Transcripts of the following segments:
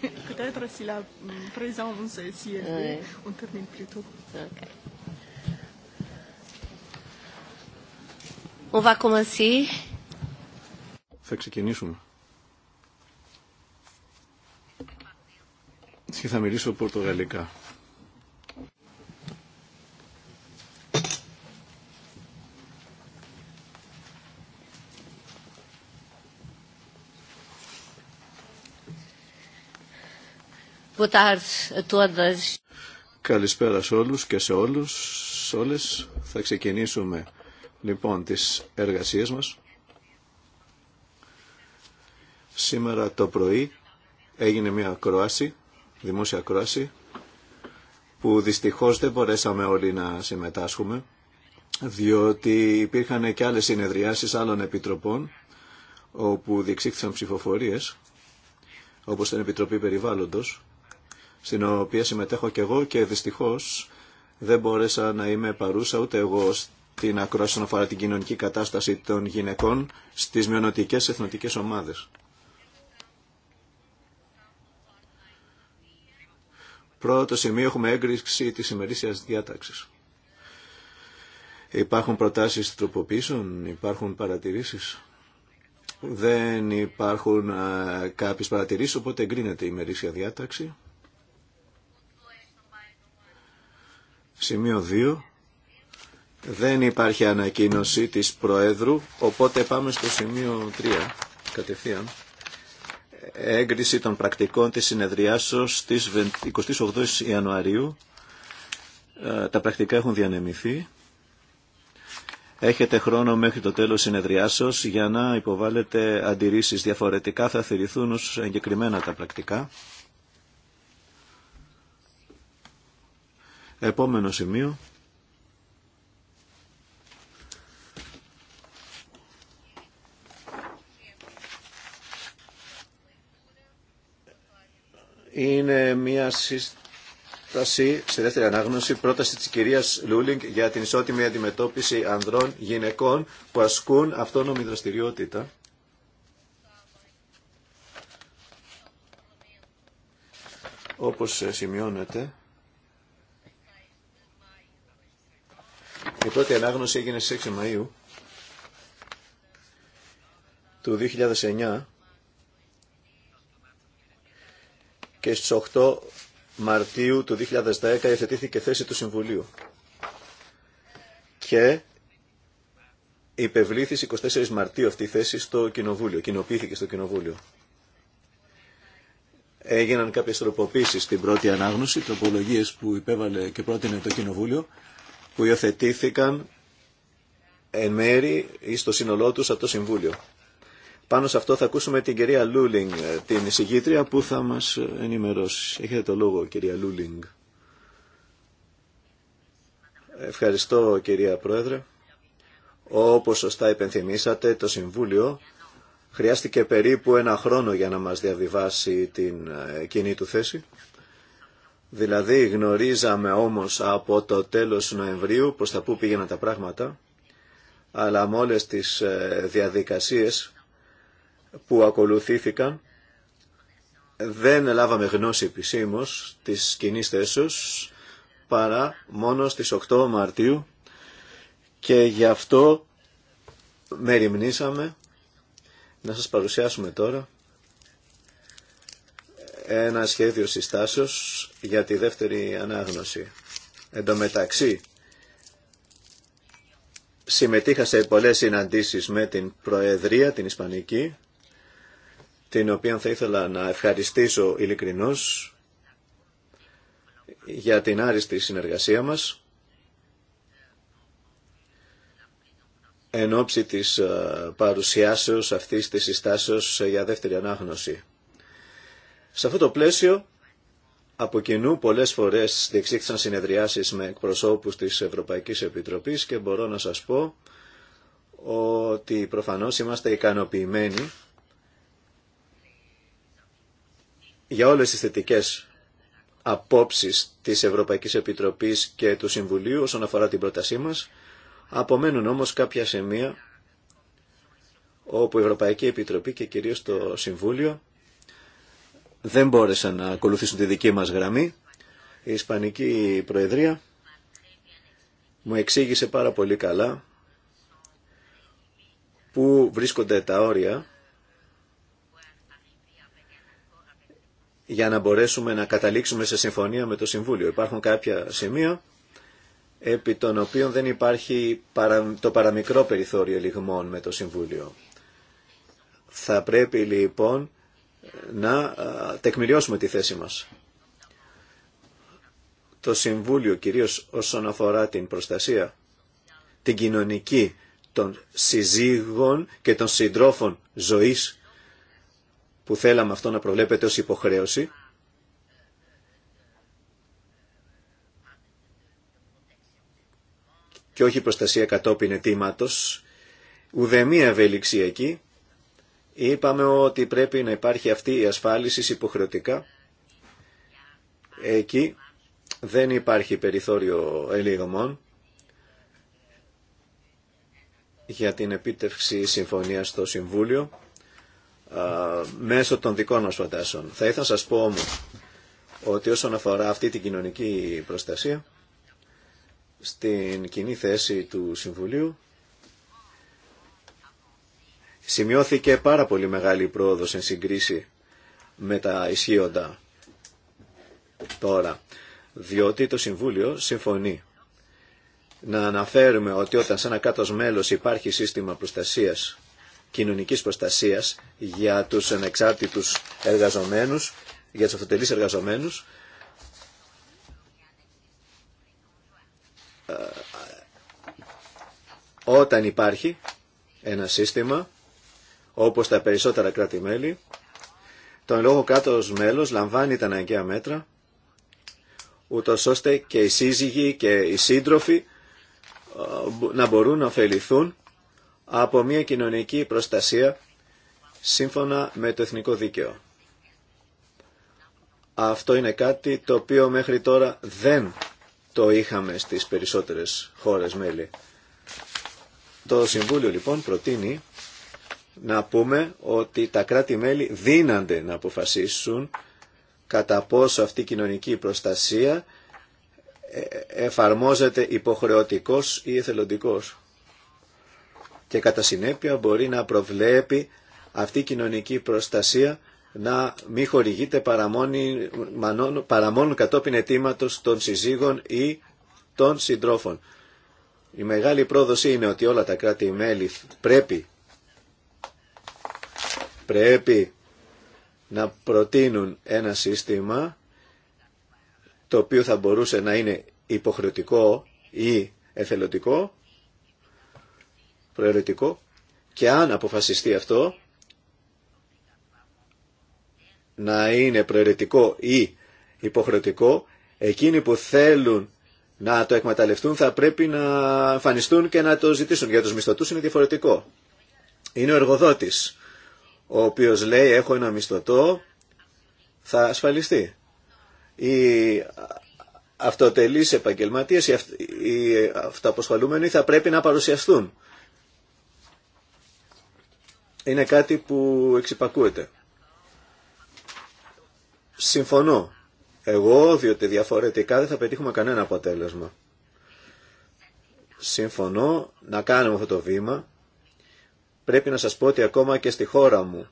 Peut-être si la présence Θα ξεκινήσουμε. Και θα μιλήσω πορτογαλικά. Καλησπέρα σε όλους και σε όλους, όλες. Θα ξεκινήσουμε λοιπόν τις εργασίες μας. Σήμερα το πρωί έγινε μια ακρόαση, δημόσια κροάση, που δυστυχώς δεν μπορέσαμε όλοι να συμμετάσχουμε, διότι υπήρχαν και άλλες συνεδριάσεις άλλων επιτροπών, όπου διεξήχθησαν ψηφοφορίες, όπως την Επιτροπή Περιβάλλοντος, στην οποία συμμετέχω και εγώ και δυστυχώς δεν μπόρεσα να είμαι παρούσα ούτε εγώ στην ακρόαση όσον αφορά την κοινωνική κατάσταση των γυναικών στις μειονοτικές εθνοτικές ομάδες. Πρώτο σημείο έχουμε έγκριση της ημερήσιας διάταξης. Υπάρχουν προτάσεις τροποποίησεων, υπάρχουν παρατηρήσεις. Δεν υπάρχουν κάποιε κάποιες παρατηρήσεις, οπότε εγκρίνεται η ημερήσια διάταξη. Σημείο 2. Δεν υπάρχει ανακοίνωση της Προέδρου, οπότε πάμε στο σημείο 3 κατευθείαν. Έγκριση των πρακτικών της συνεδριάσεως της 28 Ιανουαρίου. Ε, τα πρακτικά έχουν διανεμηθεί. Έχετε χρόνο μέχρι το τέλος συνεδριάσεως για να υποβάλλετε αντιρρήσεις διαφορετικά θα θηρηθούν ως εγκεκριμένα τα πρακτικά. Επόμενο σημείο. Είναι μια σύσταση σε δεύτερη ανάγνωση πρόταση της κυρίας Λούλινγκ για την ισότιμη αντιμετώπιση ανδρών γυναικών που ασκούν αυτόνομη δραστηριότητα. Όπως σημειώνεται, Η πρώτη ανάγνωση έγινε στις 6 Μαΐου του 2009 και στις 8 Μαρτίου του 2010 υιοθετήθηκε θέση του Συμβουλίου και υπευλήθη 24 Μαρτίου αυτή η θέση στο Κοινοβούλιο, κοινοποιήθηκε στο Κοινοβούλιο. Έγιναν κάποιες τροποποίησεις στην πρώτη ανάγνωση, τροπολογίες που υπέβαλε και πρότεινε το Κοινοβούλιο που υιοθετήθηκαν εν μέρη ή στο σύνολό τους από το Συμβούλιο. Πάνω σε αυτό θα ακούσουμε την κυρία Λούλινγκ, την εισηγήτρια που θα μας ενημερώσει. Έχετε το λόγο κυρία Λούλινγκ. Ευχαριστώ κυρία Πρόεδρε. Όπως σωστά υπενθυμίσατε, το Συμβούλιο χρειάστηκε περίπου ένα χρόνο για να μας διαβιβάσει την ε, κοινή του θέση. Δηλαδή γνωρίζαμε όμως από το τέλος Νοεμβρίου πως τα πού πήγαιναν τα πράγματα, αλλά με όλες τις ε, διαδικασίες που ακολουθήθηκαν δεν λάβαμε γνώση επισήμω της κοινή θέσεως παρά μόνο στις 8 Μαρτίου και γι' αυτό μεριμνήσαμε να σας παρουσιάσουμε τώρα ένα σχέδιο συστάσεως για τη δεύτερη ανάγνωση. Εν τω μεταξύ, συμμετείχα σε πολλές συναντήσεις με την Προεδρία, την Ισπανική, την οποία θα ήθελα να ευχαριστήσω ειλικρινώς για την άριστη συνεργασία μας εν ώψη της ε, παρουσιάσεως αυτής της συστάσεως για δεύτερη ανάγνωση. Σε αυτό το πλαίσιο, από κοινού πολλές φορές διεξήχθησαν συνεδριάσεις με εκπροσώπους της Ευρωπαϊκής Επιτροπής και μπορώ να σας πω ότι προφανώς είμαστε ικανοποιημένοι για όλες τις θετικές απόψεις της Ευρωπαϊκής Επιτροπής και του Συμβουλίου όσον αφορά την πρότασή μας. Απομένουν όμως κάποια σημεία όπου η Ευρωπαϊκή Επιτροπή και κυρίως το Συμβούλιο δεν μπόρεσαν να ακολουθήσουν τη δική μας γραμμή. Η Ισπανική Προεδρία μου εξήγησε πάρα πολύ καλά που βρίσκονται τα όρια για να μπορέσουμε να καταλήξουμε σε συμφωνία με το Συμβούλιο. Υπάρχουν κάποια σημεία επί των οποίων δεν υπάρχει το παραμικρό περιθώριο λιγμών με το Συμβούλιο. Θα πρέπει λοιπόν να τεκμηριώσουμε τη θέση μας. Το Συμβούλιο, κυρίως όσον αφορά την προστασία, την κοινωνική των συζύγων και των συντρόφων ζωής, που θέλαμε αυτό να προβλέπεται ως υποχρέωση, και όχι προστασία κατόπιν ετήματος, ουδέμια ευελιξία εκεί, Είπαμε ότι πρέπει να υπάρχει αυτή η ασφάλιση υποχρεωτικά. Εκεί δεν υπάρχει περιθώριο ελίγωμων για την επίτευξη συμφωνίας στο Συμβούλιο μέσω των δικών μας φαντάσεων. Θα ήθελα να σας πω όμως ότι όσον αφορά αυτή την κοινωνική προστασία στην κοινή θέση του Συμβουλίου Σημειώθηκε πάρα πολύ μεγάλη πρόοδο εν συγκρίση με τα ισχύοντα τώρα, διότι το Συμβούλιο συμφωνεί να αναφέρουμε ότι όταν σε ένα κάτω μέλος υπάρχει σύστημα προστασίας, κοινωνικής προστασίας για τους ανεξάρτητους εργαζομένους, για τους αυτοτελείς εργαζομένους, ε, όταν υπάρχει ένα σύστημα όπως τα περισσότερα κράτη-μέλη, τον λόγο κάτω μέλος λαμβάνει τα αναγκαία μέτρα, ούτω ώστε και οι σύζυγοι και οι σύντροφοι ε, να μπορούν να ωφεληθούν από μια κοινωνική προστασία σύμφωνα με το εθνικό δίκαιο. Αυτό είναι κάτι το οποίο μέχρι τώρα δεν το είχαμε στις περισσότερες χώρες μέλη. Το Συμβούλιο λοιπόν προτείνει να πούμε ότι τα κράτη-μέλη δύνανται να αποφασίσουν κατά πόσο αυτή η κοινωνική προστασία ε, εφαρμόζεται υποχρεωτικός ή εθελοντικός. Και κατά συνέπεια μπορεί να προβλέπει αυτή η κοινωνική προστασία να μην χορηγείται παρά μόνο κατόπιν αιτήματος των συζύγων ή των συντρόφων. Η μεγάλη πρόδοση είναι ότι όλα τα κράτη-μέλη πρέπει πρέπει να προτείνουν ένα σύστημα το οποίο θα μπορούσε να είναι υποχρεωτικό ή εθελοντικό, προαιρετικό και αν αποφασιστεί αυτό να είναι προαιρετικό ή υποχρεωτικό, εκείνοι που θέλουν να το εκμεταλλευτούν θα πρέπει να εμφανιστούν και να το ζητήσουν. Για τους μισθωτούς είναι διαφορετικό. Είναι ο εργοδότης ο οποίος λέει έχω ένα μισθωτό θα ασφαλιστεί. Οι αυτοτελείς επαγγελματίες, οι αυτοαποσχολούμενοι θα πρέπει να παρουσιαστούν. Είναι κάτι που εξυπακούεται. Συμφωνώ. Εγώ, διότι διαφορετικά δεν θα πετύχουμε κανένα αποτέλεσμα. Συμφωνώ να κάνουμε αυτό το βήμα Πρέπει να σας πω ότι ακόμα και στη χώρα μου,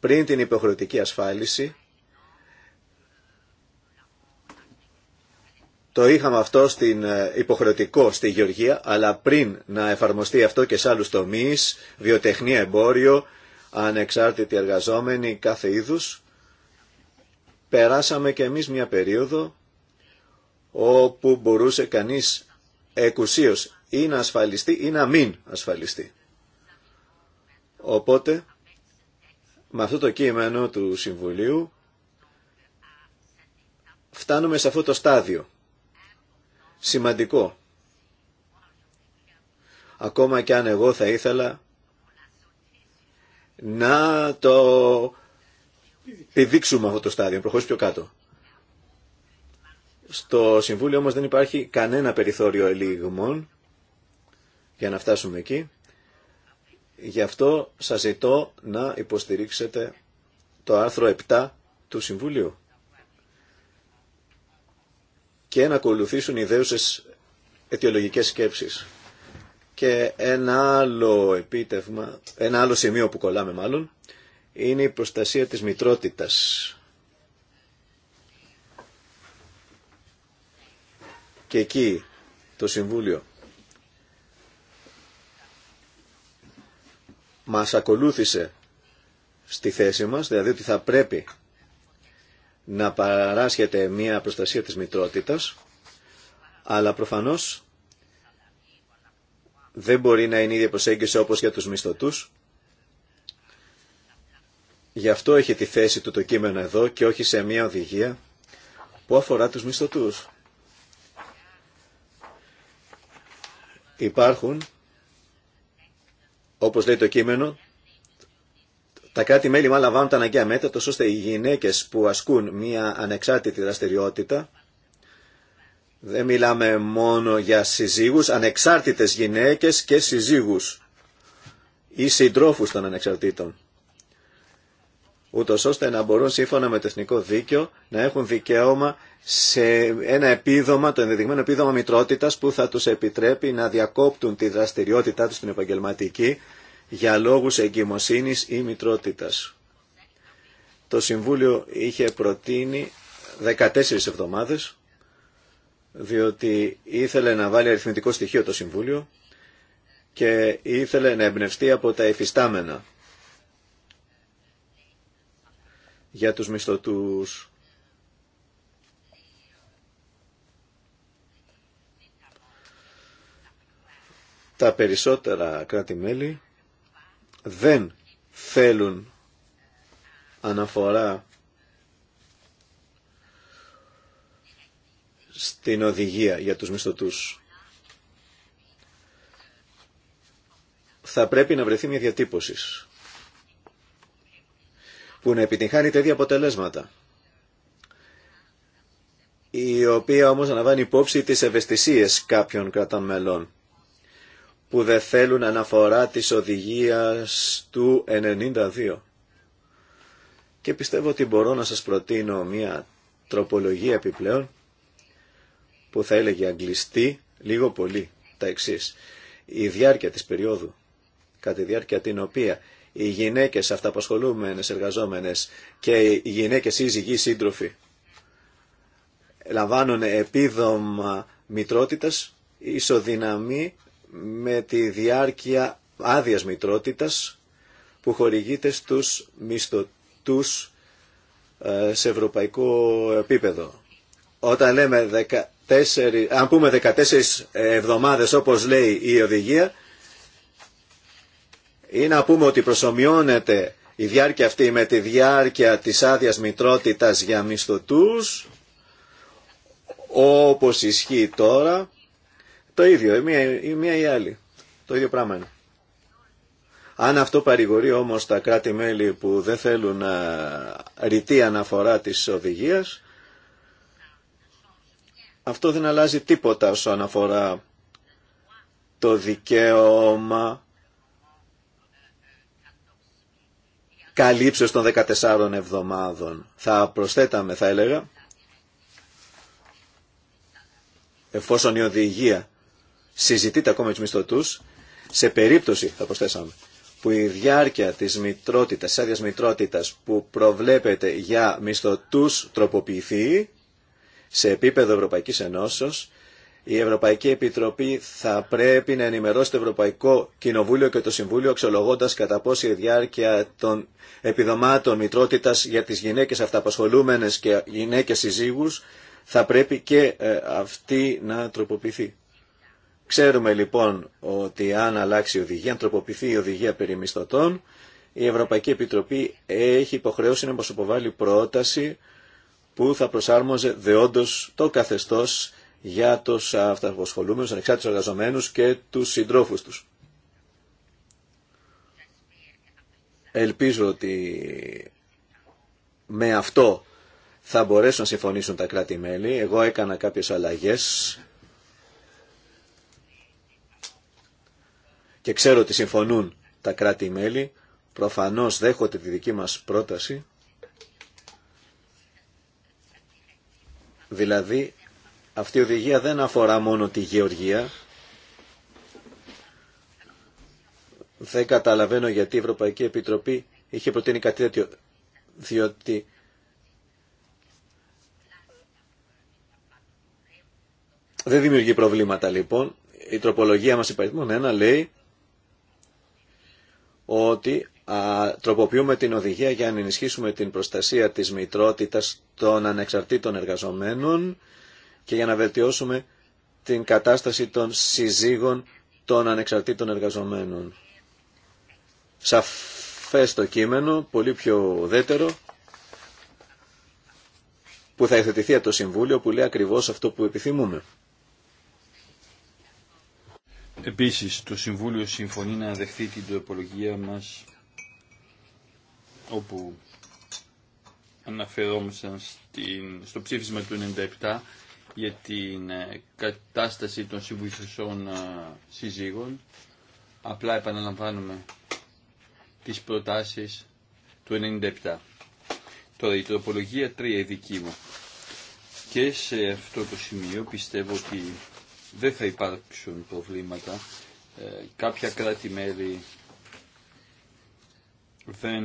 πριν την υποχρεωτική ασφάλιση, Το είχαμε αυτό στην ε, υποχρεωτικό στη Γεωργία, αλλά πριν να εφαρμοστεί αυτό και σε άλλους τομείς, βιοτεχνία, εμπόριο, ανεξάρτητοι εργαζόμενοι, κάθε είδους, περάσαμε και εμείς μια περίοδο όπου μπορούσε κανείς εκουσίως ή να ασφαλιστεί ή να μην ασφαλιστεί. Οπότε, με αυτό το κείμενο του Συμβουλίου, φτάνουμε σε αυτό το στάδιο. Σημαντικό. Ακόμα και αν εγώ θα ήθελα να το πηδήξουμε αυτό το στάδιο, προχωρήσουμε πιο κάτω. Στο Συμβούλιο όμως δεν υπάρχει κανένα περιθώριο ελίγμων για να φτάσουμε εκεί. Γι' αυτό σας ζητώ να υποστηρίξετε το άρθρο 7 του Συμβουλίου και να ακολουθήσουν ιδέουσες αιτιολογικές σκέψεις. Και ένα άλλο επίτευγμα, ένα άλλο σημείο που κολλάμε μάλλον, είναι η προστασία της μητρότητας. Και εκεί το Συμβούλιο μας ακολούθησε στη θέση μας, δηλαδή ότι θα πρέπει να παράσχεται μια προστασία της μητρότητας, αλλά προφανώς δεν μπορεί να είναι η ίδια προσέγγιση όπως για τους μισθωτούς. Γι' αυτό έχει τη θέση του το κείμενο εδώ και όχι σε μια οδηγία που αφορά τους μισθωτούς. Υπάρχουν όπως λέει το κείμενο, τα κράτη-μέλη μάλλον λαμβάνουν τα αναγκαία μέτρα, τόσο ώστε οι γυναίκες που ασκούν μία ανεξάρτητη δραστηριότητα, δεν μιλάμε μόνο για συζύγους, ανεξάρτητες γυναίκες και συζύγους ή συντρόφους των ανεξαρτήτων ούτως ώστε να μπορούν σύμφωνα με το εθνικό δίκαιο να έχουν δικαίωμα σε ένα επίδομα, το ενδεδειγμένο επίδομα μητρότητα που θα τους επιτρέπει να διακόπτουν τη δραστηριότητά τους στην επαγγελματική για λόγους εγκυμοσύνης ή μητρότητα. Το Συμβούλιο είχε προτείνει 14 εβδομάδες, διότι ήθελε να βάλει αριθμητικό στοιχείο το Συμβούλιο και ήθελε να εμπνευστεί από τα εφιστάμενα για τους μισθωτούς. Τα περισσότερα κράτη-μέλη δεν θέλουν αναφορά στην οδηγία για τους μισθωτούς. Θα πρέπει να βρεθεί μια διατύπωση που να επιτυγχάνει τα αποτελέσματα η οποία όμως αναβάνει υπόψη τις ευαισθησίες κάποιων κρατών που δεν θέλουν αναφορά της οδηγίας του 92. Και πιστεύω ότι μπορώ να σας προτείνω μια τροπολογία επιπλέον που θα έλεγε αγγλιστή λίγο πολύ τα εξής. Η διάρκεια της περίοδου κατά τη διάρκεια την οποία οι γυναίκες αυταπασχολούμενες εργαζόμενες και οι γυναίκες σύζυγοι σύντροφοι λαμβάνουν επίδομα μητρότητας ισοδυναμή με τη διάρκεια άδεια μητρότητας που χορηγείται στους μισθωτούς ε, σε ευρωπαϊκό επίπεδο. Όταν λέμε 14, αν πούμε 14 εβδομάδες όπως λέει η οδηγία, ή να πούμε ότι προσωμιώνεται η διάρκεια αυτή με τη διάρκεια της άδεια μητρότητας για μισθωτούς, όπως ισχύει τώρα, το ίδιο, η μία, η μία ή η άλλη. Το ίδιο πράγμα είναι. Αν αυτό παρηγορεί όμως τα κράτη-μέλη που δεν θέλουν ε, ρητή αναφορά της οδηγίας, αυτό δεν αλλάζει τίποτα όσον αφορά το δικαίωμα καλύψεως των 14 εβδομάδων. Θα προσθέταμε, θα έλεγα, εφόσον η οδηγία συζητείται ακόμα με τους μισθωτούς, σε περίπτωση, θα προσθέσαμε, που η διάρκεια της μητρότητας, της άδειας μητρότητας που προβλέπεται για μισθωτούς τροποποιηθεί σε επίπεδο Ευρωπαϊκής Ενώσεως η Ευρωπαϊκή Επιτροπή θα πρέπει να ενημερώσει το Ευρωπαϊκό Κοινοβούλιο και το Συμβούλιο αξιολογώντα κατά πόση η διάρκεια των επιδομάτων μητρότητα για τι γυναίκε αυταπασχολούμενε και γυναίκε συζύγου θα πρέπει και ε, αυτή να τροποποιηθεί. Ξέρουμε λοιπόν ότι αν αλλάξει η οδηγία, αν τροποποιηθεί η οδηγία περί μισθωτών, η Ευρωπαϊκή Επιτροπή έχει υποχρεώσει να μας υποβάλει πρόταση που θα προσάρμοζε δεόντως το καθεστώς για τους αυταποσχολούμενους, ανεξάρτητους εργαζομένους και τους συντρόφους τους. Ελπίζω ότι με αυτό θα μπορέσουν να συμφωνήσουν τα κράτη-μέλη. Εγώ έκανα κάποιες αλλαγές και ξέρω ότι συμφωνούν τα κράτη-μέλη. Προφανώς δέχονται τη δική μας πρόταση. Δηλαδή αυτή η οδηγία δεν αφορά μόνο τη γεωργία. Δεν καταλαβαίνω γιατί η Ευρωπαϊκή Επιτροπή είχε προτείνει κάτι τέτοιο, διότι δεν δημιουργεί προβλήματα λοιπόν. Η τροπολογία μας υπαριθμών ένα λέει ότι α, τροποποιούμε την οδηγία για να ενισχύσουμε την προστασία της μητρότητας των ανεξαρτήτων εργαζομένων και για να βελτιώσουμε την κατάσταση των συζύγων των ανεξαρτήτων εργαζομένων. Σαφές το κείμενο, πολύ πιο δέτερο, που θα υιοθετηθεί από το Συμβούλιο, που λέει ακριβώς αυτό που επιθυμούμε. Επίσης, το Συμβούλιο συμφωνεί να δεχθεί την τοπολογία μας, όπου αναφερόμασταν στην, στο ψήφισμα του 97 για την ε, κατάσταση των συμβουλισσών ε, συζύγων. Απλά επαναλαμβάνουμε τις προτάσεις του 97. Τώρα η τροπολογία 3 δική μου. Και σε αυτό το σημείο πιστεύω ότι δεν θα υπάρξουν προβλήματα. Ε, κάποια κράτη-μέλη δεν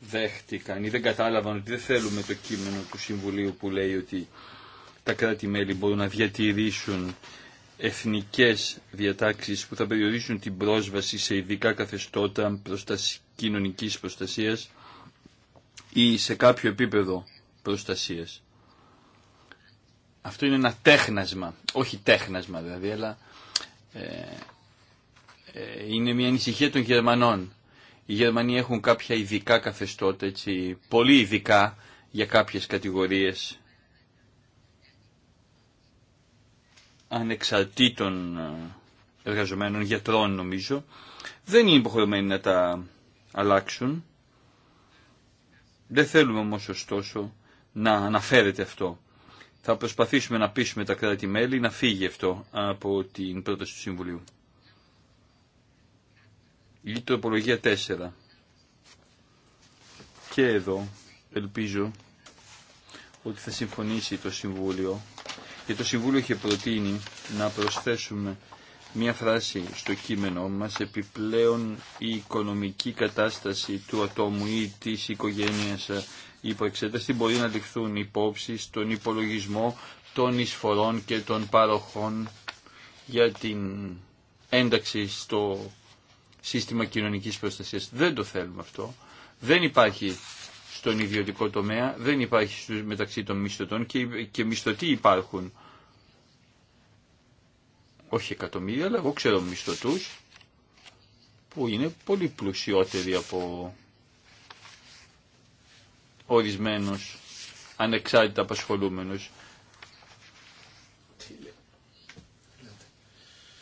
δέχτηκαν ή δεν κατάλαβαν ότι δεν θέλουμε το κείμενο του Συμβουλίου που λέει ότι τα κράτη-μέλη μπορούν να διατηρήσουν εθνικές διατάξεις που θα περιορίσουν την πρόσβαση σε ειδικά καθεστώτα προστασ... κοινωνικής προστασίας ή σε κάποιο επίπεδο προστασίας. Αυτό είναι ένα τέχνασμα, όχι τέχνασμα δηλαδή, αλλά ε, ε είναι μια ανησυχία των Γερμανών οι Γερμανοί έχουν κάποια ειδικά καθεστώτα, έτσι, πολύ ειδικά για κάποιες κατηγορίες ανεξαρτήτων ε, εργαζομένων, γιατρών νομίζω, δεν είναι υποχρεωμένοι να τα αλλάξουν. Δεν θέλουμε όμως ωστόσο να αναφέρεται αυτό. Θα προσπαθήσουμε να πείσουμε τα κράτη-μέλη να φύγει αυτό από την πρόταση του Συμβουλίου λιτοπολογία 4. Και εδώ ελπίζω ότι θα συμφωνήσει το Συμβούλιο και το Συμβούλιο είχε προτείνει να προσθέσουμε μία φράση στο κείμενό μας επιπλέον η οικονομική κατάσταση του ατόμου ή της οικογένειας υπό εξέταση μπορεί να ληφθούν υπόψη στον υπολογισμό των εισφορών και των παροχών για την ένταξη στο σύστημα κοινωνικής προστασίας. Δεν το θέλουμε αυτό. Δεν υπάρχει στον ιδιωτικό τομέα, δεν υπάρχει μεταξύ των μισθωτών και, και μισθωτοί υπάρχουν. Όχι εκατομμύρια, αλλά εγώ ξέρω μισθωτούς που είναι πολύ πλουσιότεροι από ορισμένους ανεξάρτητα απασχολούμενους.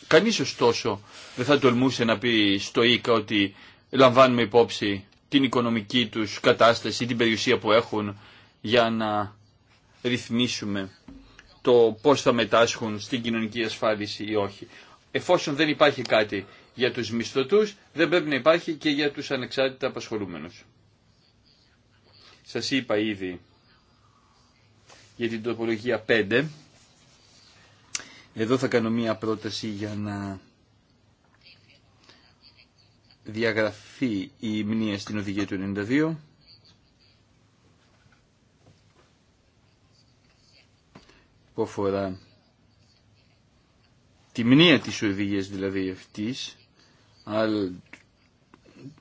Κανείς ωστόσο δεν θα τολμούσε να πει στο ΊΚΑ ότι λαμβάνουμε υπόψη την οικονομική τους κατάσταση ή την περιουσία που έχουν για να ρυθμίσουμε το πώς θα μετάσχουν στην κοινωνική ασφάλιση ή όχι. Εφόσον δεν υπάρχει κάτι για τους μισθωτούς, δεν πρέπει να υπάρχει και για τους ανεξάρτητα απασχολούμενους. Σας είπα ήδη για την τοπολογία 5, εδώ θα κάνω μία πρόταση για να διαγραφεί η μνήμα στην οδηγία του 92 που αφορά τη μνήμα της οδηγίας δηλαδή αυτής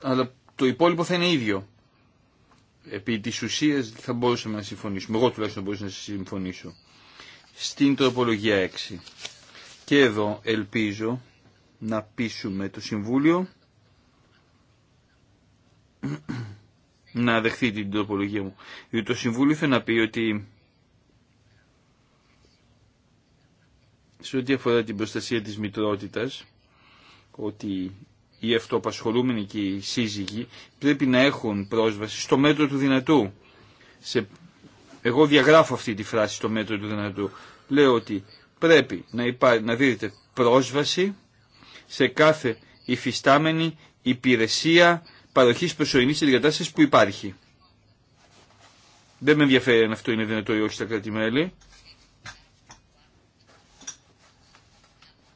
αλλά το υπόλοιπο θα είναι ίδιο. Επί της ουσίας θα μπορούσαμε να συμφωνήσουμε. Εγώ τουλάχιστον μπορούσα να συμφωνήσω στην τροπολογία 6. Και εδώ ελπίζω να πείσουμε το Συμβούλιο να δεχθεί την τροπολογία μου. Γιατί το Συμβούλιο θέλει να πει ότι σε ό,τι αφορά την προστασία της μητρότητας, ότι οι αυτοπασχολούμενοι και οι σύζυγοι πρέπει να έχουν πρόσβαση στο μέτρο του δυνατού σε εγώ διαγράφω αυτή τη φράση στο μέτρο του δυνατού. Λέω ότι πρέπει να, υπά, να δίδεται πρόσβαση σε κάθε υφιστάμενη υπηρεσία παροχής προσωρινής εγκατάστασης που υπάρχει. Δεν με ενδιαφέρει αν αυτό είναι δυνατό ή όχι στα κράτη-μέλη.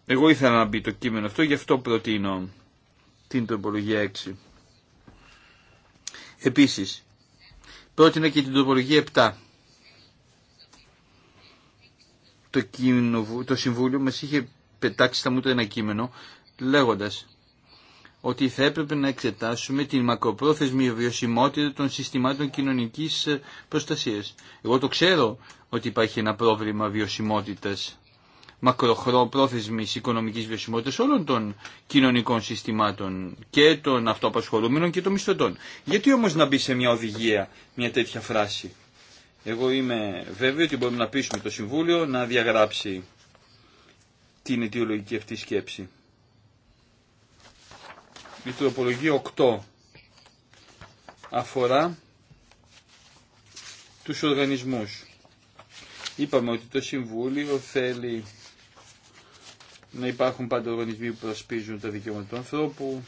Εγώ ήθελα να μπει το κείμενο αυτό, γι' αυτό προτείνω την τροπολογία 6. Επίσης, πρότεινα και την τροπολογία 7 το, το Συμβούλιο μας είχε πετάξει στα μούτρα ένα κείμενο λέγοντας ότι θα έπρεπε να εξετάσουμε την μακροπρόθεσμη βιωσιμότητα των συστημάτων κοινωνικής ε, προστασίας. Εγώ το ξέρω ότι υπάρχει ένα πρόβλημα βιωσιμότητας, μακροχρόπρόθεσμης οικονομικής βιωσιμότητας όλων των κοινωνικών συστημάτων και των αυτοαπασχολούμενων και των μισθωτών. Γιατί όμως να μπει σε μια οδηγία μια τέτοια φράση. Εγώ είμαι βέβαιο ότι μπορούμε να πείσουμε το Συμβούλιο να διαγράψει την αιτιολογική αυτή σκέψη. Η τροπολογία 8 αφορά τους οργανισμούς. Είπαμε ότι το Συμβούλιο θέλει να υπάρχουν πάντα οργανισμοί που προσπίζουν τα δικαιώματα του ανθρώπου.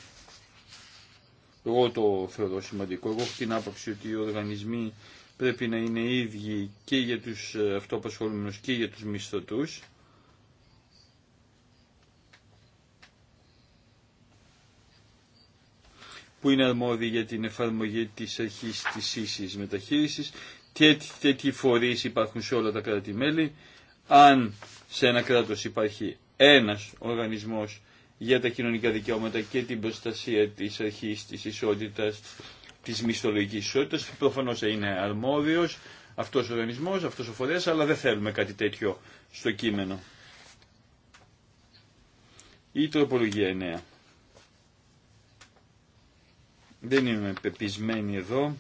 Εγώ το θεωρώ σημαντικό. Εγώ έχω την άποψη ότι οι οργανισμοί πρέπει να είναι ίδιοι και για τους ε, αυτοπασχολούμενους και για τους μισθωτούς. που είναι αρμόδιοι για την εφαρμογή της αρχής της ίσης μεταχείρισης. Τέτοι, τέτοιοι φορείς υπάρχουν σε όλα τα κράτη-μέλη. Αν σε ένα κράτος υπάρχει ένας οργανισμός για τα κοινωνικά δικαιώματα και την προστασία της αρχής της ισότητας της μισθολογικής ισότητα. Προφανώ είναι αρμόδιος αυτός ο οργανισμός, αυτός ο φορέα, αλλά δεν θέλουμε κάτι τέτοιο στο κείμενο. Η τροπολογία 9. Δεν είμαι πεπισμένη εδώ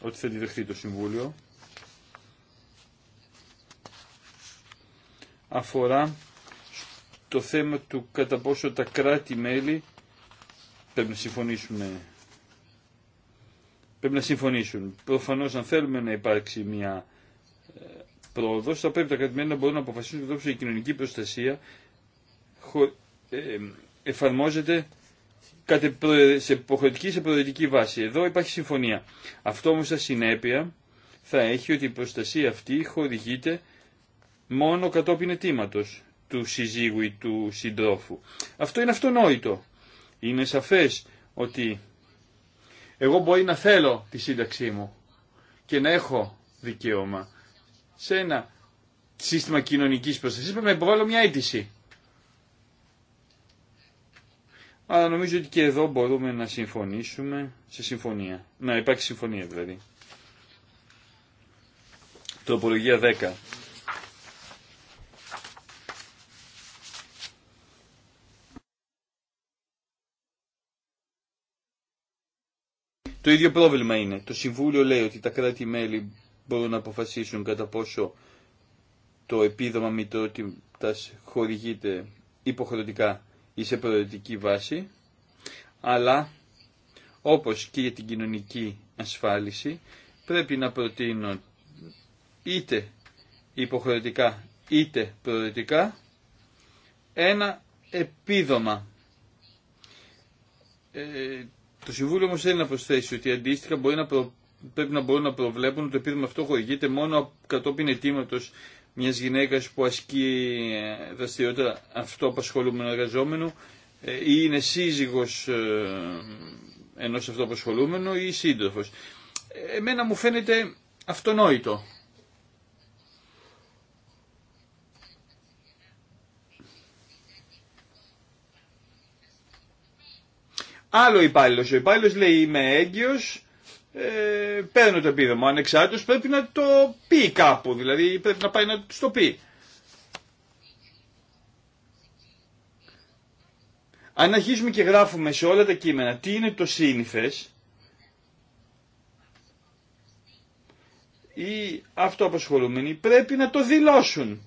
ότι θα διδεχθεί το Συμβούλιο. Αφορά το θέμα του κατά πόσο τα κράτη-μέλη Πρέπει να συμφωνήσουμε. Πρέπει να συμφωνήσουν. Προφανώς αν θέλουμε να υπάρξει μια ε, πρόοδος, θα πρέπει τα κρατημένα να μπορούν να αποφασίσουν ότι η κοινωνική προστασία ε, εφαρμόζεται σε υποχρεωτική σε προαιρετική βάση. Εδώ υπάρχει συμφωνία. Αυτό όμω σαν συνέπεια θα έχει ότι η προστασία αυτή χορηγείται μόνο κατόπιν αιτήματος του συζύγου ή του συντρόφου. Αυτό είναι αυτονόητο. Είναι σαφές ότι εγώ μπορεί να θέλω τη σύνταξή μου και να έχω δικαίωμα σε ένα σύστημα κοινωνικής προστασίας πρέπει να υποβάλω μια αίτηση. Αλλά νομίζω ότι και εδώ μπορούμε να συμφωνήσουμε σε συμφωνία. Να υπάρχει συμφωνία δηλαδή. Τροπολογία 10. Το ίδιο πρόβλημα είναι. Το Συμβούλιο λέει ότι τα κράτη-μέλη μπορούν να αποφασίσουν κατά πόσο το επίδομα μητρότητας χορηγείται υποχρεωτικά ή σε προαιρετική βάση, αλλά όπως και για την κοινωνική ασφάλιση πρέπει να προτείνω είτε υποχρεωτικά είτε προαιρετικά ένα επίδομα ε, το Συμβούλιο όμω θέλει να προσθέσει ότι αντίστοιχα μπορεί να προ... πρέπει να μπορούν να προβλέπουν ότι το επίδομα αυτό χορηγείται μόνο κατόπιν αιτήματο μια γυναίκα που ασκεί ε, δραστηριότητα αυτό απασχολούμενο εργαζόμενου ε, ή είναι σύζυγος ε, ενός αυτοαπασχολούμενου ή σύντροφος. Εμένα μου φαίνεται αυτονόητο Άλλο υπάλληλο. Ο υπάλληλο λέει είμαι έγκυο, ε, παίρνω το επίδομα. Ανεξάρτητο πρέπει να το πει κάπου, δηλαδή πρέπει να πάει να το πει. Αν αρχίσουμε και γράφουμε σε όλα τα κείμενα τι είναι το σύνηθε. ή αυτοαπασχολούμενοι πρέπει να το δηλώσουν.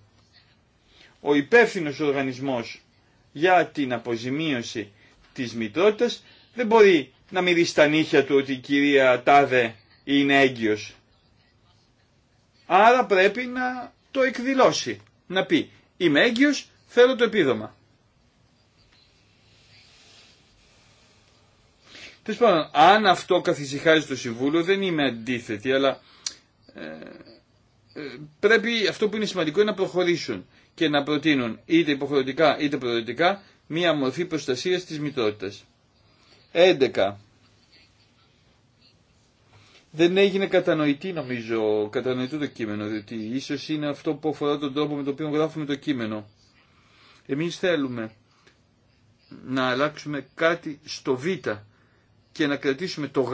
Ο υπεύθυνο οργανισμός για την αποζημίωση της μητρότητας δεν μπορεί να μυρίσει τα νύχια του ότι η κυρία Τάδε είναι έγκυος. Άρα πρέπει να το εκδηλώσει. Να πει είμαι έγκυος, θέλω το επίδομα. Τέλο αν αυτό καθησυχάζει το Συμβούλιο, δεν είμαι αντίθετη, αλλά ε, ε, πρέπει αυτό που είναι σημαντικό είναι να προχωρήσουν και να προτείνουν είτε υποχρεωτικά είτε προαιρετικά μία μορφή προστασία τη μητρότητα. 11. Δεν έγινε κατανοητή νομίζω, κατανοητό το κείμενο, διότι ίσως είναι αυτό που αφορά τον τρόπο με τον οποίο γράφουμε το κείμενο. Εμείς θέλουμε να αλλάξουμε κάτι στο β και να κρατήσουμε το γ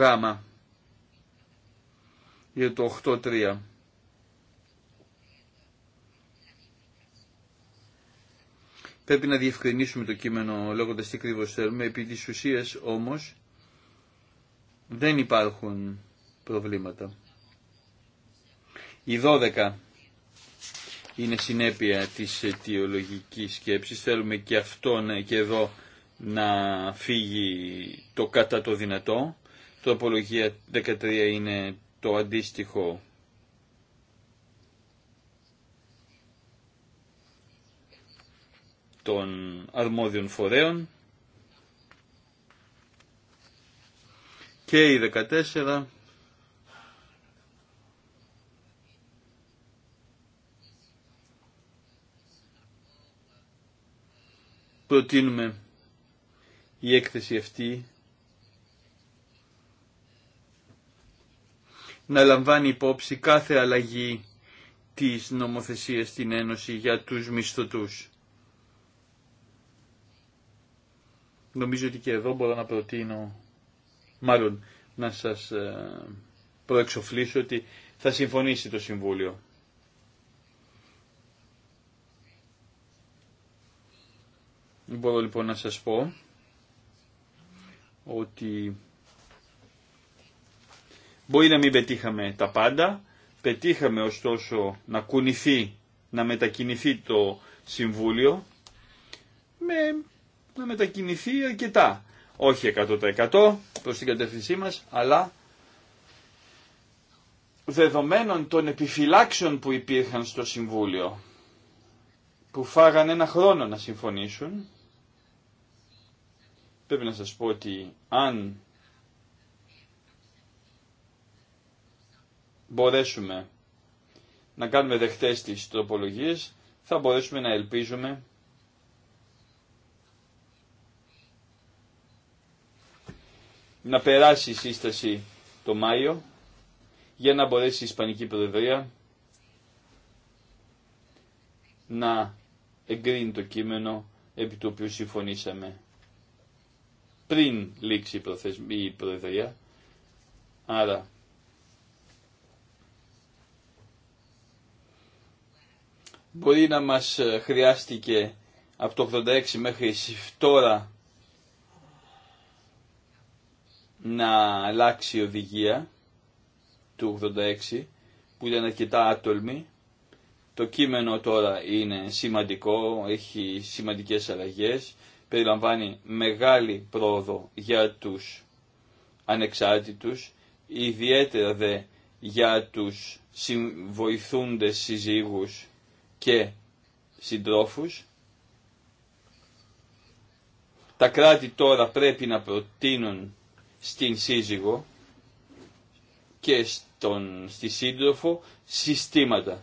για το 8-3. Πρέπει να διευκρινίσουμε το κείμενο λέγοντας τι ακριβώς θέλουμε. Επί της ουσίας όμως δεν υπάρχουν προβλήματα. Η 12 είναι συνέπεια της αιτιολογικής σκέψης. Θέλουμε και αυτό και εδώ να φύγει το κατά το δυνατό. Το 13 είναι το αντίστοιχο των αρμόδιων φορέων και η 14 προτείνουμε η έκθεση αυτή να λαμβάνει υπόψη κάθε αλλαγή της νομοθεσίας στην Ένωση για τους μισθωτούς. Νομίζω ότι και εδώ μπορώ να προτείνω, μάλλον να σας ε, προεξοφλήσω ότι θα συμφωνήσει το Συμβούλιο. Μπορώ λοιπόν να σας πω ότι μπορεί να μην πετύχαμε τα πάντα, πετύχαμε ωστόσο να κουνηθεί, να μετακινηθεί το Συμβούλιο με να μετακινηθεί αρκετά. Όχι 100% προς την κατεύθυνσή μας, αλλά δεδομένων των επιφυλάξεων που υπήρχαν στο Συμβούλιο, που φάγαν ένα χρόνο να συμφωνήσουν, πρέπει να σας πω ότι αν μπορέσουμε να κάνουμε δεχτές τις τροπολογίες, θα μπορέσουμε να ελπίζουμε να περάσει η σύσταση το Μάιο για να μπορέσει η Ισπανική Προεδρία να εγκρίνει το κείμενο επί του οποίου συμφωνήσαμε πριν λήξει η Προεδρία. Άρα μπορεί να μας ε, χρειάστηκε από το 86 μέχρι τώρα να αλλάξει η οδηγία του 86 που ήταν αρκετά άτολμη. Το κείμενο τώρα είναι σημαντικό, έχει σημαντικές αλλαγές, περιλαμβάνει μεγάλη πρόοδο για τους ανεξάρτητους, ιδιαίτερα δε για τους συμβοηθούντες συζύγους και συντρόφους. Τα κράτη τώρα πρέπει να προτείνουν στην σύζυγο και στον, στη σύντροφο συστήματα.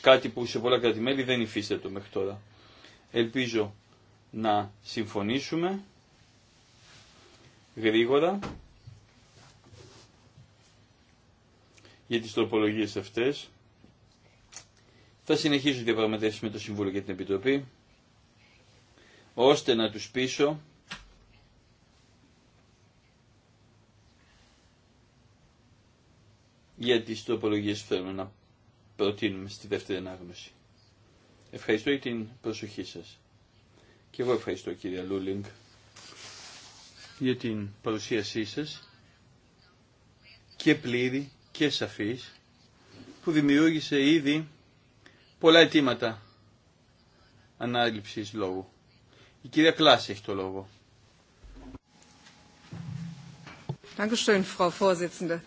Κάτι που σε πολλά κρατημέλη δεν υφίστατο μέχρι τώρα. Ελπίζω να συμφωνήσουμε γρήγορα για τις τροπολογίες αυτές. Θα συνεχίσω διαπραγματεύσεις με το Συμβούλιο και την Επιτροπή, ώστε να τους πείσω για τις τροπολογίες που θέλουμε να προτείνουμε στη δεύτερη ανάγνωση. Ευχαριστώ για την προσοχή σας. Και εγώ ευχαριστώ κύριε Λούλινγκ για την παρουσίασή σας και πλήρη και σαφής που δημιούργησε ήδη πολλά αιτήματα ανάληψης λόγου. Η κυρία Κλάση έχει το λόγο. Dankeschön, Frau Vorsitzende.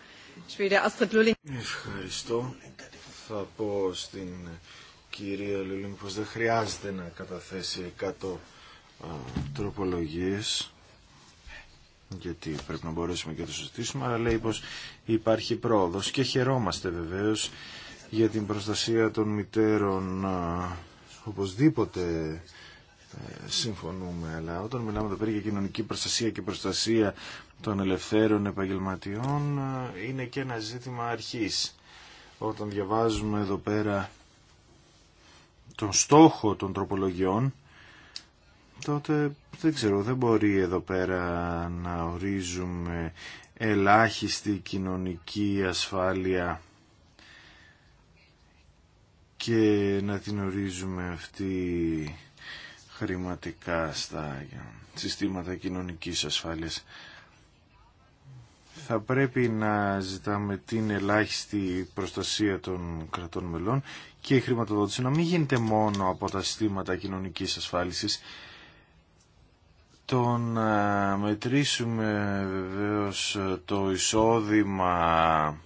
Ευχαριστώ. Θα πω στην κυρία Λουλίνγκ πως δεν χρειάζεται να καταθέσει 100 τροπολογίες γιατί πρέπει να μπορέσουμε και να το συζητήσουμε αλλά λέει πως υπάρχει πρόοδος και χαιρόμαστε βεβαίως για την προστασία των μητέρων οπωσδήποτε συμφωνούμε, αλλά όταν μιλάμε εδώ πέρα για κοινωνική προστασία και προστασία των ελευθέρων επαγγελματιών είναι και ένα ζήτημα αρχής. Όταν διαβάζουμε εδώ πέρα τον στόχο των τροπολογιών, τότε δεν ξέρω, δεν μπορεί εδώ πέρα να ορίζουμε ελάχιστη κοινωνική ασφάλεια και να την ορίζουμε αυτή χρηματικά στα συστήματα κοινωνικής ασφάλειας. Θα πρέπει να ζητάμε την ελάχιστη προστασία των κρατών μελών και η χρηματοδότηση να μην γίνεται μόνο από τα συστήματα κοινωνικής ασφάλισης. Το να μετρήσουμε βεβαίως το εισόδημα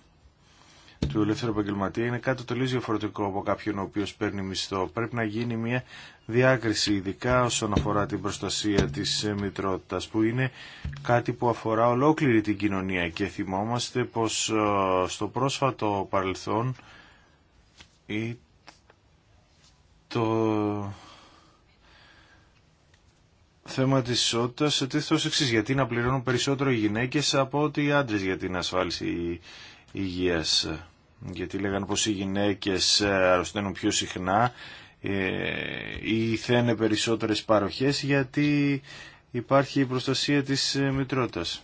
του ελεύθερου επαγγελματία είναι κάτι τελείως διαφορετικό από κάποιον ο οποίος παίρνει μισθό. Πρέπει να γίνει μια διάκριση ειδικά όσον αφορά την προστασία της μητρότητας που είναι κάτι που αφορά ολόκληρη την κοινωνία και θυμόμαστε πως ε, στο πρόσφατο παρελθόν το θέμα της ισότητας τίθεται εξή γιατί να πληρώνουν περισσότερο οι γυναίκες από ότι οι άντρες για την ασφάλιση υγείας γιατί λέγανε πως οι γυναίκες ε, αρρωσταίνουν πιο συχνά ε, ή θένε περισσότερες παροχές γιατί υπάρχει η προστασία της ε, μητρότητας.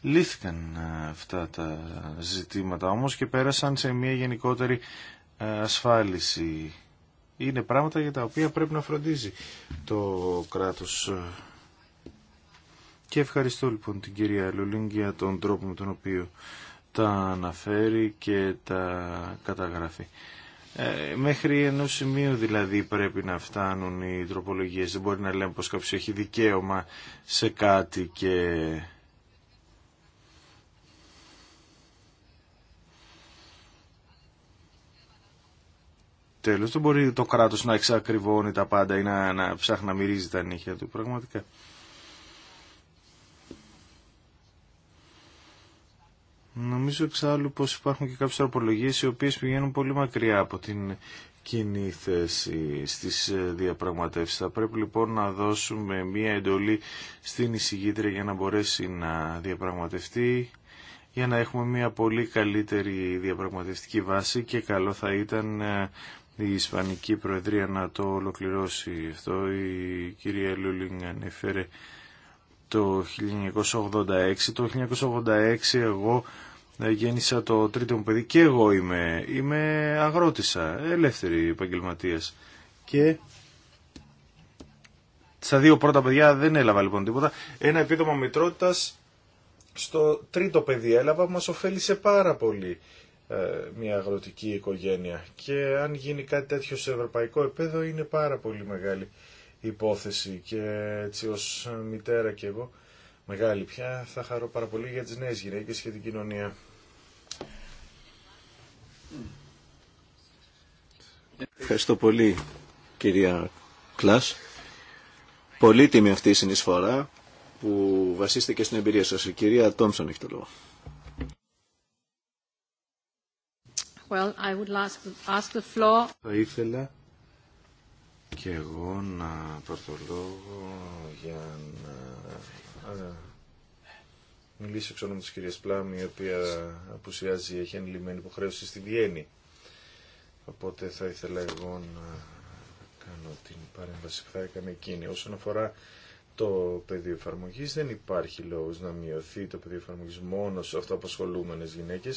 Λύθηκαν ε, αυτά τα ζητήματα όμως και πέρασαν σε μια γενικότερη ασφάλιση. Είναι πράγματα για τα οποία πρέπει να φροντίζει το κράτος. Και ευχαριστώ λοιπόν την κυρία Λουλίνγκ για τον τρόπο με τον οποίο τα αναφέρει και τα καταγράφει. Ε, μέχρι ενό σημείου δηλαδή πρέπει να φτάνουν οι τροπολογίε. Δεν μπορεί να λέμε πως κάποιο έχει δικαίωμα σε κάτι και... Τέλος, δεν μπορεί το κράτος να εξακριβώνει τα πάντα ή να, να ψάχνει να μυρίζει τα νύχια του πραγματικά. Νομίζω εξάλλου πως υπάρχουν και κάποιες τροπολογίες οι οποίες πηγαίνουν πολύ μακριά από την κοινή θέση στις ε, διαπραγματεύσεις. Θα πρέπει λοιπόν να δώσουμε μία εντολή στην εισηγήτρια για να μπορέσει να διαπραγματευτεί για να έχουμε μια πολύ καλύτερη διαπραγματευτική βάση και καλό θα ήταν ε, η Ισπανική Προεδρία να το ολοκληρώσει αυτό. Η κυρία Λούλινγκ ανέφερε το 1986. Το 1986 εγώ να ε, Γέννησα το τρίτο μου παιδί και εγώ είμαι. Είμαι αγρότησα, ελεύθερη επαγγελματία. Και στα δύο πρώτα παιδιά δεν έλαβα λοιπόν τίποτα. Ένα επίδομα μητρότητα στο τρίτο παιδί έλαβα μας ωφέλισε πάρα πολύ ε, μια αγροτική οικογένεια. Και αν γίνει κάτι τέτοιο σε ευρωπαϊκό επίπεδο είναι πάρα πολύ μεγάλη υπόθεση. Και έτσι ως μητέρα και εγώ μεγάλη πια θα χαρώ πάρα πολύ για τις νέες γυναίκες και την κοινωνία. Ευχαριστώ πολύ κυρία Κλάς. Πολύτιμη αυτή η συνεισφορά που βασίστηκε στην εμπειρία σας. Η κυρία Τόμψον έχει το λόγο. Well, I would ask the floor. Θα ήθελα και εγώ να πάρω το λόγο για να ε, μιλήσω εξ ονόματος κυρίας πλάμη η οποία απουσιάζει, έχει ανηλυμένη υποχρέωση στη Βιέννη. Οπότε θα ήθελα εγώ να κάνω την παρέμβαση που θα έκανε εκείνη. Όσον αφορά το πεδίο εφαρμογή δεν υπάρχει λόγο να μειωθεί το πεδίο εφαρμογή μόνο σε αυτοαπασχολούμενε γυναίκε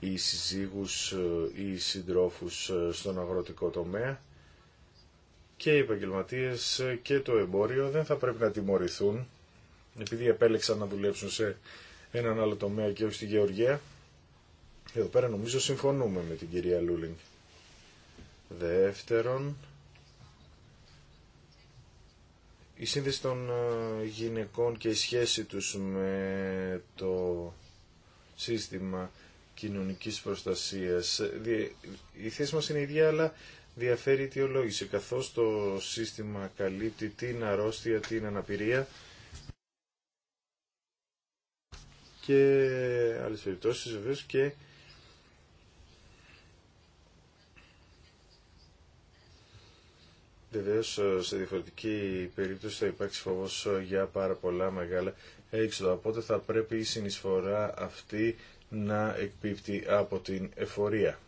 ή συζύγους ή συντρόφου στον αγροτικό τομέα και οι επαγγελματίε και το εμπόριο δεν θα πρέπει να τιμωρηθούν επειδή επέλεξαν να δουλέψουν σε έναν άλλο τομέα και όχι στη Γεωργία, εδώ πέρα νομίζω συμφωνούμε με την κυρία Λούλινγκ. Δεύτερον, η σύνδεση των ε, γυναικών και η σχέση τους με το σύστημα κοινωνικής προστασίας. Η θέση μας είναι ίδια, αλλά διαφέρει η αιτιολόγηση, καθώς το σύστημα καλύπτει την αρρώστια, την αναπηρία και άλλες περιπτώσεις βεβαίως και βεβαίω σε διαφορετική περίπτωση θα υπάρξει φόβος για πάρα πολλά μεγάλα έξοδα. Οπότε θα πρέπει η συνεισφορά αυτή να εκπίπτει από την εφορία.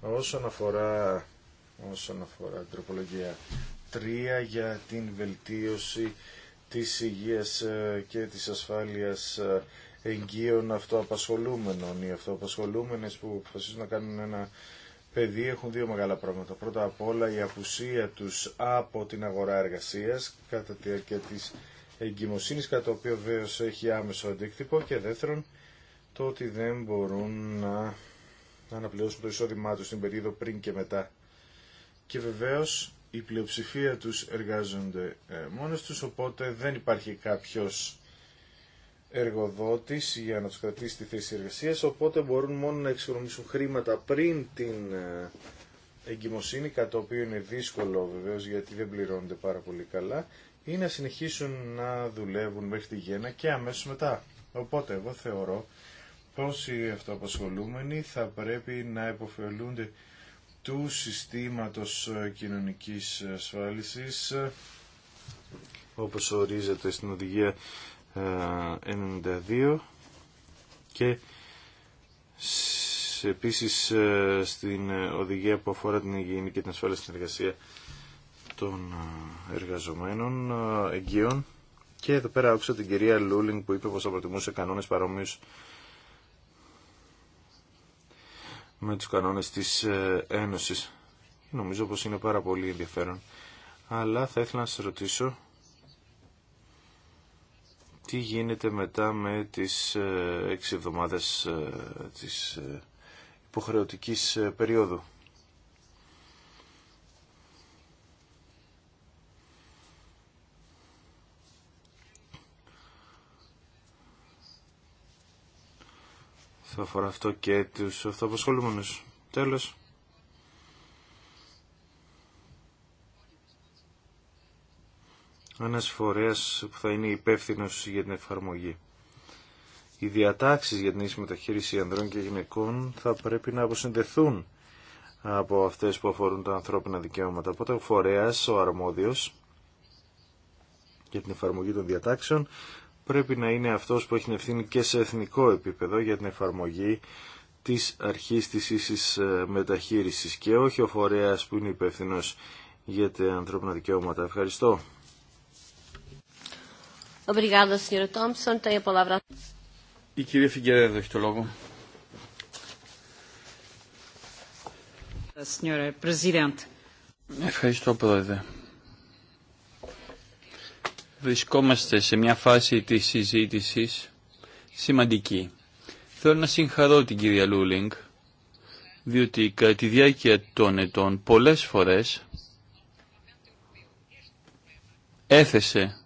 Όσον αφορά, όσον αφορά την τροπολογία 3 για την βελτίωση της υγείας ε, και της ασφάλειας ε, εγγύων αυτοαπασχολούμενων. Οι αυτοαπασχολούμενες που αποφασίζουν να κάνουν ένα παιδί έχουν δύο μεγάλα πράγματα. Πρώτα απ' όλα η απουσία τους από την αγορά εργασίας κατά τη διάρκεια της εγκυμοσύνης, κατά το οποίο βέβαιω έχει άμεσο αντίκτυπο και δεύτερον το ότι δεν μπορούν να αναπληρώσουν το εισόδημά τους στην περίοδο πριν και μετά. Και βεβαίως η πλειοψηφία τους εργάζονται ε, μόνος τους, οπότε δεν υπάρχει κάποιος εργοδότης για να τους κρατήσει τη θέση εργασίας, οπότε μπορούν μόνο να εξοικονομήσουν χρήματα πριν την ε, εγκυμοσύνη, κατά το οποίο είναι δύσκολο βεβαίως γιατί δεν πληρώνονται πάρα πολύ καλά, ή να συνεχίσουν να δουλεύουν μέχρι τη γέννα και αμέσως μετά. Οπότε εγώ θεωρώ πως οι αυτοαπασχολούμενοι θα πρέπει να υποφελούνται του συστήματος ε, κοινωνικής ασφάλισης όπως ορίζεται στην οδηγία 92 ε, και επίσης ε, στην οδηγία που αφορά την υγιεινή και την ασφάλεια στην εργασία των εργαζομένων εγγύων και εδώ πέρα άκουσα την κυρία Λούλινγκ που είπε πως θα προτιμούσε κανόνες παρόμοιους με τους κανόνες της ε, Ένωσης. Νομίζω πως είναι πάρα πολύ ενδιαφέρον. Αλλά θα ήθελα να σας ρωτήσω τι γίνεται μετά με τις ε, έξι εβδομάδες ε, της υποχρεωτικής περίοδου. θα αφορά αυτό και τους αυτοαπασχολούμενους. Τέλος. Ένα φορέα που θα είναι υπεύθυνο για την εφαρμογή. Οι διατάξει για την ίση μεταχείριση ανδρών και γυναικών θα πρέπει να αποσυνδεθούν από αυτές που αφορούν τα ανθρώπινα δικαιώματα. Οπότε ο φορέα, ο αρμόδιος για την εφαρμογή των διατάξεων πρέπει να είναι αυτός που έχει ευθύνη και σε εθνικό επίπεδο για την εφαρμογή της αρχής της ίσης ε, μεταχείρισης και όχι ο φορέας που είναι υπεύθυνο για τα ανθρώπινα δικαιώματα. Ευχαριστώ. Ευχαριστώ, Πρόεδρε βρισκόμαστε σε μια φάση της συζήτησης σημαντική. Θέλω να συγχαρώ την κυρία Λούλινγκ, διότι κατά τη διάρκεια των ετών πολλές φορές έθεσε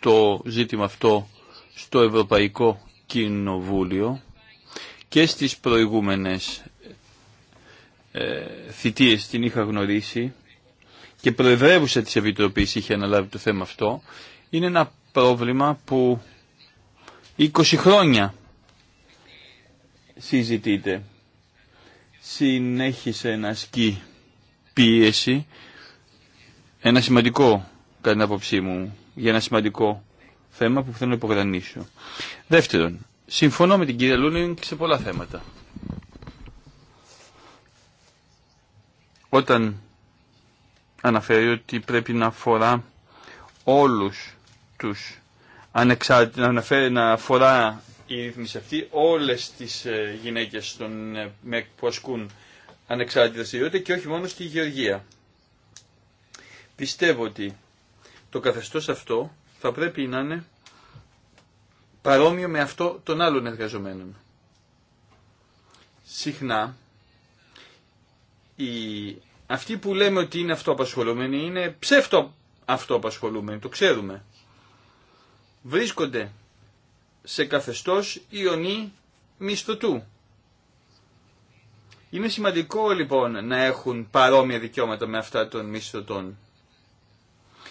το ζήτημα αυτό στο Ευρωπαϊκό Κοινοβούλιο και στις προηγούμενες ε, θητείες την είχα γνωρίσει και προεδρεύουσα της Επιτροπής είχε αναλάβει το θέμα αυτό είναι ένα πρόβλημα που 20 χρόνια συζητείται. Συνέχισε να ασκεί πίεση, ένα σημαντικό, κατά την άποψή μου, για ένα σημαντικό θέμα που θέλω να υπογρανίσω. Δεύτερον, συμφωνώ με την κυρία Λούνινγκ σε πολλά θέματα. Όταν αναφέρει ότι πρέπει να αφορά όλους τους αναφέρει να αφορά η ρύθμιση αυτή όλες τις ε, γυναίκες ε, που ασκούν ανεξάρτητη δραστηριότητα και όχι μόνο στη γεωργία. Πιστεύω ότι το καθεστώς αυτό θα πρέπει να είναι παρόμοιο με αυτό των άλλων εργαζομένων. Συχνά, οι... αυτοί που λέμε ότι είναι αυτοαπασχολούμενοι είναι ψεύτο αυτοαπασχολούμενοι, το ξέρουμε βρίσκονται σε καθεστώς ιονή μισθωτού. Είναι σημαντικό λοιπόν να έχουν παρόμοια δικαιώματα με αυτά των μισθωτών.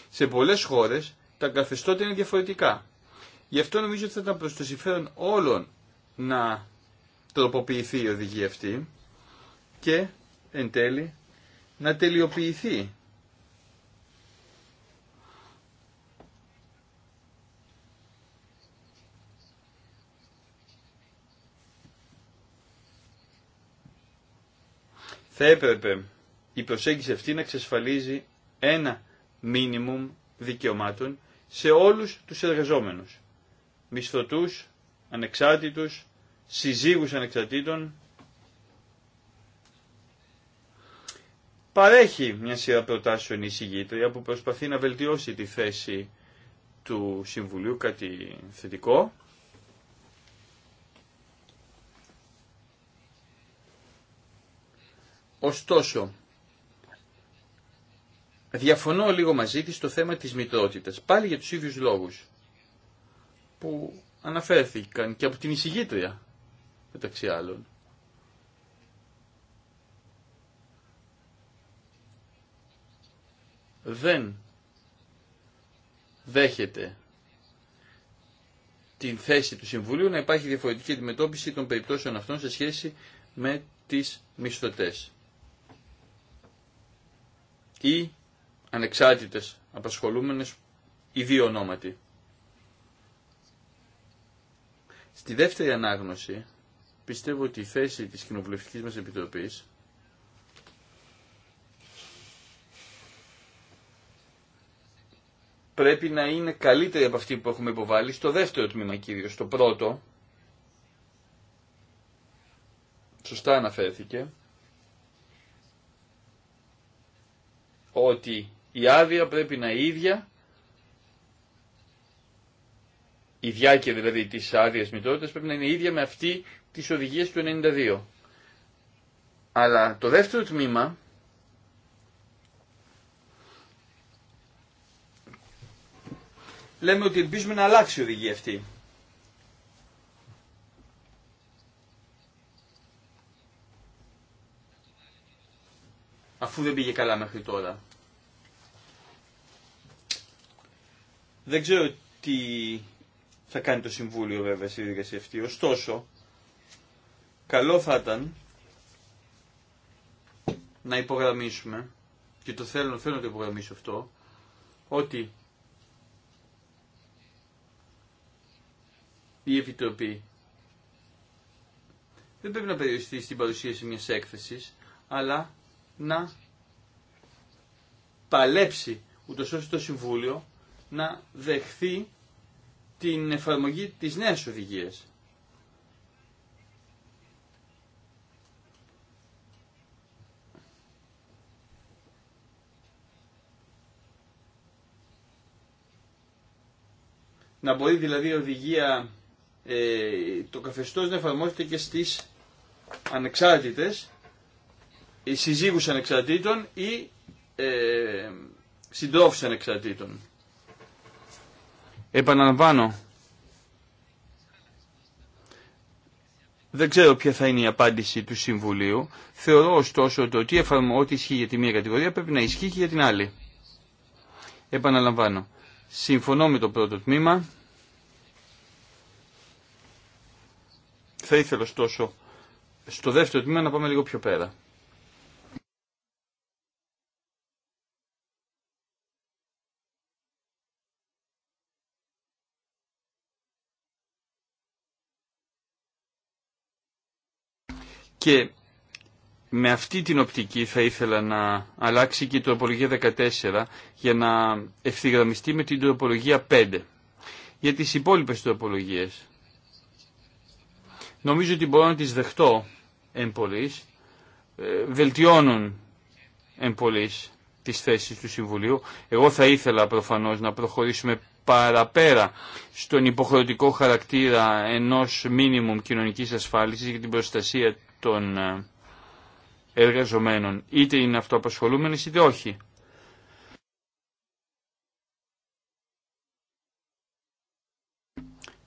Σε πολλές χώρες τα καθεστώτα είναι διαφορετικά. Γι' αυτό νομίζω ότι θα ήταν προς το συμφέρον όλων να τροποποιηθεί η οδηγία αυτή και εν τέλει να τελειοποιηθεί θα έπρεπε η προσέγγιση αυτή να εξασφαλίζει ένα μίνιμουμ δικαιωμάτων σε όλους τους εργαζόμενους. Μισθωτούς, ανεξάρτητους, συζύγους ανεξαρτήτων. Παρέχει μια σειρά προτάσεων η συγγήτρια που προσπαθεί να βελτιώσει τη θέση του Συμβουλίου, κάτι θετικό. Ωστόσο, διαφωνώ λίγο μαζί της στο θέμα της μητρότητας. Πάλι για τους ίδιους λόγους που αναφέρθηκαν και από την εισηγήτρια μεταξύ άλλων. Δεν δέχεται την θέση του Συμβουλίου να υπάρχει διαφορετική αντιμετώπιση των περιπτώσεων αυτών σε σχέση με τις μισθωτές ή ανεξάρτητες απασχολούμενες οι δύο ονόματι. Στη δεύτερη ανάγνωση πιστεύω ότι η θέση της κοινοβουλευτικής μας επιτροπής πρέπει να είναι καλύτερη από αυτή που έχουμε υποβάλει στο δεύτερο τμήμα κύριο, Στο πρώτο, σωστά αναφέρθηκε, ότι η άδεια πρέπει να είναι ίδια, η διάρκεια δηλαδή της άδειας μητρότητας πρέπει να είναι ίδια με αυτή τη οδηγία του 92. Αλλά το δεύτερο τμήμα λέμε ότι ελπίζουμε να αλλάξει η οδηγία αυτή. Αφού δεν πήγε καλά μέχρι τώρα. Δεν ξέρω τι θα κάνει το Συμβούλιο βέβαια στη διαδικασία αυτή. Ωστόσο, καλό θα ήταν να υπογραμμίσουμε, και το θέλω, θέλω να το υπογραμμίσω αυτό, ότι η Επιτροπή δεν πρέπει να περιοριστεί στην παρουσίαση μιας έκθεσης, αλλά να παλέψει ούτως ώστε το Συμβούλιο να δεχθεί την εφαρμογή της νέας οδηγίας. Να μπορεί δηλαδή η οδηγία, ε, το καθεστώς να εφαρμόζεται και στις ανεξάρτητες, οι συζύγους ανεξαρτήτων ή ε, συντρόφους ανεξαρτήτων. Επαναλαμβάνω, δεν ξέρω ποια θα είναι η απάντηση του Συμβουλίου. Θεωρώ ωστόσο το ότι εφαρμο, ό,τι ισχύει για τη μία κατηγορία πρέπει να ισχύει και για την άλλη. Επαναλαμβάνω, συμφωνώ με το πρώτο τμήμα. Θα ήθελα ωστόσο στο δεύτερο τμήμα να πάμε λίγο πιο πέρα. Και με αυτή την οπτική θα ήθελα να αλλάξει και η τροπολογία 14 για να ευθυγραμμιστεί με την τροπολογία 5. Για τις υπόλοιπες τροπολογίες νομίζω ότι μπορώ να τις δεχτώ εν πολλής, ε, βελτιώνουν εν πολλής τις θέσεις του Συμβουλίου. Εγώ θα ήθελα προφανώς να προχωρήσουμε παραπέρα στον υποχρεωτικό χαρακτήρα ενός μίνιμουμ κοινωνικής ασφάλισης για την προστασία των ε, εργαζομένων, είτε είναι αυτοαπασχολούμενες είτε όχι.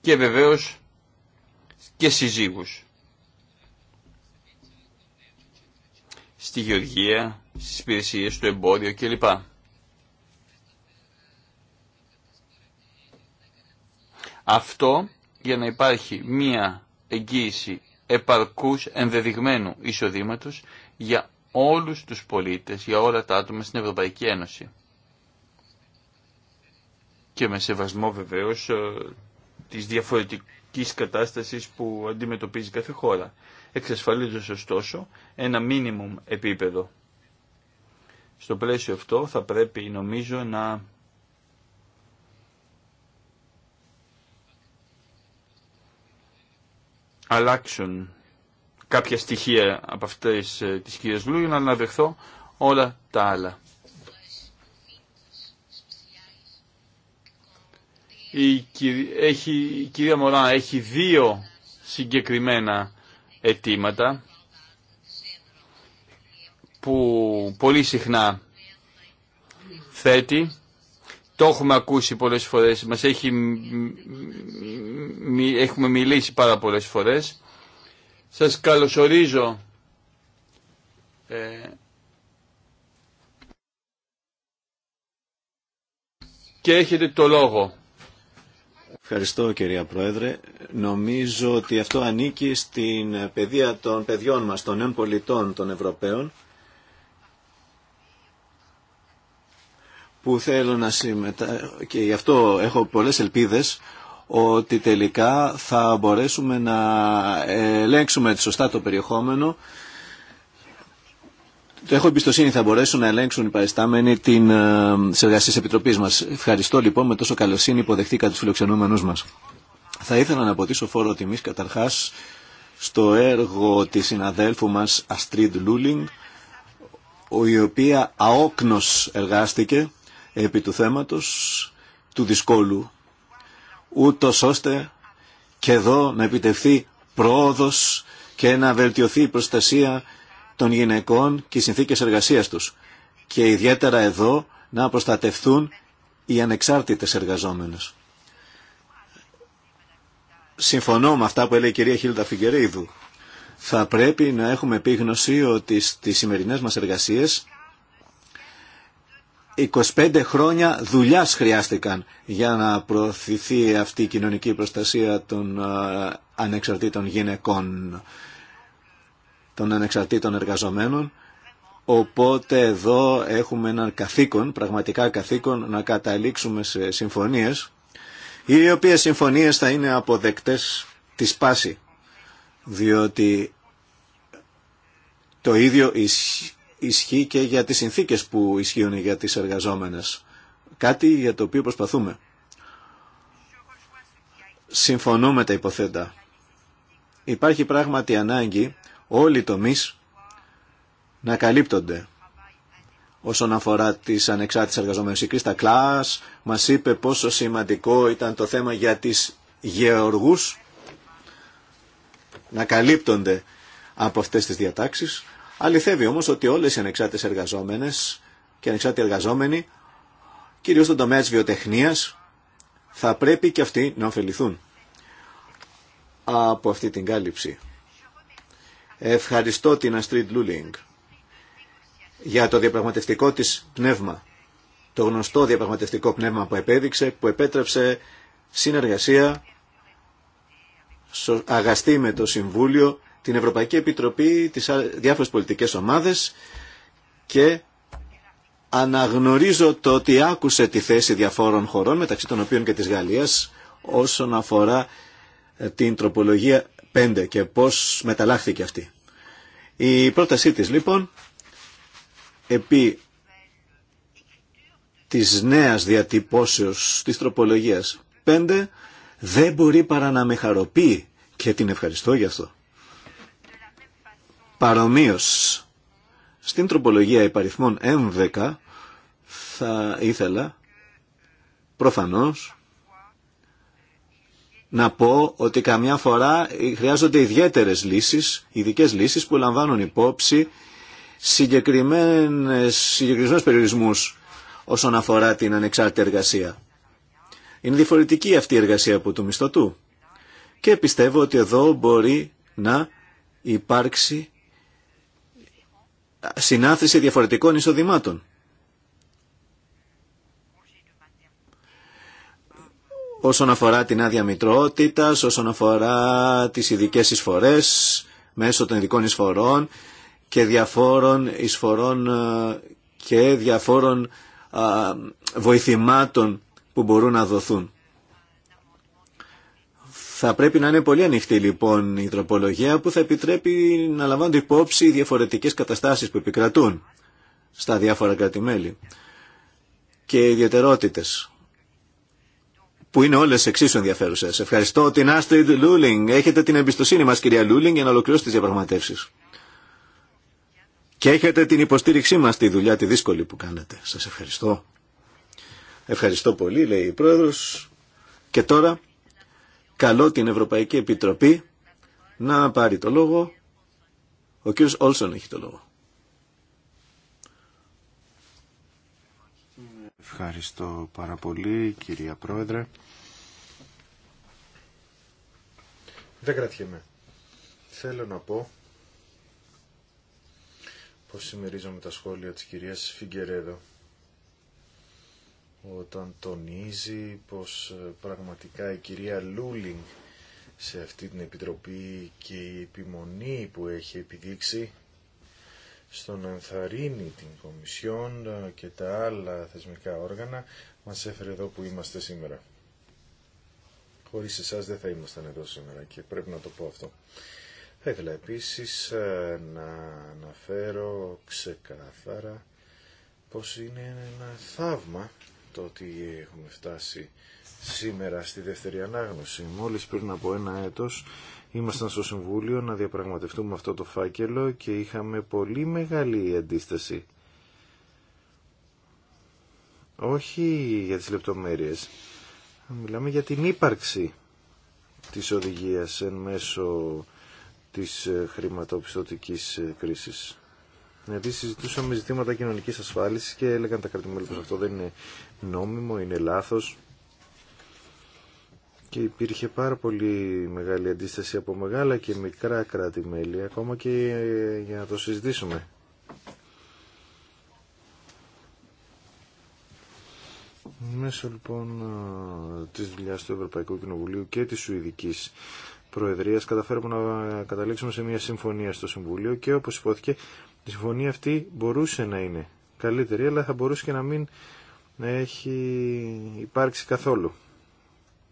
Και βεβαίως και συζύγους. Στη γεωργία, στις υπηρεσίε στο εμπόδιο κλπ. Αυτό για να υπάρχει μία εγγύηση επαρκούς ενδεδειγμένου εισοδήματος για όλους τους πολίτες, για όλα τα άτομα στην Ευρωπαϊκή Ένωση. Και με σεβασμό βεβαίως ε, της διαφορετικής κατάστασης που αντιμετωπίζει κάθε χώρα, εξασφαλίζοντας ωστόσο ένα μίνιμουμ επίπεδο. Στο πλαίσιο αυτό θα πρέπει νομίζω να αλλάξουν κάποια στοιχεία από αυτές ε, τις κυρίες Λού για να αναδεχθώ όλα τα άλλα. Η, κυρία, έχει, η κυρία Μωρά έχει δύο συγκεκριμένα αιτήματα που πολύ συχνά θέτει το έχουμε ακούσει πολλές φορές, μας έχει, έχουμε μιλήσει πάρα πολλές φορές. Σας καλωσορίζω ε, και έχετε το λόγο. Ευχαριστώ κυρία Πρόεδρε. Νομίζω ότι αυτό ανήκει στην παιδεία των παιδιών μας, των νέων πολιτών των Ευρωπαίων που θέλω να συμμετάσχω και γι' αυτό έχω πολλές ελπίδες ότι τελικά θα μπορέσουμε να ελέγξουμε σωστά το περιεχόμενο. Το έχω εμπιστοσύνη θα μπορέσουν να ελέγξουν οι παριστάμενοι την ε, εργασία τη Επιτροπής μας. Ευχαριστώ λοιπόν με τόσο καλοσύνη υποδεχτήκα τους φιλοξενούμενους μας. Θα ήθελα να αποτίσω φόρο τιμής καταρχάς στο έργο της συναδέλφου μας Αστρίντ Λούλινγκ, η οποία αόκνος εργάστηκε επί του θέματος του δυσκόλου, ούτω ώστε και εδώ να επιτευχθεί πρόοδος και να βελτιωθεί η προστασία των γυναικών και οι συνθήκες εργασίας τους. Και ιδιαίτερα εδώ να προστατευθούν οι ανεξάρτητες εργαζόμενες. Συμφωνώ με αυτά που έλεγε η κυρία Χίλτα Φιγκερίδου. Θα πρέπει να έχουμε επίγνωση ότι στις σημερινές μας εργασίες 25 χρόνια δουλειάς χρειάστηκαν για να προωθηθεί αυτή η κοινωνική προστασία των ε, ανεξαρτήτων γυναικών, των ανεξαρτήτων εργαζομένων. Οπότε εδώ έχουμε έναν καθήκον, πραγματικά καθήκον, να καταλήξουμε σε συμφωνίες, οι οποίες συμφωνίες θα είναι αποδεκτές της σπάση, διότι το ίδιο ισχύει και για τις συνθήκες που ισχύουν για τις εργαζόμενες. Κάτι για το οποίο προσπαθούμε. Συμφωνούμε τα υποθέτα. Υπάρχει πράγματι ανάγκη όλοι οι τομείς να καλύπτονται όσον αφορά τις ανεξάρτητες εργαζομένες. Η Κρίστα Κλάς μας είπε πόσο σημαντικό ήταν το θέμα για τις γεωργούς να καλύπτονται από αυτές τις διατάξεις. Αληθεύει όμως ότι όλες οι ανεξάρτητες εργαζόμενες και ανεξάρτητοι εργαζόμενοι, κυρίως στον τομέα της βιοτεχνίας, θα πρέπει και αυτοί να ωφεληθούν από αυτή την κάλυψη. Ευχαριστώ την Αστρίτ Λούλινγκ για το διαπραγματευτικό της πνεύμα, το γνωστό διαπραγματευτικό πνεύμα που επέδειξε, που επέτρεψε συνεργασία αγαστή με το Συμβούλιο την Ευρωπαϊκή Επιτροπή, τις διάφορες πολιτικές ομάδες και αναγνωρίζω το ότι άκουσε τη θέση διαφόρων χωρών, μεταξύ των οποίων και της Γαλλίας, όσον αφορά ε, την τροπολογία 5 και πώς μεταλλάχθηκε αυτή. Η πρότασή της λοιπόν, επί της νέας διατυπώσεως της τροπολογίας 5, δεν μπορεί παρά να με χαροποιεί και την ευχαριστώ γι' αυτό. Παρομοίως, στην τροπολογία υπαριθμών θα ήθελα προφανώς να πω ότι καμιά φορά χρειάζονται ιδιαίτερες λύσεις, ειδικέ λύσεις που λαμβάνουν υπόψη συγκεκριμένες, συγκεκριμένες περιορισμούς όσον αφορά την ανεξάρτητη εργασία. Είναι διαφορετική αυτή η εργασία από του μισθωτού. Και πιστεύω ότι εδώ μπορεί να υπάρξει συνάθρηση διαφορετικών εισοδημάτων. Όσον αφορά την άδεια μητρότητα, όσον αφορά τις ειδικές εισφορές μέσω των ειδικών εισφορών και διαφόρων εισφορών ε, και διαφόρων βοηθημάτων που μπορούν να δοθούν. Θα πρέπει να είναι πολύ ανοιχτή λοιπόν η τροπολογία που θα επιτρέπει να λαμβάνονται υπόψη οι διαφορετικές καταστάσεις που επικρατούν στα διάφορα κρατημέλη και οι ιδιαιτερότητες που είναι όλες εξίσου ενδιαφέρουσες. Ευχαριστώ την Astrid Λούλινγκ. Έχετε την εμπιστοσύνη μας κυρία Λούλινγκ για να ολοκληρώσετε τις διαπραγματεύσεις. Και έχετε την υποστήριξή μας στη δουλειά τη δύσκολη που κάνετε. Σας ευχαριστώ. Ευχαριστώ πολύ λέει η Πρόεδρος. Και τώρα Καλώ την Ευρωπαϊκή Επιτροπή να πάρει το λόγο. Ο κύριος Όλσον έχει το λόγο. Ευχαριστώ πάρα πολύ κυρία Πρόεδρε. Δεν κρατιέμαι. Θέλω να πω πως συμμερίζομαι τα σχόλια της κυρίας Φιγκερέδο όταν τονίζει πως ε, πραγματικά η κυρία Λούλινγκ σε αυτή την επιτροπή και η επιμονή που έχει επιδείξει στο να ενθαρρύνει την Κομισιόν ε, και τα άλλα θεσμικά όργανα μας έφερε εδώ που είμαστε σήμερα. Χωρίς εσάς δεν θα ήμασταν εδώ σήμερα και πρέπει να το πω αυτό. Θα ήθελα επίσης ε, να αναφέρω ξεκάθαρα πως είναι ένα θαύμα το ότι έχουμε φτάσει σήμερα στη δεύτερη ανάγνωση. Μόλις πριν από ένα έτος ήμασταν στο Συμβούλιο να διαπραγματευτούμε αυτό το φάκελο και είχαμε πολύ μεγάλη αντίσταση. Όχι για τις λεπτομέρειες. Μιλάμε για την ύπαρξη της οδηγίας εν μέσω της ε, χρηματοπιστωτικής ε, κρίσης. Γιατί συζητούσαμε ζητήματα κοινωνικής ασφάλισης και έλεγαν τα κρατημέλη πως αυτό δεν είναι νόμιμο, είναι λάθος και υπήρχε πάρα πολύ μεγάλη αντίσταση από μεγάλα και μικρά κράτη-μέλη, ακόμα και για να το συζητήσουμε. Μέσω λοιπόν της δουλειά του Ευρωπαϊκού Κοινοβουλίου και της Σουηδικής Προεδρίας καταφέρουμε να καταλήξουμε σε μια συμφωνία στο Συμβουλίο και όπως υπόθηκε η συμφωνία αυτή μπορούσε να είναι καλύτερη αλλά θα μπορούσε και να μην έχει υπάρξει καθόλου.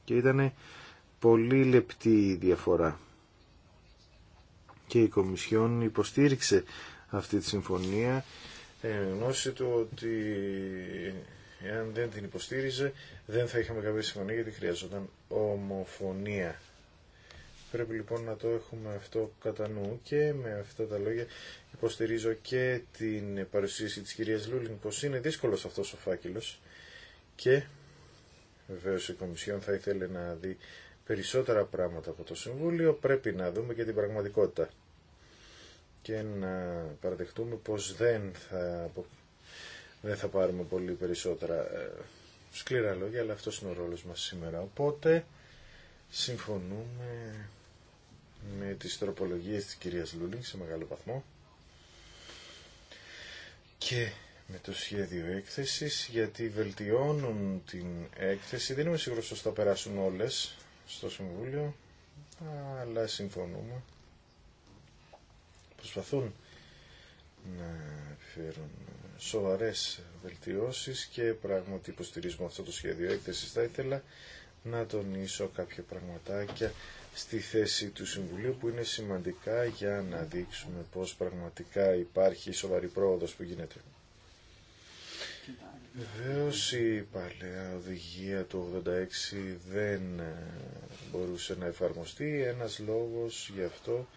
Και ήταν πολύ λεπτή η διαφορά. Και η Κομισιόν υποστήριξε αυτή τη συμφωνία ε, γνώση του ότι εάν δεν την υποστήριζε δεν θα είχαμε κάποια συμφωνία γιατί χρειαζόταν ομοφωνία. Πρέπει λοιπόν να το έχουμε αυτό κατά νου και με αυτά τα λόγια υποστηρίζω και την παρουσίαση της κυρίας Λούλιν πως είναι δύσκολος αυτός ο φάκελος και βεβαίως η Κομισιόν θα ήθελε να δει περισσότερα πράγματα από το Συμβούλιο πρέπει να δούμε και την πραγματικότητα και να παραδεχτούμε πως δεν θα, θα πάρουμε πολύ περισσότερα ε, σκληρά λόγια αλλά αυτός είναι ο ρόλος μας σήμερα οπότε συμφωνούμε με τις τροπολογίες της κυρίας Λούλινγκ σε μεγάλο βαθμό και με το σχέδιο έκθεση γιατί βελτιώνουν την έκθεση. Δεν είμαι σίγουρος ότι θα περάσουν όλες στο Συμβούλιο, αλλά συμφωνούμε. Προσπαθούν να επιφέρουν σοβαρές βελτιώσεις και πράγματι υποστηρίζουμε αυτό το σχέδιο έκθεσης. Θα ήθελα να τονίσω κάποια πραγματάκια στη θέση του Συμβουλίου που είναι σημαντικά για να δείξουμε πως πραγματικά υπάρχει σοβαρή πρόοδος που γίνεται. Βεβαίω η παλαιά οδηγία του 86 δεν ε, μπορούσε να εφαρμοστεί. Ένας λόγος γι' αυτό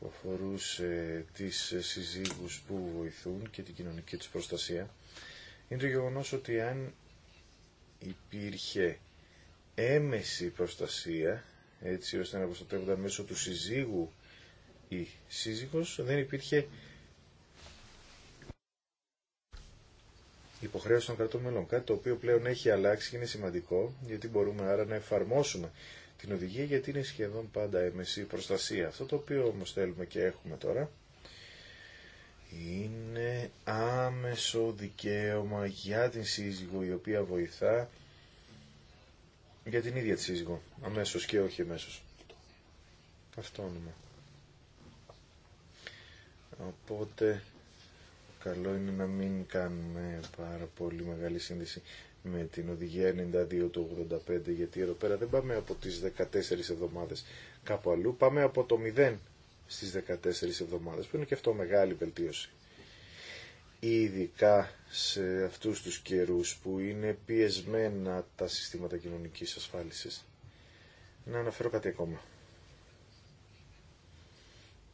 που αφορούσε τις συζύγους που βοηθούν και την κοινωνική τους προστασία είναι το γεγονός ότι αν υπήρχε έμεση προστασία, έτσι ώστε να προστατεύονται μέσω του συζύγου ή σύζυγος, δεν υπήρχε υποχρέωση των κρατών μελών. Κάτι το οποίο πλέον έχει αλλάξει και είναι σημαντικό, γιατί μπορούμε άρα να εφαρμόσουμε την οδηγία, γιατί είναι σχεδόν πάντα έμεση προστασία. Αυτό το οποίο όμως θέλουμε και έχουμε τώρα, είναι άμεσο δικαίωμα για την σύζυγο η οποία βοηθά για την ίδια τη σύζυγο. Αμέσως και όχι Αυτό όνομα. Οπότε καλό είναι να μην κάνουμε πάρα πολύ μεγάλη σύνδεση με την οδηγία 92 του 85 γιατί εδώ πέρα δεν πάμε από τις 14 εβδομάδες κάπου αλλού πάμε από το 0 στις 14 εβδομάδες που είναι και αυτό μεγάλη βελτίωση ειδικά σε αυτούς τους καιρούς που είναι πιεσμένα τα συστήματα κοινωνικής ασφάλισης. Να αναφέρω κάτι ακόμα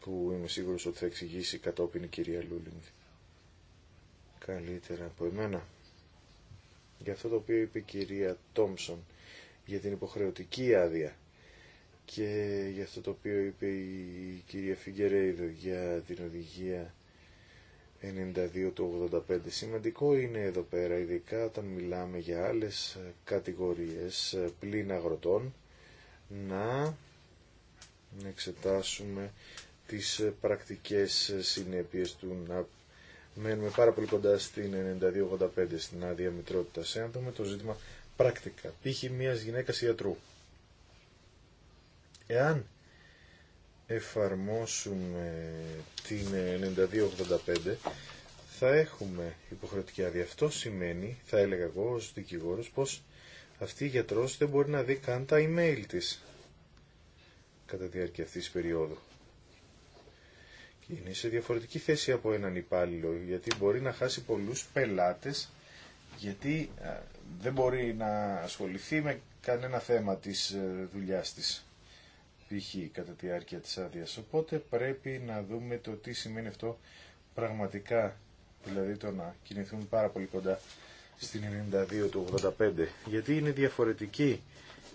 που είμαι σίγουρος ότι θα εξηγήσει κατόπιν η κυρία Λούλινγκ καλύτερα από εμένα για αυτό το οποίο είπε η κυρία Τόμσον για την υποχρεωτική άδεια και για αυτό το οποίο είπε η κυρία Φιγκερέιδο για την οδηγία 92 του 85. Σημαντικό είναι εδώ πέρα, ειδικά όταν μιλάμε για άλλες κατηγορίες πλήν αγροτών, να εξετάσουμε τις πρακτικές συνέπειες του να μένουμε πάρα πολύ κοντά στην 92-85 στην άδεια μητρότητα. Εάν δούμε το ζήτημα πρακτικά, π.χ. μιας γυναίκας ιατρού. Εάν εφαρμόσουμε την 9285 θα έχουμε υποχρεωτική άδεια. Αυτό σημαίνει, θα έλεγα εγώ ως δικηγόρος, πως αυτή η γιατρός δεν μπορεί να δει καν τα email της κατά τη διάρκεια αυτής της περίοδου. Και είναι σε διαφορετική θέση από έναν υπάλληλο, γιατί μπορεί να χάσει πολλούς πελάτες, γιατί δεν μπορεί να ασχοληθεί με κανένα θέμα της ε, δουλειάς της π.χ. κατά τη διάρκεια της άδεια. Οπότε πρέπει να δούμε το τι σημαίνει αυτό πραγματικά, δηλαδή το να κινηθούμε πάρα πολύ κοντά στην 92 του 85, γιατί είναι διαφορετική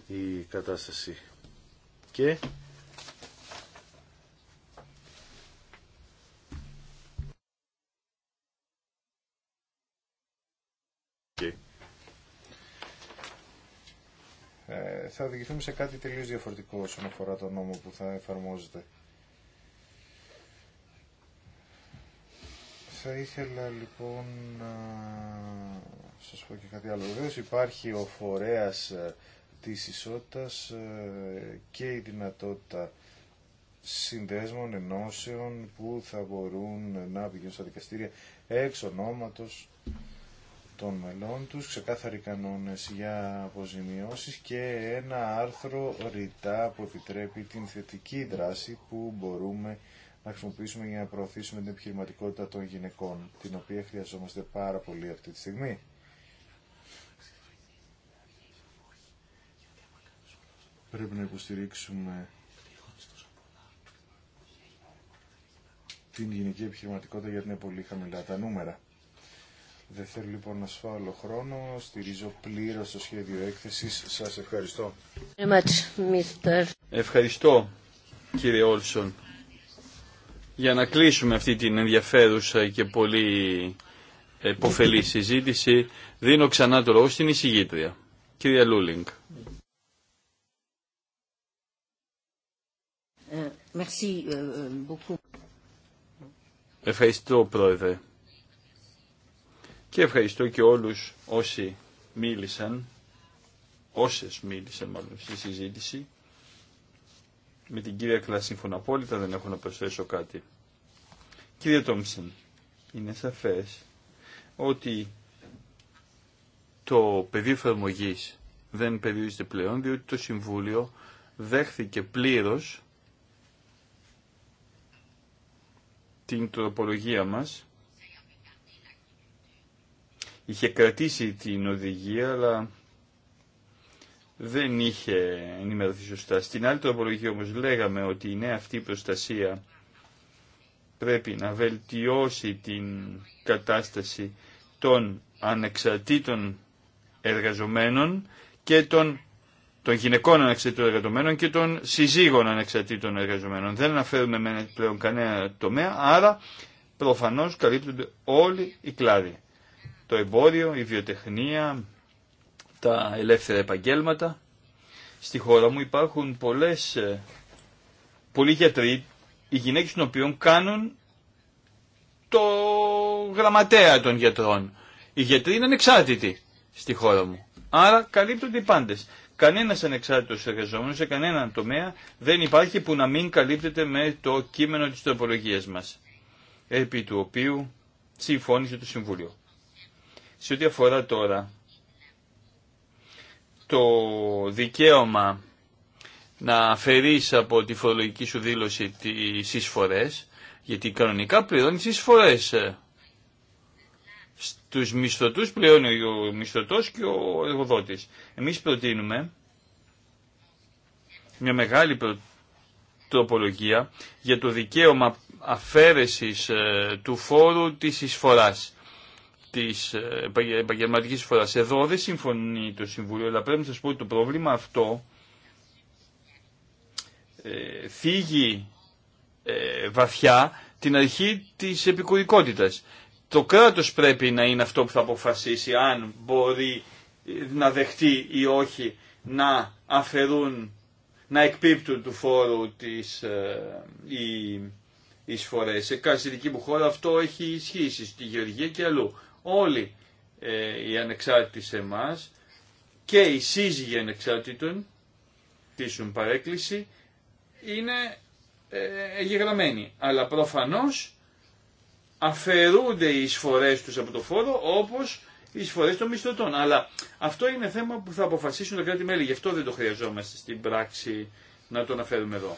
η κατάσταση. Και Ε, θα οδηγηθούμε σε κάτι τελείως διαφορετικό όσον αφορά το νόμο που θα εφαρμόζεται. Θα ήθελα λοιπόν να σας πω και κάτι άλλο. Βεβαίως υπάρχει ο φορέας ε, της ισότητας ε, και η δυνατότητα συνδέσμων ενώσεων που θα μπορούν να πηγαίνουν στα δικαστήρια εξ των μελών τους, ξεκάθαροι κανόνες για αποζημιώσεις και ένα άρθρο ρητά που επιτρέπει την θετική δράση που μπορούμε να χρησιμοποιήσουμε για να προωθήσουμε την επιχειρηματικότητα των γυναικών, την οποία χρειαζόμαστε πάρα πολύ αυτή τη στιγμή. Πρέπει να υποστηρίξουμε την γυναική επιχειρηματικότητα γιατί είναι πολύ χαμηλά τα νούμερα. Δεν θέλω λοιπόν να σφάλω χρόνο. Στηρίζω πλήρως το σχέδιο έκθεσης. Σας ευχαριστώ. Ευχαριστώ κύριε Όλσον. Για να κλείσουμε αυτή την ενδιαφέρουσα και πολύ εποφελή συζήτηση, δίνω ξανά το λόγο στην εισηγήτρια. Κυρία Λούλινγκ. Ε, ε, ε, ευχαριστώ, Πρόεδρε και ευχαριστώ και όλους όσοι μίλησαν, όσες μίλησαν μάλλον στη συζήτηση. Με την κυρία Κλά σύμφωνα απόλυτα δεν έχω να προσθέσω κάτι. Κύριε Τόμψεν, είναι σαφές ότι το πεδίο εφαρμογή δεν περιορίζεται πλέον διότι το Συμβούλιο δέχθηκε πλήρως την τροπολογία μας είχε κρατήσει την οδηγία, αλλά δεν είχε ενημερωθεί σωστά. Στην άλλη τροπολογία όμως λέγαμε ότι η νέα αυτή προστασία πρέπει να βελτιώσει την κατάσταση των ανεξαρτήτων εργαζομένων και των, των γυναικών ανεξαρτήτων εργαζομένων και των συζύγων ανεξαρτήτων εργαζομένων. Δεν αναφέρουμε πλέον κανένα τομέα, άρα προφανώς καλύπτονται όλοι οι κλάδοι το εμπόριο, η βιοτεχνία, τα ελεύθερα επαγγέλματα. Στη χώρα μου υπάρχουν πολλές, ε, πολλοί γιατροί, οι γυναίκες των οποίων κάνουν το γραμματέα των γιατρών. Οι γιατροί είναι ανεξάρτητοι στη χώρα μου. Άρα καλύπτονται οι πάντες. Κανένα ανεξάρτητο εργαζόμενο σε κανένα τομέα δεν υπάρχει που να μην καλύπτεται με το κείμενο τη τροπολογία μα, επί του οποίου συμφώνησε το Συμβούλιο. Σε ό,τι αφορά τώρα το δικαίωμα να αφαιρείς από τη φορολογική σου δήλωση τις εισφορές, γιατί κανονικά πληρώνεις εισφορές. Στους μισθωτούς πληρώνει ο μισθωτός και ο εργοδότης. Εμείς προτείνουμε μια μεγάλη τροπολογία για το δικαίωμα αφαίρεσης ε, του φόρου της εισφοράς. Τη ε, επαγγελματική φορά. Εδώ δεν συμφωνεί το Συμβούλιο, αλλά πρέπει να σα πω ότι το πρόβλημα αυτό ε, ε, βαθιά την αρχή της επικουρικότητας. Το κράτο πρέπει να είναι αυτό που θα αποφασίσει αν μπορεί ε, να δεχτεί ή όχι να αφαιρούν, να εκπίπτουν του φόρου τις, ε, οι σφορές. δική μου χώρα αυτό έχει ισχύσει, στη Γεωργία και αλλού όλοι ε, οι ανεξάρτητοι σε εμά και οι σύζυγοι ανεξάρτητων τίσουν παρέκκληση είναι ε, εγγεγραμμένοι. Αλλά προφανώς αφαιρούνται οι εισφορές τους από το φόρο όπως οι εισφορές των μισθωτών. Αλλά αυτό είναι θέμα που θα αποφασίσουν τα κράτη-μέλη. Γι' αυτό δεν το χρειαζόμαστε στην πράξη να το αναφέρουμε εδώ.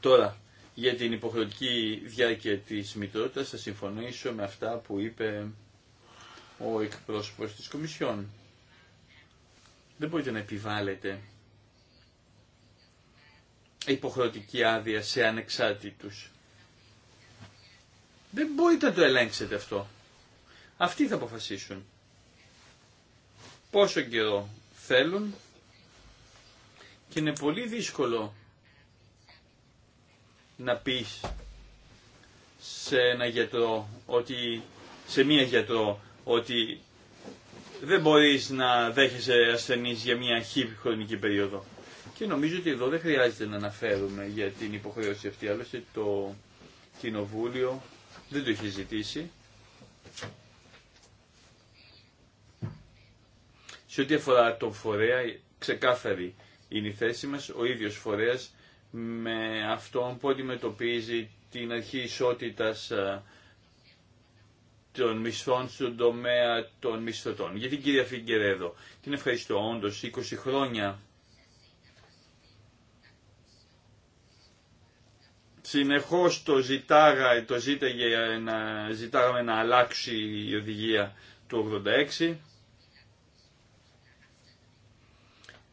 Τώρα, για την υποχρεωτική διάρκεια της μητρότητας θα συμφωνήσω με αυτά που είπε ο εκπρόσωπος της Κομισιόν. Δεν μπορείτε να επιβάλλετε υποχρεωτική άδεια σε ανεξάρτητους. Δεν μπορείτε να το ελέγξετε αυτό. Αυτοί θα αποφασίσουν. Πόσο καιρό θέλουν και είναι πολύ δύσκολο να πεις σε ένα γιατρό ότι, σε μία γιατρό ότι δεν μπορείς να δέχεσαι ασθενείς για μία χύπη χρονική περίοδο. Και νομίζω ότι εδώ δεν χρειάζεται να αναφέρουμε για την υποχρέωση αυτή, άλλωστε το κοινοβούλιο δεν το έχει ζητήσει. Σε ό,τι αφορά τον φορέα, ξεκάθαρη είναι η θέση μας, ο ίδιος φορέας με αυτόν που αντιμετωπίζει την αρχή ισότητας ε, των μισθών στον τομέα των μισθωτών. Για την κυρία Φιγκερέδο, την ευχαριστώ όντως 20 χρόνια συνεχώς το ζητάγα, το ζήταγε να, ζητάγαμε να αλλάξει η οδηγία του 86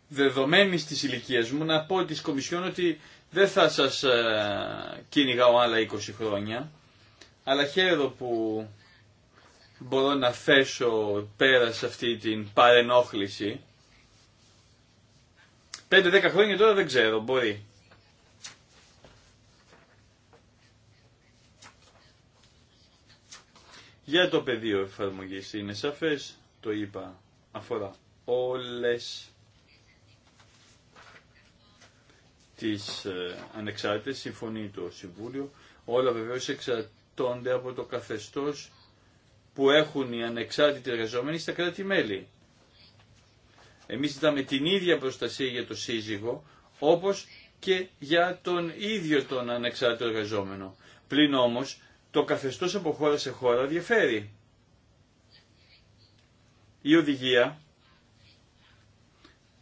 δεδομένης της ηλικία μου να πω της Κομισιόν ότι δεν θα σας ε, κυνηγάω άλλα 20 χρόνια, αλλά χαίρομαι που μπορώ να θέσω πέρα σε αυτή την παρενόχληση. 5-10 χρόνια τώρα δεν ξέρω, μπορεί. Για το πεδίο εφαρμογής είναι σαφές, το είπα, αφορά όλες τις ε, ανεξάρτητες, συμφωνεί το Συμβούλιο. Όλα βεβαίως εξαρτώνται από το καθεστώς που έχουν οι ανεξάρτητοι εργαζόμενοι στα κράτη-μέλη. Εμεί ζητάμε την ίδια προστασία για το σύζυγο, όπως και για τον ίδιο τον ανεξάρτητο εργαζόμενο. Πλην όμως, το καθεστώς από χώρα σε χώρα διαφέρει. Η οδηγία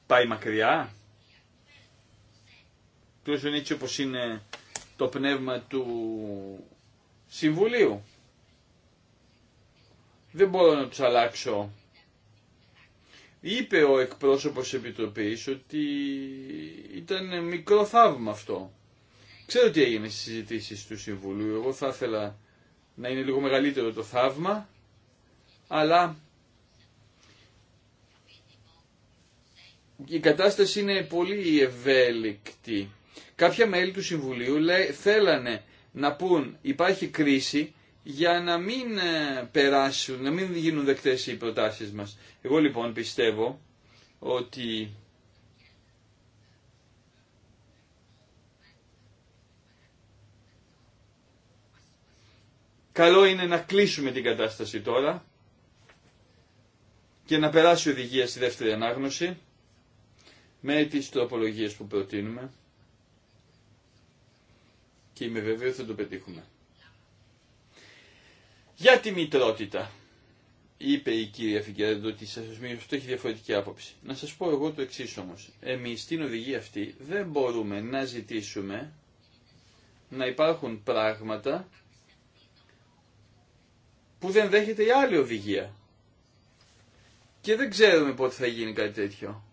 πάει μακριά τουλάχιστον έτσι όπως είναι το πνεύμα του Συμβουλίου. Δεν μπορώ να τους αλλάξω. Είπε ο εκπρόσωπος της Επιτροπής ότι ήταν μικρό θαύμα αυτό. Ξέρω τι έγινε στις συζητήσεις του Συμβουλίου. Εγώ θα ήθελα να είναι λίγο μεγαλύτερο το θαύμα, αλλά η κατάσταση είναι πολύ ευέλικτη. Κάποια μέλη του Συμβουλίου λέ, θέλανε να πούν υπάρχει κρίση για να μην ε, περάσουν, να μην γίνουν δεκτές οι προτάσεις μας. Εγώ λοιπόν πιστεύω ότι καλό είναι να κλείσουμε την κατάσταση τώρα και να περάσει η οδηγία στη δεύτερη ανάγνωση με τις τροπολογίες που προτείνουμε και είμαι βέβαιο θα το πετύχουμε. Για τη μητρότητα, είπε η κυρία Φιγκερέντο ότι σα ασφαλισμένου αυτό έχει διαφορετική άποψη. Να σας πω εγώ το εξή όμω. Εμεί στην οδηγία αυτή δεν μπορούμε να ζητήσουμε να υπάρχουν πράγματα που δεν δέχεται η άλλη οδηγία. Και δεν ξέρουμε πότε θα γίνει κάτι τέτοιο.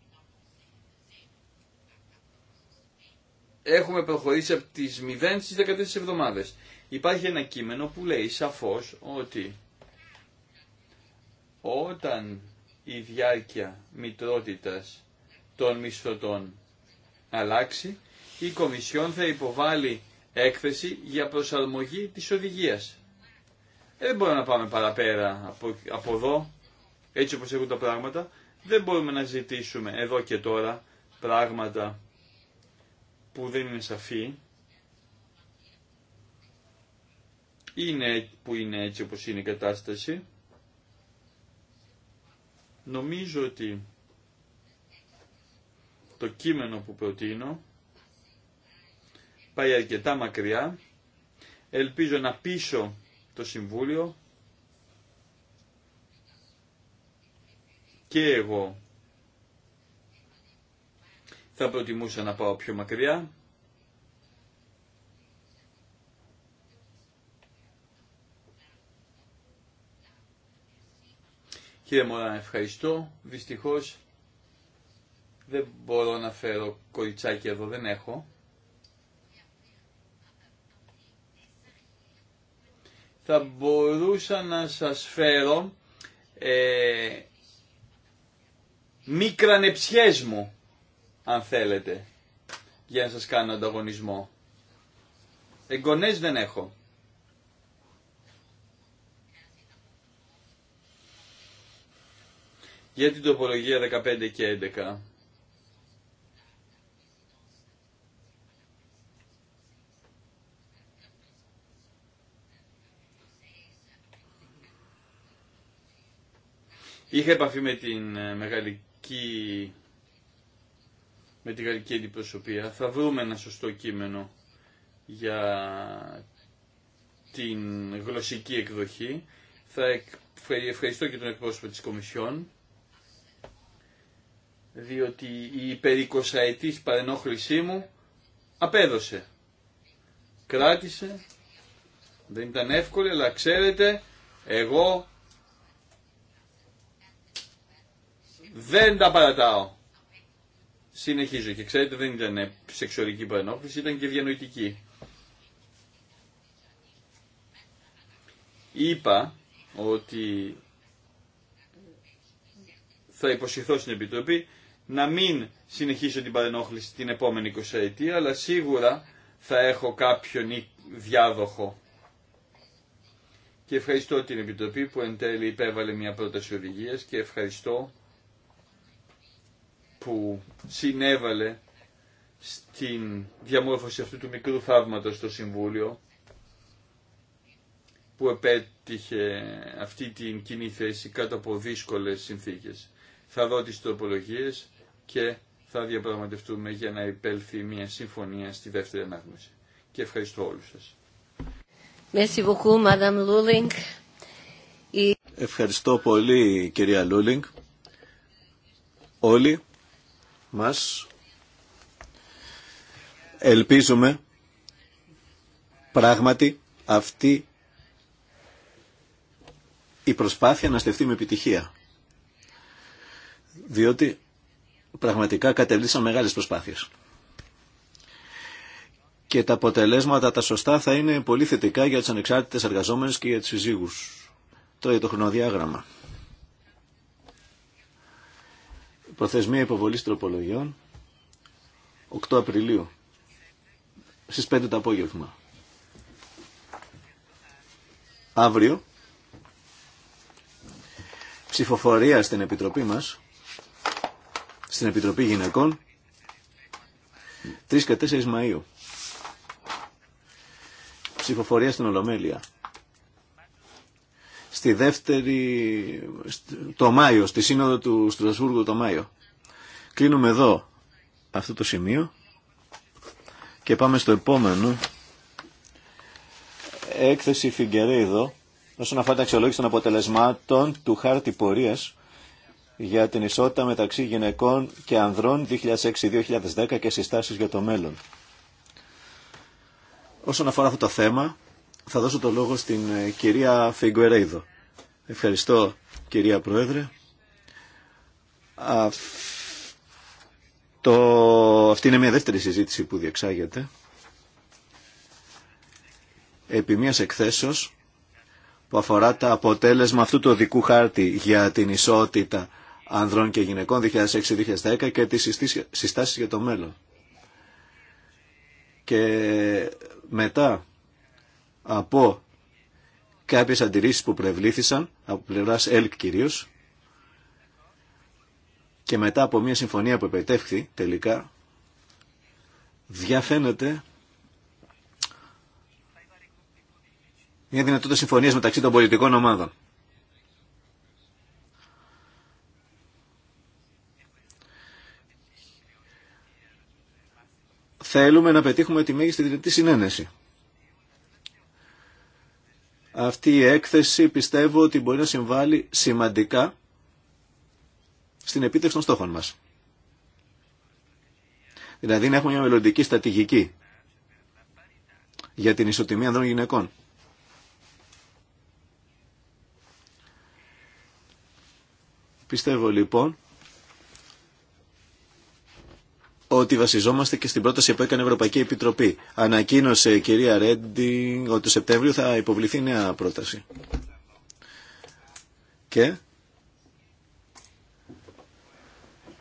έχουμε προχωρήσει από τις 0 στις 14 εβδομάδες. Υπάρχει ένα κείμενο που λέει σαφώς ότι όταν η διάρκεια μητρότητας των μισθωτών αλλάξει, η Κομισιόν θα υποβάλει έκθεση για προσαρμογή της οδηγίας. Ε, δεν μπορούμε να πάμε παραπέρα από, από εδώ, έτσι όπως έχουν τα πράγματα. Δεν μπορούμε να ζητήσουμε εδώ και τώρα πράγματα που δεν είναι σαφή είναι που είναι έτσι όπως είναι η κατάσταση. Νομίζω ότι το κείμενο που προτείνω πάει αρκετά μακριά. Ελπίζω να πείσω το Συμβούλιο και εγώ θα προτιμούσα να πάω πιο μακριά. Κύριε Μωρά, ευχαριστώ. Δυστυχώς δεν μπορώ να φέρω κοριτσάκι εδώ, δεν έχω. Θα μπορούσα να σας φέρω ε, μικρανεψιές μου αν θέλετε, για να σας κάνω ανταγωνισμό. Εγγονές δεν έχω. Για την τοπολογία 15 και 11. Είχα επαφή με την ε, μεγαλική με τη γαλλική αντιπροσωπεία. Θα βρούμε ένα σωστό κείμενο για την γλωσσική εκδοχή. Θα ευχαριστώ και τον εκπρόσωπο της Κομισιόν, διότι η περικοσαετής παρενόχλησή μου απέδωσε. Κράτησε, δεν ήταν εύκολη, αλλά ξέρετε, εγώ δεν τα παρατάω. Συνεχίζω και ξέρετε δεν ήταν σεξουαλική παρενόχληση, ήταν και διανοητική. Είπα ότι θα υποσχεθώ στην Επιτροπή να μην συνεχίσω την παρενόχληση την επόμενη 20 ετία, αλλά σίγουρα θα έχω κάποιον διάδοχο. Και ευχαριστώ την Επιτροπή που εν τέλει υπέβαλε μια πρόταση οδηγία και ευχαριστώ που συνέβαλε στην διαμόρφωση αυτού του μικρού θαύματος στο Συμβούλιο που επέτυχε αυτή την κοινή θέση κάτω από δύσκολες συνθήκες. Θα δω τις τροπολογίες και θα διαπραγματευτούμε για να υπέλθει μια συμφωνία στη δεύτερη ανάγνωση. Και ευχαριστώ όλους σας. Ευχαριστώ πολύ κυρία Λούλινγκ. Όλοι μας. Ελπίζουμε πράγματι αυτή η προσπάθεια να στεφτεί με επιτυχία. Διότι πραγματικά κατελήσαμε μεγάλες προσπάθειες. Και τα αποτελέσματα τα σωστά θα είναι πολύ θετικά για τους ανεξάρτητες εργαζόμενες και για τους συζύγους. Τώρα για το χρονοδιάγραμμα. Προθεσμία υποβολή τροπολογιών 8 Απριλίου στις 5 το απόγευμα. Αύριο ψηφοφορία στην Επιτροπή μας, στην Επιτροπή Γυναικών, 3 και 4 Μαΐου. Ψηφοφορία στην Ολομέλεια στη δεύτερη, το Μάιο, στη σύνοδο του Στρασβούργου το Μάιο. Κλείνουμε εδώ αυτό το σημείο και πάμε στο επόμενο. Έκθεση Φιγκερέιδο όσον αφορά τα αξιολόγηση των αποτελεσμάτων του χάρτη πορείας για την ισότητα μεταξύ γυναικών και ανδρών 2006-2010 και συστάσεις για το μέλλον. Όσον αφορά αυτό το θέμα, θα δώσω το λόγο στην ε, κυρία Φιγκουερέιδο. Ευχαριστώ κυρία Πρόεδρε. Το... Αυτή είναι μια δεύτερη συζήτηση που διεξάγεται. Επί μιας εκθέσεως που αφορά τα αποτέλεσμα αυτού του οδικού χάρτη για την ισότητα ανδρών και γυναικών 2006-2010 και τις συστάσεις για το μέλλον. Και μετά από κάποιες αντιρρήσεις που προευλήθησαν από πλευράς ΕΛΚ κυρίως και μετά από μια συμφωνία που επετεύχθη τελικά διαφαίνεται μια δυνατότητα συμφωνίας μεταξύ των πολιτικών ομάδων. Θέλουμε να πετύχουμε τη μέγιστη δυνατή συνένεση. Αυτή η έκθεση πιστεύω ότι μπορεί να συμβάλλει σημαντικά στην επίτευξη των στόχων μας. Δηλαδή να έχουμε μια μελλοντική στρατηγική για την ισοτιμία ανδρών γυναικών. Πιστεύω λοιπόν ότι βασιζόμαστε και στην πρόταση που έκανε η Ευρωπαϊκή Επιτροπή. Ανακοίνωσε η κυρία Ρέντινγκ ότι το Σεπτέμβριο θα υποβληθεί νέα πρόταση. Και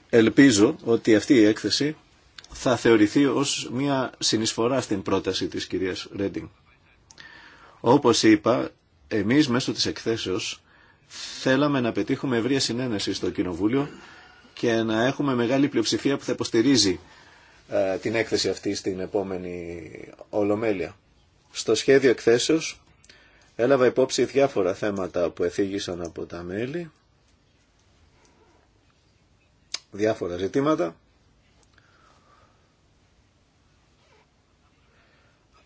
ελπίζω ότι αυτή η έκθεση θα θεωρηθεί ως μια συνεισφορά στην πρόταση της κυρίας Ρέντινγκ. Όπως είπα, εμείς μέσω της εκθέσεως θέλαμε να πετύχουμε ευρία συνένεση στο Κοινοβούλιο και να έχουμε μεγάλη πλειοψηφία που θα υποστηρίζει ε, την έκθεση αυτή στην επόμενη Ολομέλεια. Στο σχέδιο εκθέσεως έλαβα υπόψη διάφορα θέματα που εθίγησαν από τα μέλη, διάφορα ζητήματα,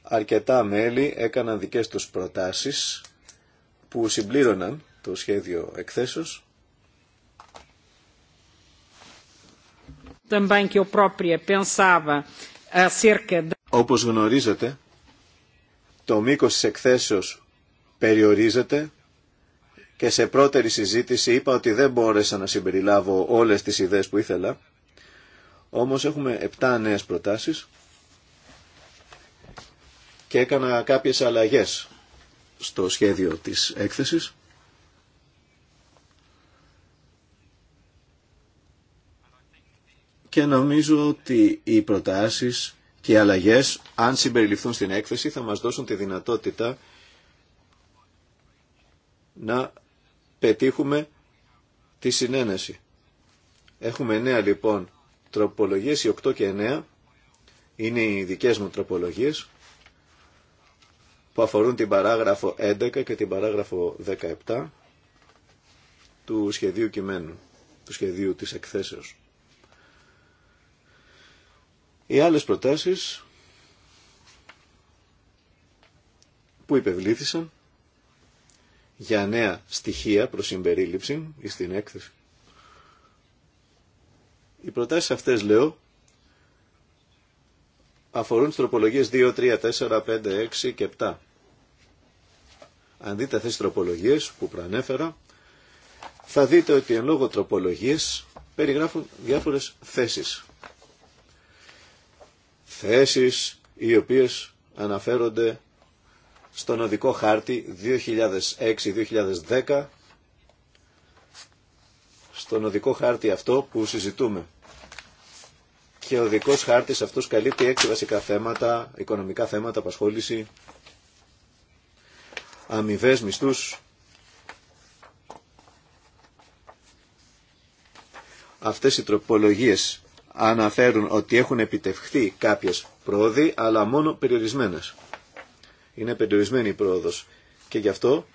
αρκετά μέλη έκαναν δικές τους προτάσεις που συμπλήρωναν το σχέδιο εκθέσεως também Όπως γνωρίζετε, το μήκος της εκθέσεως περιορίζεται και σε πρώτερη συζήτηση είπα ότι δεν μπόρεσα να συμπεριλάβω όλες τις ιδέες που ήθελα. Όμως έχουμε 7 νέες προτάσεις και έκανα κάποιες αλλαγές στο σχέδιο της έκθεσης. και νομίζω ότι οι προτάσεις και οι αλλαγές, αν συμπεριληφθούν στην έκθεση, θα μας δώσουν τη δυνατότητα να πετύχουμε τη συνένεση. Έχουμε νέα, λοιπόν τροπολογίες, οι 8 και 9 είναι οι δικές μου τροπολογίες που αφορούν την παράγραφο 11 και την παράγραφο 17 του σχεδίου κειμένου, του σχεδίου της εκθέσεως. Οι άλλες προτάσεις που υπευλήθησαν για νέα στοιχεία προς συμπερίληψη ή στην έκθεση. Οι προτάσεις αυτές, λέω, αφορούν τις τροπολογίες 2, 3, 4, 5, 6 και 7. Αν δείτε αυτές τις τροπολογίες που προανέφερα, θα δείτε ότι εν λόγω τροπολογίες περιγράφουν διάφορες θέσεις θέσεις οι οποίες αναφέρονται στον οδικό χάρτη 2006-2010 στον οδικό χάρτη αυτό που συζητούμε. Και ο οδικός χάρτης αυτός καλύπτει έξι βασικά θέματα, οικονομικά θέματα, απασχόληση, αμοιβέ μισθούς. Αυτές οι τροπολογίες αναφέρουν ότι έχουν επιτευχθεί κάποιες πρόοδοι, αλλά μόνο περιορισμένες. Είναι περιορισμένη η πρόοδος. Και γι' αυτό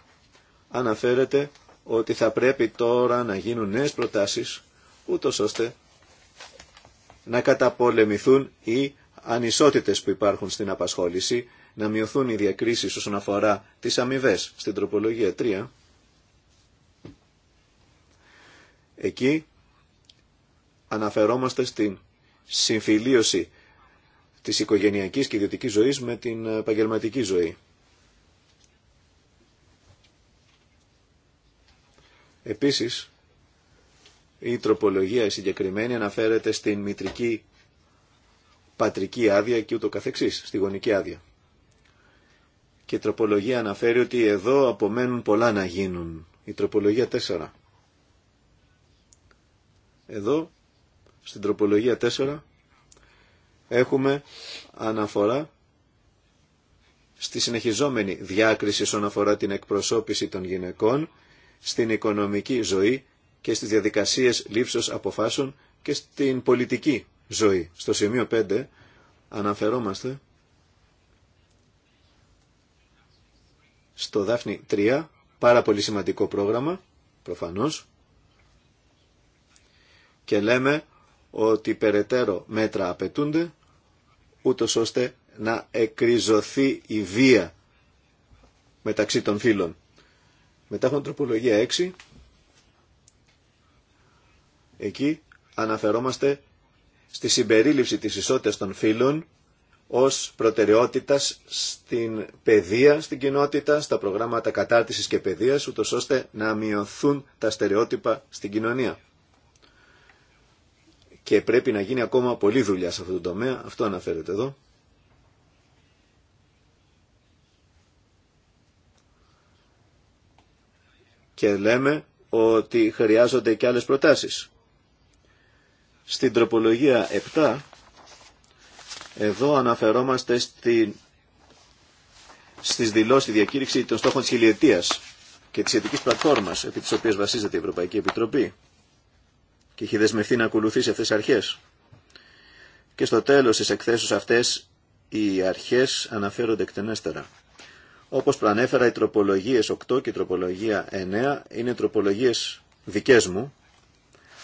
αναφέρεται ότι θα πρέπει τώρα να γίνουν νέες προτάσεις, ούτως ώστε να καταπολεμηθούν οι ανισότητες που υπάρχουν στην απασχόληση, να μειωθούν οι διακρίσεις όσον αφορά τις αμοιβέ στην τροπολογία 3. Εκεί αναφερόμαστε στην συμφιλίωση της οικογενειακής και ιδιωτικής ζωής με την επαγγελματική ζωή. Επίσης, η τροπολογία συγκεκριμένη αναφέρεται στην μητρική πατρική άδεια και ούτω καθεξής, στη γονική άδεια. Και η τροπολογία αναφέρει ότι εδώ απομένουν πολλά να γίνουν. Η τροπολογία 4. Εδώ στην τροπολογία 4 έχουμε αναφορά στη συνεχιζόμενη διάκριση όσον αφορά την εκπροσώπηση των γυναικών στην οικονομική ζωή και στις διαδικασίες λήψεως αποφάσεων και στην πολιτική ζωή. Στο σημείο 5 αναφερόμαστε στο Δάφνη 3, πάρα πολύ σημαντικό πρόγραμμα, προφανώς, και λέμε ότι περαιτέρω μέτρα απαιτούνται ούτω ώστε να εκριζωθεί η βία μεταξύ των φίλων. Μετά έχουμε τροπολογία 6. Εκεί αναφερόμαστε στη συμπερίληψη της ισότητας των φίλων ως προτεραιότητας στην παιδεία, στην κοινότητα, στα προγράμματα κατάρτισης και παιδείας, ούτως ώστε να μειωθούν τα στερεότυπα στην κοινωνία και πρέπει να γίνει ακόμα πολλή δουλειά σε αυτό το τομέα. Αυτό αναφέρεται εδώ. Και λέμε ότι χρειάζονται και άλλες προτάσεις. Στην τροπολογία 7, εδώ αναφερόμαστε στη στις δηλώσεις, διακήρυξη των στόχων της χιλιετίας και της ειδικής πλατφόρμας επί της οποίας βασίζεται η Ευρωπαϊκή Επιτροπή και έχει δεσμευθεί να ακολουθήσει αυτές τις αρχές. Και στο τέλος της εκθέσεως αυτές οι αρχές αναφέρονται εκτενέστερα. Όπως προανέφερα, οι τροπολογίες 8 και η τροπολογία 9 είναι τροπολογίες δικές μου,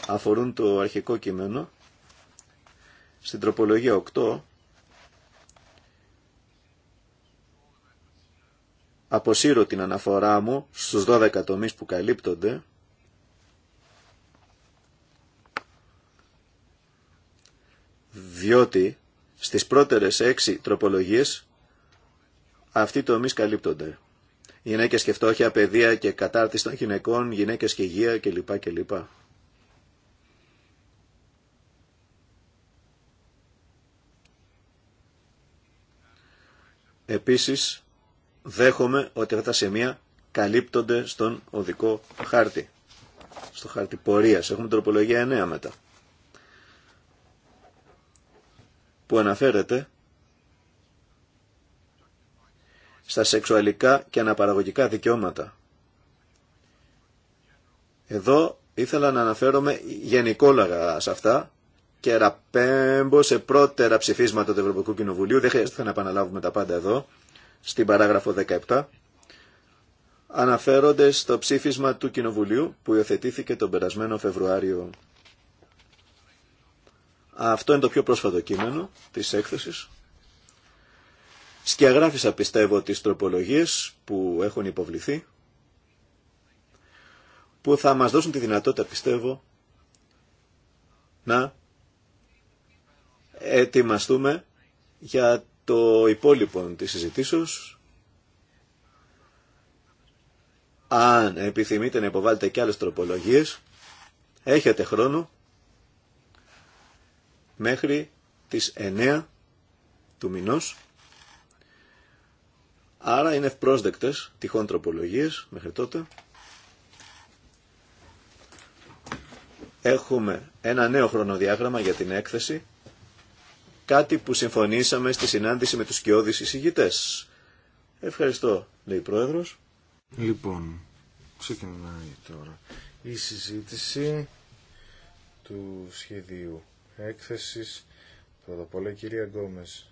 αφορούν το αρχικό κείμενο. Στην τροπολογία 8 αποσύρω την αναφορά μου στους 12 τομείς που καλύπτονται διότι στις πρώτερες έξι τροπολογίες αυτοί το τομείς καλύπτονται. Γυναίκες και φτώχεια, παιδεία και κατάρτιση των γυναικών, γυναίκες και υγεία κλπ. κλπ. Επίσης, δέχομαι ότι αυτά τα σημεία καλύπτονται στον οδικό χάρτη, στο χάρτη πορείας. Έχουμε τροπολογία 9 μετά. που αναφέρεται στα σεξουαλικά και αναπαραγωγικά δικαιώματα. Εδώ ήθελα να αναφέρομαι γενικόλαγα σε αυτά και ραπέμπω σε πρώτερα ψηφίσματα του Ευρωπαϊκού Κοινοβουλίου, δεν χρειάζεται να επαναλάβουμε τα πάντα εδώ, στην παράγραφο 17, αναφέρονται στο ψήφισμα του Κοινοβουλίου που υιοθετήθηκε τον περασμένο Φεβρουάριο αυτό είναι το πιο πρόσφατο κείμενο της έκθεσης. Σκιαγράφησα πιστεύω τις τροπολογίες που έχουν υποβληθεί που θα μας δώσουν τη δυνατότητα πιστεύω να ετοιμαστούμε για το υπόλοιπο της συζητήσεως. Αν επιθυμείτε να υποβάλλετε και άλλες τροπολογίες, έχετε χρόνο μέχρι τις 9 του μηνός. Άρα είναι ευπρόσδεκτες τυχόν τροπολογίες μέχρι τότε. Έχουμε ένα νέο χρονοδιάγραμμα για την έκθεση, κάτι που συμφωνήσαμε στη συνάντηση με τους σκιώδεις εισηγητές. Ευχαριστώ, λέει η Πρόεδρος. Λοιπόν, ξεκινάει τώρα η συζήτηση του σχεδίου Έκθεση Πρώτα απ' κυρία Γκόμες.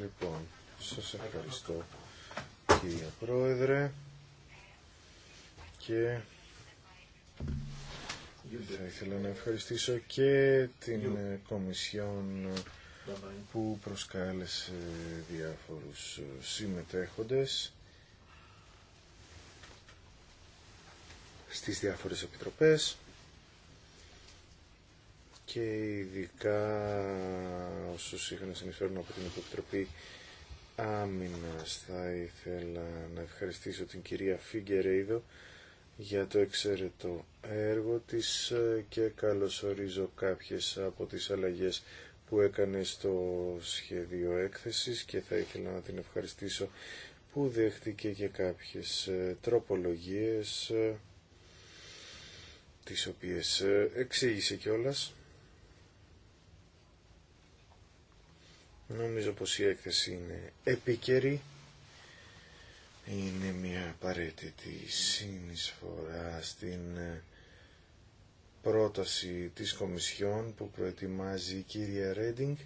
Λοιπόν, σας ευχαριστώ κύριε. Πρόεδρε και θα ήθελα να ευχαριστήσω και την Κομισιόν που προσκάλεσε διάφορους συμμετέχοντες στις διάφορες επιτροπές και ειδικά όσους είχαν συνεισφέρουν από την Επιτροπή Άμυνα. θα ήθελα να ευχαριστήσω την κυρία Φίγκερέιδο για το εξαιρετό έργο της και καλωσορίζω κάποιες από τις αλλαγές που έκανε στο σχέδιο έκθεσης και θα ήθελα να την ευχαριστήσω που δέχτηκε και κάποιες τροπολογίες τις οποίες ε, εξήγησε κιόλας. Νομίζω πως η έκθεση είναι επίκαιρη. Είναι μια απαραίτητη συνεισφορά στην ε, πρόταση της Κομισιόν που προετοιμάζει η κυρία Ρέντινγκ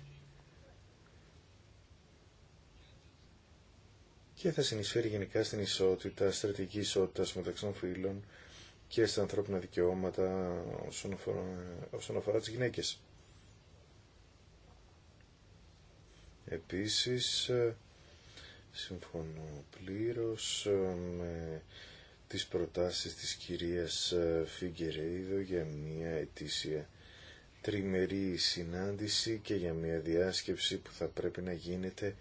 και θα συνεισφέρει γενικά στην ισότητα, στρατηγική ισότητα μεταξύ των φύλων και στα ανθρώπινα δικαιώματα όσον αφορά, όσον αφορά τις γυναίκες. Επίσης, ε, συμφωνώ πλήρως ε, με τις προτάσεις της κυρίας ε, Φιγκερέιδο για μια ετήσια τριμερή συνάντηση και για μια διάσκεψη που θα πρέπει να γίνεται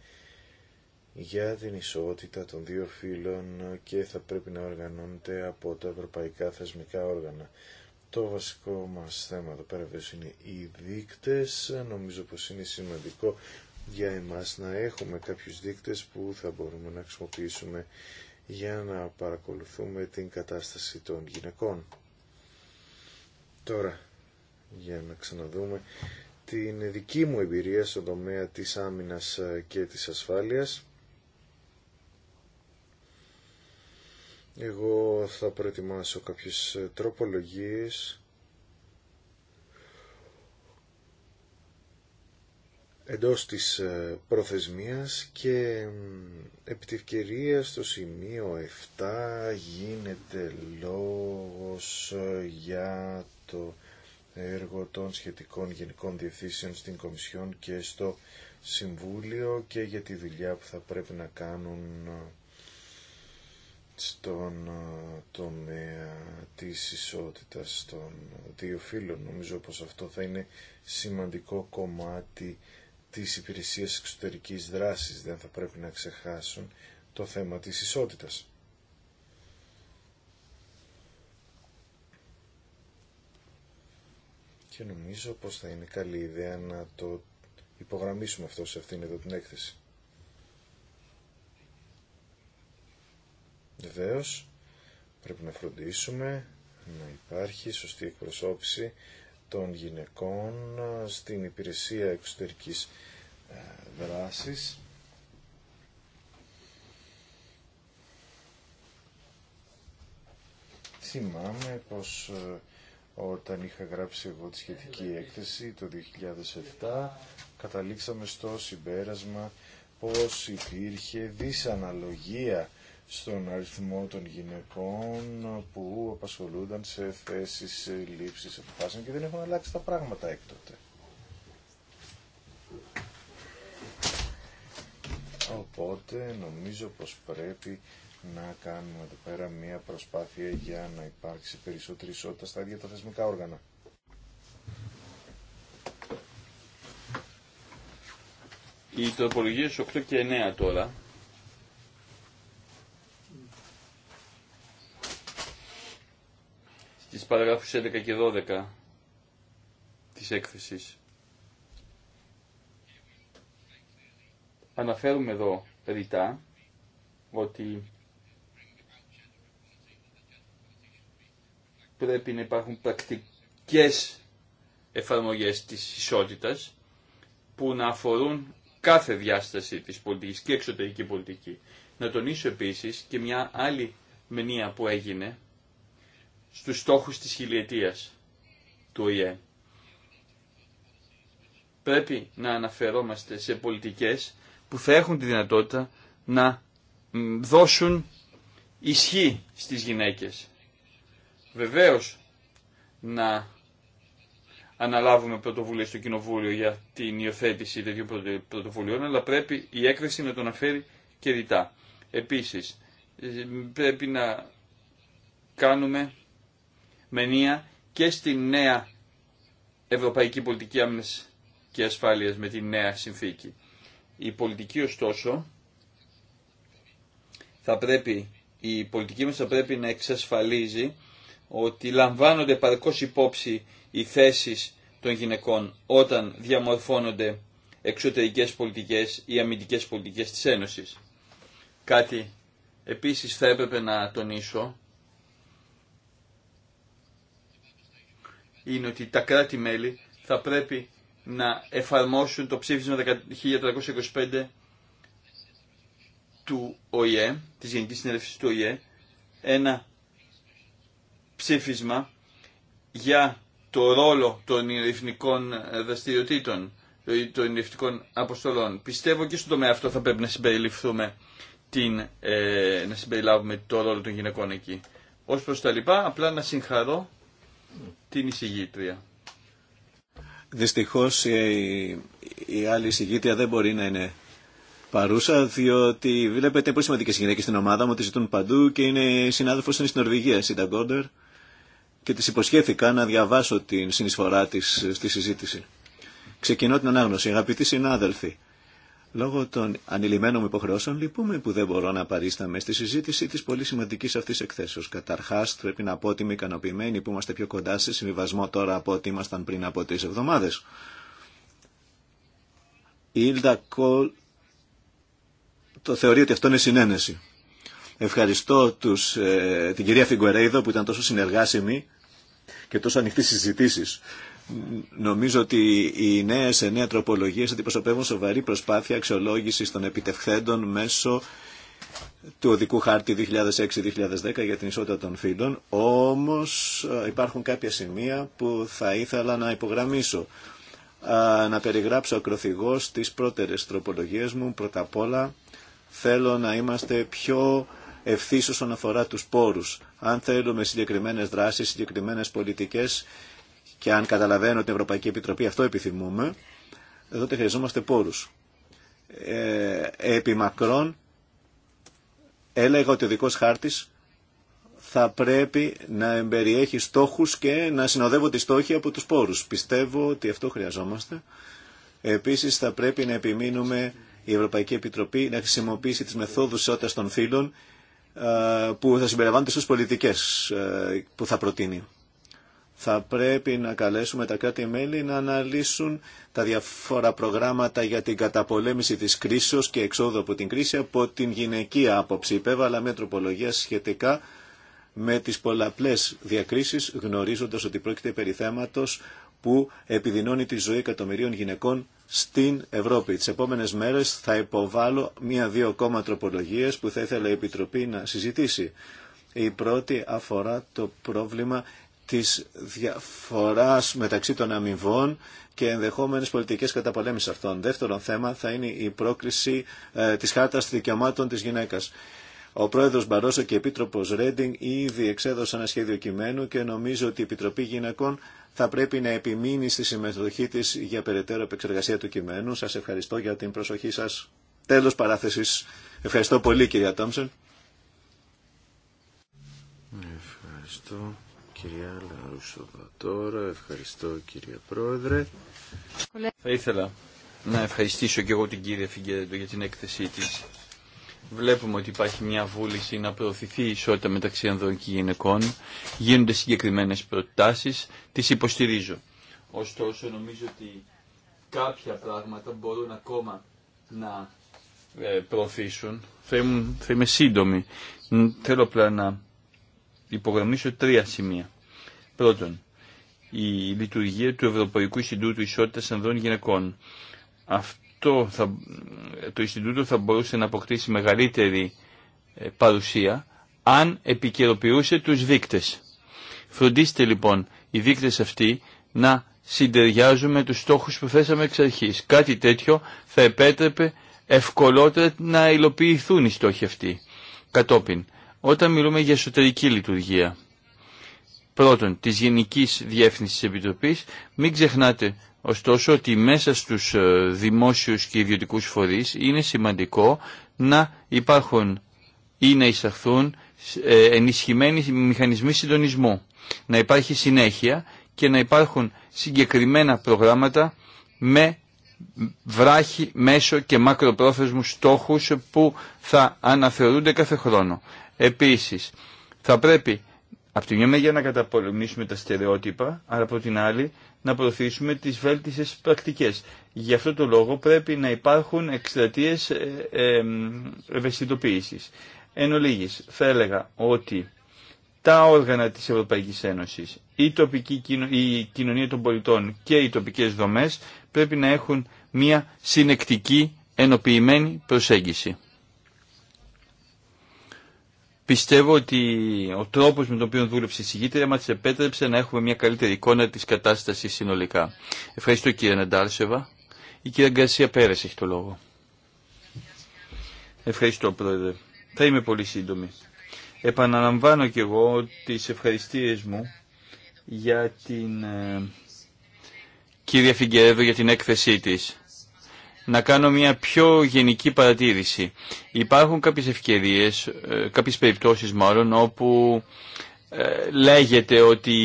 για την ισότητα των δύο φύλων και θα πρέπει να οργανώνεται από τα ευρωπαϊκά θεσμικά όργανα. Το βασικό μας θέμα εδώ πέρα είναι οι δείκτες. Νομίζω πως είναι σημαντικό για εμάς να έχουμε κάποιους δείκτες που θα μπορούμε να χρησιμοποιήσουμε για να παρακολουθούμε την κατάσταση των γυναικών. Τώρα, για να ξαναδούμε την δική μου εμπειρία στον τομέα της άμυνας και της ασφάλειας. Εγώ θα προετοιμάσω κάποιες ε, τροπολογίες εντός της ε, προθεσμίας και επί τη ευκαιρία στο σημείο 7 γίνεται λόγος ε, για το έργο των σχετικών γενικών διευθύνσεων στην Κομισιόν και στο Συμβούλιο και για τη δουλειά που θα πρέπει να κάνουν στον ε, τομέα της ισότητας των δύο φίλων. Νομίζω πως αυτό θα είναι σημαντικό κομμάτι της υπηρεσίας εξωτερικής δράσης. Δεν θα πρέπει να ξεχάσουν το θέμα της ισότητας. Και νομίζω πως θα είναι καλή ιδέα να το υπογραμμίσουμε αυτό σε αυτήν εδώ την έκθεση. Βεβαίω, πρέπει να φροντίσουμε να υπάρχει σωστή εκπροσώπηση των γυναικών στην υπηρεσία εξωτερικής ε, δράσης. Θυμάμαι πως ε, όταν είχα γράψει εγώ τη σχετική έκθεση το 2007 καταλήξαμε στο συμπέρασμα πως υπήρχε δυσαναλογία στον αριθμό των γυναικών που απασχολούνταν σε θέσεις λήψης αποφάσεων και δεν έχουν αλλάξει τα πράγματα έκτοτε. Οπότε νομίζω πως πρέπει να κάνουμε εδώ πέρα μια προσπάθεια για να υπάρξει περισσότερη ισότητα στα ίδια τα θεσμικά όργανα. Οι τροπολογίες 8 και 9 τώρα τις παραγράφους 11 και 12 της έκθεσης. Αναφέρουμε εδώ ρητά ότι πρέπει να υπάρχουν πρακτικές εφαρμογές της ισότητας που να αφορούν κάθε διάσταση της πολιτικής και εξωτερική πολιτική. Να τονίσω επίσης και μια άλλη μνήμα που έγινε στους στόχους της χιλιετίας του ΟΗΕ. Πρέπει να αναφερόμαστε σε πολιτικές που θα έχουν τη δυνατότητα να δώσουν ισχύ στις γυναίκες. Βεβαίως να αναλάβουμε πρωτοβουλίες στο Κοινοβούλιο για την υιοθέτηση τέτοιων πρωτοβουλίων, αλλά πρέπει η έκθεση να το αναφέρει και ρητά. Επίσης, ε, πρέπει να κάνουμε Μενία και στη νέα Ευρωπαϊκή Πολιτική Άμυνας και Ασφάλειας με τη νέα συνθήκη. Η πολιτική ωστόσο θα πρέπει, η πολιτική μας θα πρέπει να εξασφαλίζει ότι λαμβάνονται παρκώς υπόψη οι θέσεις των γυναικών όταν διαμορφώνονται εξωτερικές πολιτικές ή αμυντικές πολιτικές της Ένωσης. Κάτι επίσης θα έπρεπε να τονίσω είναι ότι τα κράτη-μέλη θα πρέπει να εφαρμόσουν το ψήφισμα 1325 του ΟΗΕ, της Γενικής Συνέλευσης του ΟΗΕ, ένα ψήφισμα για το ρόλο των ειρηνικών δραστηριοτήτων, των ειρηνικών αποστολών. Πιστεύω και στον τομέα αυτό θα πρέπει να συμπεριληφθούμε την, ε, να συμπεριλάβουμε το ρόλο των γυναικών εκεί. Ως προς τα λοιπά, απλά να συγχαρώ την εισηγήτρια. Δυστυχώς η, η άλλη εισηγήτρια δεν μπορεί να είναι παρούσα, διότι βλέπετε πολύ σημαντικέ γυναίκε στην ομάδα μου, τη ζητούν παντού και είναι συνάδελφο στην Νορβηγία, η Γκόντερ, και τη υποσχέθηκα να διαβάσω την συνεισφορά τη στη συζήτηση. Ξεκινώ την ανάγνωση. Αγαπητοί συνάδελφοι, Λόγω των ανηλυμένων μου υποχρεώσεων λυπούμε που δεν μπορώ να παρίσταμαι στη συζήτηση τη πολύ σημαντική αυτή εκθέσεω. Καταρχά, πρέπει να πω ότι είμαι ικανοποιημένη που είμαστε πιο κοντά σε συμβιβασμό τώρα από ότι ήμασταν πριν από τρει εβδομάδε. Η Ιλντα Κολ το θεωρεί ότι αυτό είναι συνένεση. Ευχαριστώ τους, ε, την κυρία Φιγκουερέιδο που ήταν τόσο συνεργάσιμη και τόσο ανοιχτή συζητήσει. Νομίζω ότι οι νέε εννέα τροπολογίε αντιπροσωπεύουν σοβαρή προσπάθεια αξιολόγηση των επιτευχθέντων μέσω του οδικού χάρτη 2006-2010 για την ισότητα των φύλων. Όμω ε, υπάρχουν κάποια σημεία που θα ήθελα να υπογραμμίσω. Να περιγράψω ακροθυγώ τι πρώτερε τροπολογίε μου. Πρώτα απ' όλα θέλω να είμαστε πιο ευθύ όσον αφορά του πόρου. Αν θέλουμε συγκεκριμένε δράσει, συγκεκριμένε πολιτικέ, και αν καταλαβαίνω την Ευρωπαϊκή Επιτροπή αυτό επιθυμούμε, εδώ χρειαζόμαστε πόρους. Ε, επί μακρόν, έλεγα ότι ο δικός χάρτης θα πρέπει να εμπεριέχει στόχους και να τη στόχη από τους πόρους. Πιστεύω ότι αυτό χρειαζόμαστε. Επίσης θα πρέπει να επιμείνουμε η Ευρωπαϊκή Επιτροπή να χρησιμοποιήσει τις μεθόδους ισότητας των φύλων ε, που θα συμπεριλαμβάνονται στις πολιτικές ε, που θα προτείνει θα πρέπει να καλέσουμε τα κράτη-μέλη να αναλύσουν τα διάφορα προγράμματα για την καταπολέμηση της κρίσεως και εξόδου από την κρίση από την γυναική άποψη. Υπέβαλα μια τροπολογία σχετικά με τις πολλαπλές διακρίσεις γνωρίζοντας ότι πρόκειται περί θέματος που επιδεινώνει τη ζωή εκατομμυρίων γυναικών στην Ευρώπη. Τις επόμενες μέρες θα υποβάλω μία-δύο ακόμα τροπολογίες που θα ήθελα η Επιτροπή να συζητήσει. Η πρώτη αφορά το πρόβλημα της διαφοράς μεταξύ των αμοιβών και ενδεχόμενες πολιτικές καταπολέμησης αυτών. Δεύτερον θέμα θα είναι η πρόκληση ε, της χάρτας δικαιωμάτων της γυναίκας. Ο πρόεδρος Μπαρόσο και η επίτροπο Ρέντινγκ ήδη εξέδωσαν ένα σχέδιο κειμένου και νομίζω ότι η Επιτροπή Γυναικών θα πρέπει να επιμείνει στη συμμετοχή της για περαιτέρω επεξεργασία του κειμένου. Σας ευχαριστώ για την προσοχή σας. Τέλο παράθεση. Ευχαριστώ πολύ, κυρία Τόμσον. Ευχαριστώ κυρία Λαρούσοβα τώρα. Ευχαριστώ κυρία Πρόεδρε. Θα ήθελα να ευχαριστήσω και εγώ την κυρία Φιγκέρεντο για την έκθεσή της. Βλέπουμε ότι υπάρχει μια βούληση να προωθηθεί η ισότητα μεταξύ ανδρών και γυναικών. Γίνονται συγκεκριμένες προτάσεις, τις υποστηρίζω. Ωστόσο νομίζω ότι κάποια πράγματα μπορούν ακόμα να ε, προωθήσουν. Θα, θα είμαι σύντομη. Θέλω απλά να υπογραμμίσω τρία σημεία. Πρώτον, η λειτουργία του Ευρωπαϊκού Ινστιτούτου ισότητα Ανδρών Γυναικών. Αυτό θα, το Ινστιτούτο θα μπορούσε να αποκτήσει μεγαλύτερη ε, παρουσία αν επικαιροποιούσε τους δείκτες. Φροντίστε λοιπόν οι δείκτες αυτοί να με τους στόχους που θέσαμε εξ αρχής. Κάτι τέτοιο θα επέτρεπε ευκολότερα να υλοποιηθούν οι στόχοι αυτοί. Κατόπιν, όταν μιλούμε για εσωτερική λειτουργία, πρώτον, της Γενικής Διεύθυνσης επιτροπή, μην ξεχνάτε ωστόσο ότι μέσα στους ε, δημόσιους και ιδιωτικούς φορείς είναι σημαντικό να υπάρχουν ή να εισαχθούν ε, ενισχυμένοι μηχανισμοί συντονισμού, να υπάρχει συνέχεια και να υπάρχουν συγκεκριμένα προγράμματα με βράχη, μέσο και μακροπρόθεσμους στόχους που θα αναθεωρούνται κάθε χρόνο. Επίσης, θα πρέπει από τη μια μεριά να καταπολεμήσουμε τα στερεότυπα, αλλά από την άλλη να προωθήσουμε τις βέλτισες πρακτικές. Γι' αυτό το λόγο πρέπει να υπάρχουν εκστρατείες ε, ευαισθητοποίησης. Εν ολίγης, θα έλεγα ότι τα όργανα της Ευρωπαϊκής Ένωσης, η, τοπική, η κοινωνία των πολιτών και οι τοπικές δομές πρέπει να έχουν μια συνεκτική ενοποιημένη προσέγγιση. Πιστεύω ότι ο τρόπος με τον οποίο δούλεψε η συγγήτρια μα επέτρεψε να έχουμε μια καλύτερη εικόνα της κατάστασης συνολικά. Ευχαριστώ κύριε Νεντάρσεβα. Η κυρία Γκαρσία Πέρε έχει το λόγο. Ευχαριστώ πρόεδρε. Θα είμαι πολύ σύντομη. Επαναλαμβάνω και εγώ τις ευχαριστίες μου για την ε, κυρία Φιγκερέδο για την έκθεσή της να κάνω μια πιο γενική παρατήρηση. Υπάρχουν κάποιες ευκαιρίες, ε, κάποιες περιπτώσεις μάλλον, όπου ε, λέγεται ότι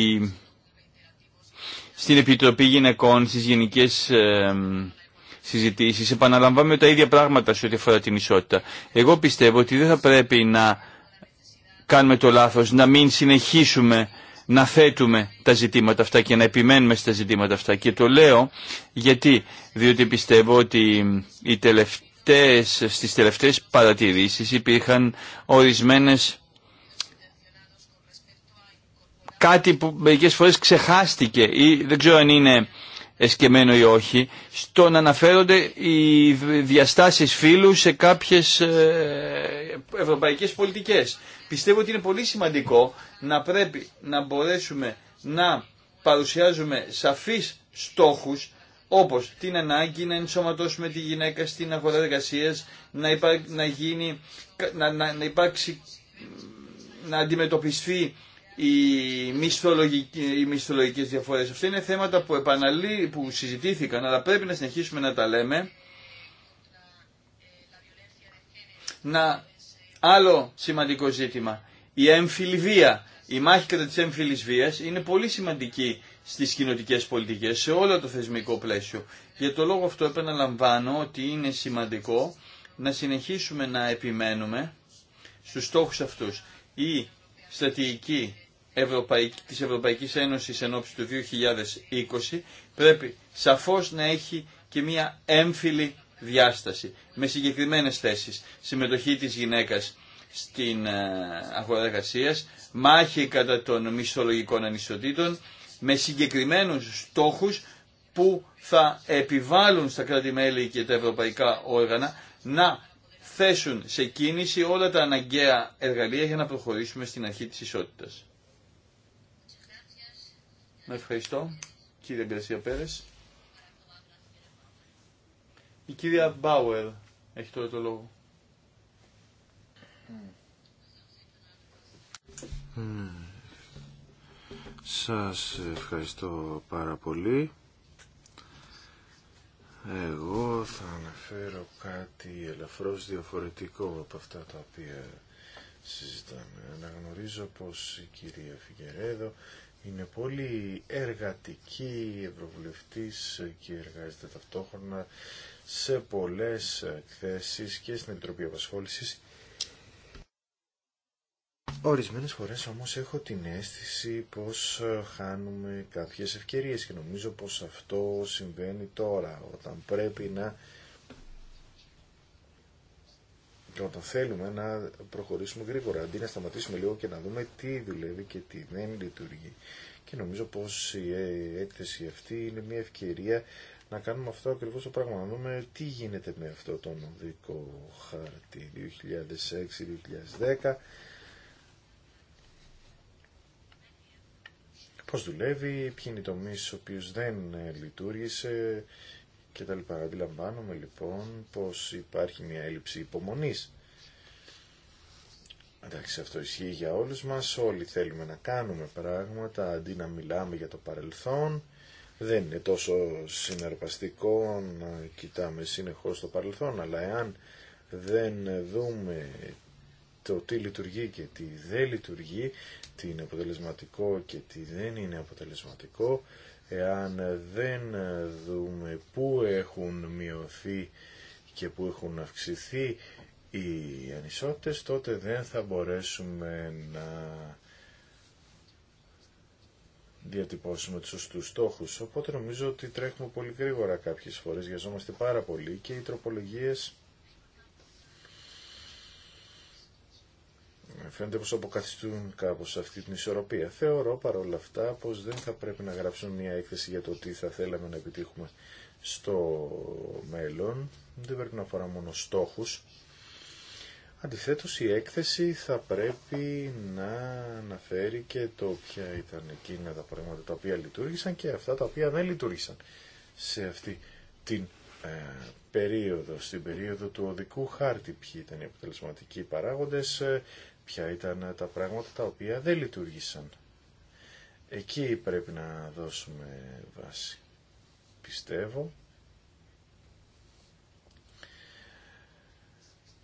στην Επιτροπή Γυναικών, στις γενικές ε, συζητήσεις, επαναλαμβάνουμε τα ίδια πράγματα σε ό,τι αφορά την ισότητα. Εγώ πιστεύω ότι δεν θα πρέπει να κάνουμε το λάθος, να μην συνεχίσουμε να θέτουμε τα ζητήματα αυτά και να επιμένουμε στα ζητήματα αυτά. Και το λέω γιατί, διότι πιστεύω ότι οι τελευταίες, στις τελευταίες παρατηρήσεις υπήρχαν ορισμένες κάτι που μερικές φορές ξεχάστηκε ή δεν ξέρω αν είναι εσκεμμένο ή όχι, στο να αναφέρονται οι διαστάσεις φύλου σε κάποιες ε, ευρωπαϊκές πολιτικές. Πιστεύω ότι είναι πολύ σημαντικό να πρέπει να μπορέσουμε να παρουσιάζουμε σαφείς στόχους όπως την ανάγκη να ενσωματώσουμε τη γυναίκα στην αγορά εργασία, να, να, γίνει, να, να, να, υπάρξει, να αντιμετωπιστεί οι, οι μισθολογικές διαφορές. Αυτά είναι θέματα που, επαναλύ, που συζητήθηκαν, αλλά πρέπει να συνεχίσουμε να τα λέμε, να Άλλο σημαντικό ζήτημα. Η έμφυλη βία. Η μάχη κατά της έμφυλη βία είναι πολύ σημαντική στις κοινοτικέ πολιτικές, σε όλο το θεσμικό πλαίσιο. Για το λόγο αυτό επαναλαμβάνω ότι είναι σημαντικό να συνεχίσουμε να επιμένουμε στους στόχους αυτούς. Η στρατηγική Ευρωπαϊκή, της Ευρωπαϊκής Ένωσης του 2020 πρέπει σαφώς να έχει και μια έμφυλη διάσταση, με συγκεκριμένες θέσεις, συμμετοχή της γυναίκας στην ε, αγορά εργασία, μάχη κατά των μισθολογικών ανισοτήτων, με συγκεκριμένους στόχους που θα επιβάλλουν στα κράτη-μέλη και τα ευρωπαϊκά όργανα να θέσουν σε κίνηση όλα τα αναγκαία εργαλεία για να προχωρήσουμε στην αρχή της ισότητας. Με ευχαριστώ, κύριε Γκρασία Πέρες. Η κυρία Μπάουερ έχει τώρα το λόγο. Mm. Σας ευχαριστώ πάρα πολύ. Εγώ θα αναφέρω κάτι ελαφρώς διαφορετικό από αυτά τα οποία συζητάμε. Αναγνωρίζω πως η κυρία Φιγκερέδο είναι πολύ εργατική ευρωβουλευτής και εργάζεται ταυτόχρονα σε πολλές εκθέσεις και στην Επιτροπή Απασχόλησης. Ορισμένες φορές όμως έχω την αίσθηση πως ε, χάνουμε κάποιες ευκαιρίες και νομίζω πως αυτό συμβαίνει τώρα όταν πρέπει να και όταν θέλουμε να προχωρήσουμε γρήγορα, αντί να σταματήσουμε λίγο και να δούμε τι δουλεύει και τι δεν λειτουργεί. Και νομίζω πως η ε, έκθεση αυτή είναι μια ευκαιρία να κάνουμε αυτό ακριβώς το πράγμα. Να δούμε τι γίνεται με αυτό το οδικό χάρτη 2006-2010. Πώς δουλεύει, ποιοι είναι οι τομείς στους οποίους δεν ε, λειτουργήσε κτλ. Αντιλαμβάνομαι λοιπόν πως υπάρχει μια έλλειψη υπομονής. Εντάξει, αυτό ισχύει για όλους μας, όλοι θέλουμε να κάνουμε πράγματα αντί να μιλάμε για το παρελθόν δεν είναι τόσο συναρπαστικό να κοιτάμε συνεχώς το παρελθόν, αλλά εάν δεν δούμε το τι λειτουργεί και τι δεν λειτουργεί, τι είναι αποτελεσματικό και τι δεν είναι αποτελεσματικό, εάν δεν δούμε πού έχουν μειωθεί και πού έχουν αυξηθεί οι ανισότητες, τότε δεν θα μπορέσουμε να διατυπώσουμε τους σωστούς στόχους. Οπότε νομίζω ότι τρέχουμε πολύ γρήγορα κάποιες φορές, γιαζόμαστε πάρα πολύ και οι τροπολογίες φαίνεται πως αποκαθιστούν κάπως αυτή την ισορροπία. Θεωρώ παρόλα αυτά πως δεν θα πρέπει να γράψουμε μια έκθεση για το τι θα θέλαμε να επιτύχουμε στο μέλλον. Δεν πρέπει να αφορά μόνο στόχους, Αντιθέτως η έκθεση θα πρέπει να αναφέρει και το ποια ήταν εκείνα τα πράγματα τα οποία λειτουργήσαν και αυτά τα οποία δεν λειτουργήσαν σε αυτή την ε, περίοδο, στην περίοδο του οδικού χάρτη, ποιοι ήταν οι αποτελεσματικοί παράγοντες, ε, ποια ήταν τα πράγματα τα οποία δεν λειτουργήσαν. Εκεί πρέπει να δώσουμε βάση. Πιστεύω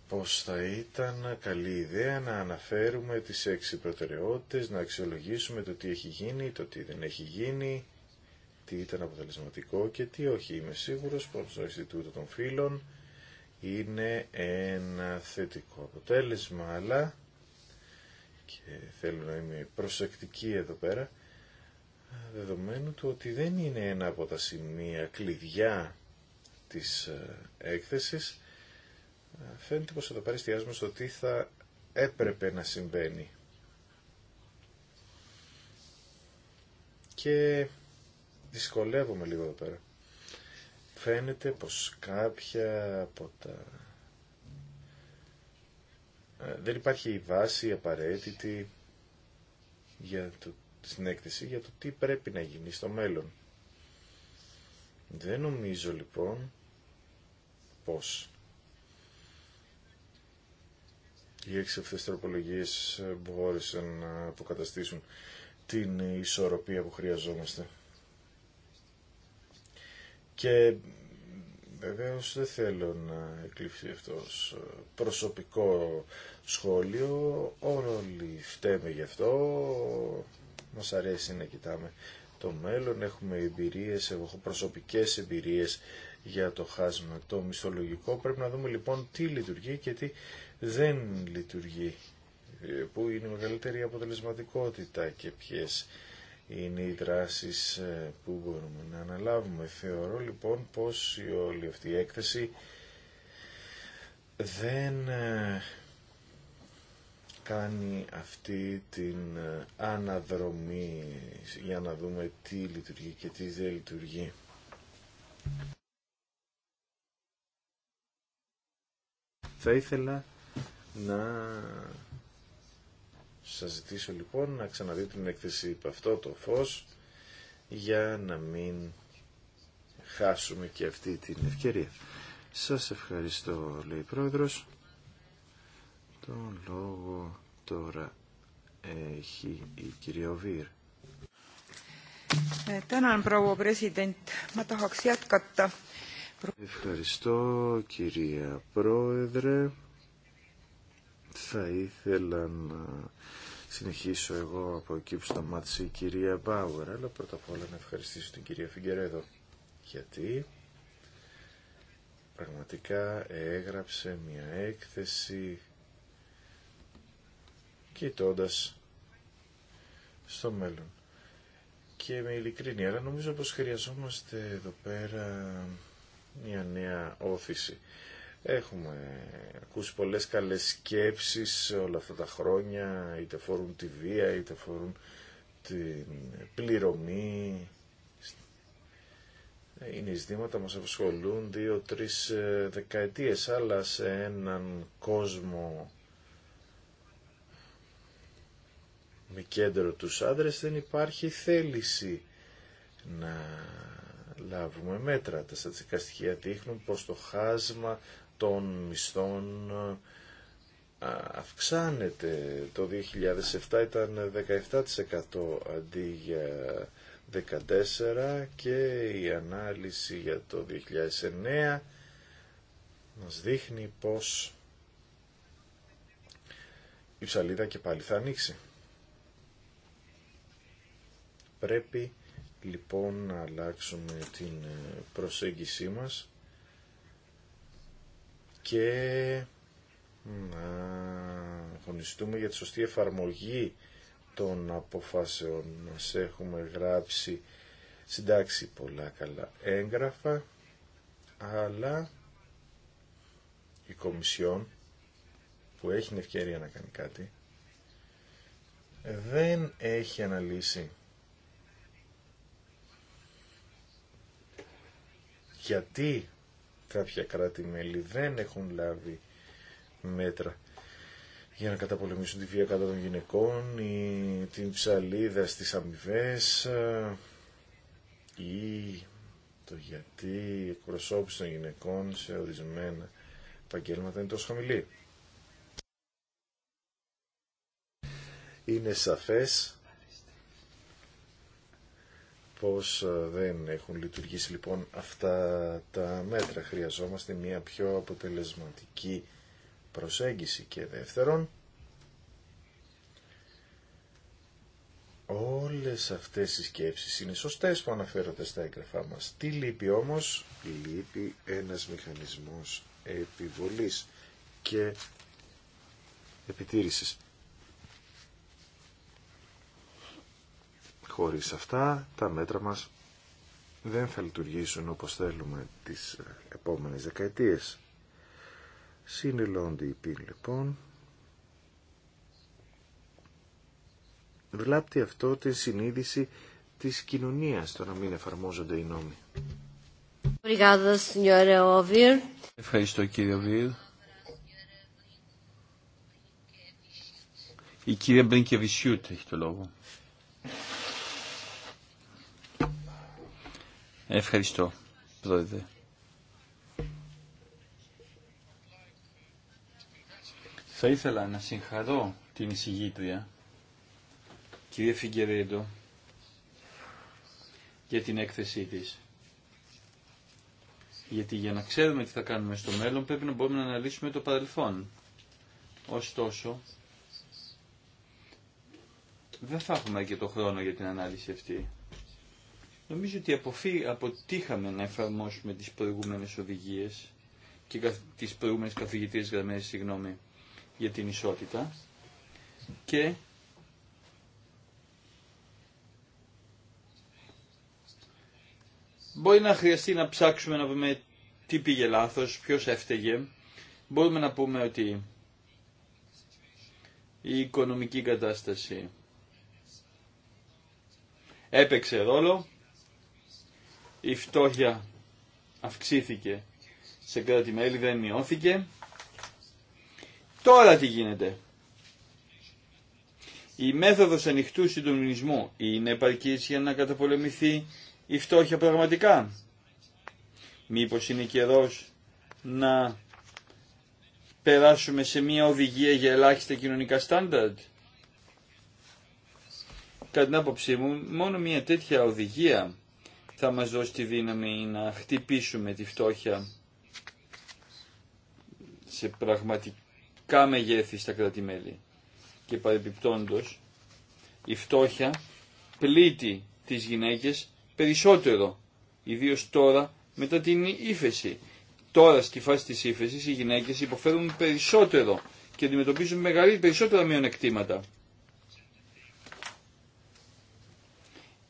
πως θα ήταν καλή ιδέα να αναφέρουμε τις έξι προτεραιότητες, να αξιολογήσουμε το τι έχει γίνει, το τι δεν έχει γίνει, τι ήταν αποτελεσματικό και τι όχι. Είμαι σίγουρος πως το Ινστιτούτο των φίλων είναι ένα θετικό αποτέλεσμα, αλλά και θέλω να είμαι προσεκτική εδώ πέρα, δεδομένου του ότι δεν είναι ένα από τα σημεία κλειδιά της ε, έκθεσης, Φαίνεται πως εδώ πέρα εστιάζουμε στο τι θα έπρεπε να συμβαίνει. Και δυσκολεύομαι λίγο εδώ πέρα. Φαίνεται πως κάποια από τα... Ε, δεν υπάρχει η βάση απαραίτητη για το, στην έκθεση για το τι πρέπει να γίνει στο μέλλον. Δεν νομίζω λοιπόν πως και οι έξι αυτές τροπολογίες ε, μπόρεσαν να αποκαταστήσουν την ισορροπία που χρειαζόμαστε. Και βεβαίω δεν θέλω να εκλειφθεί αυτό ε, προσωπικό σχόλιο. Όλοι φταίμε γι' αυτό. Μας αρέσει να κοιτάμε το μέλλον. Έχουμε εμπειρίες, έχω προσωπικές εμπειρίες για το χάσμα το μισθολογικό. Πρέπει να δούμε λοιπόν τι λειτουργεί και τι δεν λειτουργεί, ε, που είναι η μεγαλύτερη αποτελεσματικότητα και ποιες είναι οι δράσεις ε, που μπορούμε να αναλάβουμε. Θεωρώ λοιπόν πως η όλη αυτή η έκθεση δεν ε, κάνει αυτή την αναδρομή για να δούμε τι λειτουργεί και τι δεν λειτουργεί. Θα ήθελα να σας ζητήσω λοιπόν να ξαναδείτε την έκθεση από αυτό το φως για να μην χάσουμε και αυτή την ευκαιρία. Σας ευχαριστώ λέει η Πρόεδρος. Τον λόγο τώρα έχει η κυρία Οβίρ. Ε, ευχαριστώ κυρία Πρόεδρε θα ήθελα να συνεχίσω εγώ από εκεί που σταμάτησε η κυρία Μπάουερ, αλλά πρώτα απ' όλα να ευχαριστήσω την κυρία Φιγκερέδο, γιατί πραγματικά έγραψε μια έκθεση κοιτώντα στο μέλλον. Και με ειλικρίνη, αλλά νομίζω πως χρειαζόμαστε εδώ πέρα μια νέα όθηση. Έχουμε ακούσει πολλές καλές σκέψεις όλα αυτά τα χρόνια, είτε φορούν τη βία, είτε φορούν την πληρωμή. Είναι ζητήματα μας απασχολούν δύο-τρεις ε, δεκαετίες, αλλά σε έναν κόσμο με κέντρο τους άντρες δεν υπάρχει θέληση να λάβουμε μέτρα. Τα στατιστικά στοιχεία δείχνουν πως το χάσμα των μισθών αυξάνεται. Το 2007 ήταν 17% αντί για 14% και η ανάλυση για το 2009 μας δείχνει πως η ψαλίδα και πάλι θα ανοίξει. Πρέπει λοιπόν να αλλάξουμε την προσέγγισή μας και να αγωνιστούμε για τη σωστή εφαρμογή των αποφάσεων μας. Έχουμε γράψει συντάξει πολλά καλά έγγραφα, αλλά η Κομισιόν που έχει την ευκαιρία να κάνει κάτι δεν έχει αναλύσει γιατί κάποια κράτη-μέλη δεν έχουν λάβει μέτρα για να καταπολεμήσουν τη βία κατά των γυναικών ή την ψαλίδα στις αμοιβέ ή το γιατί η εκπροσώπηση των γυναικών σε ορισμένα επαγγέλματα είναι τόσο χαμηλή. Είναι σαφές πως ε, δεν έχουν λειτουργήσει λοιπόν αυτά τα μέτρα. Χρειαζόμαστε μια πιο αποτελεσματική προσέγγιση και δεύτερον όλες αυτές οι σκέψεις είναι σωστές που αναφέρονται στα έγγραφά μας. Τι λείπει όμως, λείπει ένας μηχανισμός επιβολής και επιτήρησης. Χωρίς αυτά τα μέτρα μας δεν θα λειτουργήσουν όπως θέλουμε τις ε, επόμενες δεκαετίες. Συνελώνται οι πίν λοιπόν. Βλάπτει αυτό την συνείδηση της κοινωνίας το να μην εφαρμόζονται οι νόμοι. Ευχαριστώ κύριε Οβίρ. Η κυρία Μπρινκεβισιούτ έχει το λόγο. Ευχαριστώ, Πρόεδρε. Θα ήθελα να συγχαρώ την εισηγήτρια, κυρία Φιγκερέντο, για την έκθεσή της. Γιατί για να ξέρουμε τι θα κάνουμε στο μέλλον πρέπει να μπορούμε να αναλύσουμε το παρελθόν. Ωστόσο, δεν θα έχουμε και το χρόνο για την ανάλυση αυτή. Νομίζω ότι αποφύ, αποτύχαμε να εφαρμόσουμε τις προηγούμενες οδηγίες και τις προηγούμενες καθηγητές γραμμές, συγγνώμη, για την ισότητα και μπορεί να χρειαστεί να ψάξουμε να βρούμε τι πήγε λάθος, ποιος έφταιγε. Μπορούμε να πούμε ότι η οικονομική κατάσταση έπαιξε ρόλο, η φτώχεια αυξήθηκε σε κράτη-μέλη, δεν μειώθηκε. Τώρα τι γίνεται. Η μέθοδος ανοιχτού συντονισμού είναι επαρκής για να καταπολεμηθεί η φτώχεια πραγματικά. Μήπως είναι καιρός να περάσουμε σε μια οδηγία για ελάχιστα κοινωνικά στάνταρτ. Κατά την άποψή μου, μόνο μια τέτοια οδηγία θα μας δώσει τη δύναμη να χτυπήσουμε τη φτώχεια σε πραγματικά μεγέθη στα κράτη-μέλη. Και παρεμπιπτόντος, η φτώχεια πλήττει τις γυναίκες περισσότερο, ιδίως τώρα μετά την ύφεση. Τώρα στη φάση της ύφεσης οι γυναίκες υποφέρουν περισσότερο και αντιμετωπίζουν μεγαλύτερα περισσότερα μειονεκτήματα.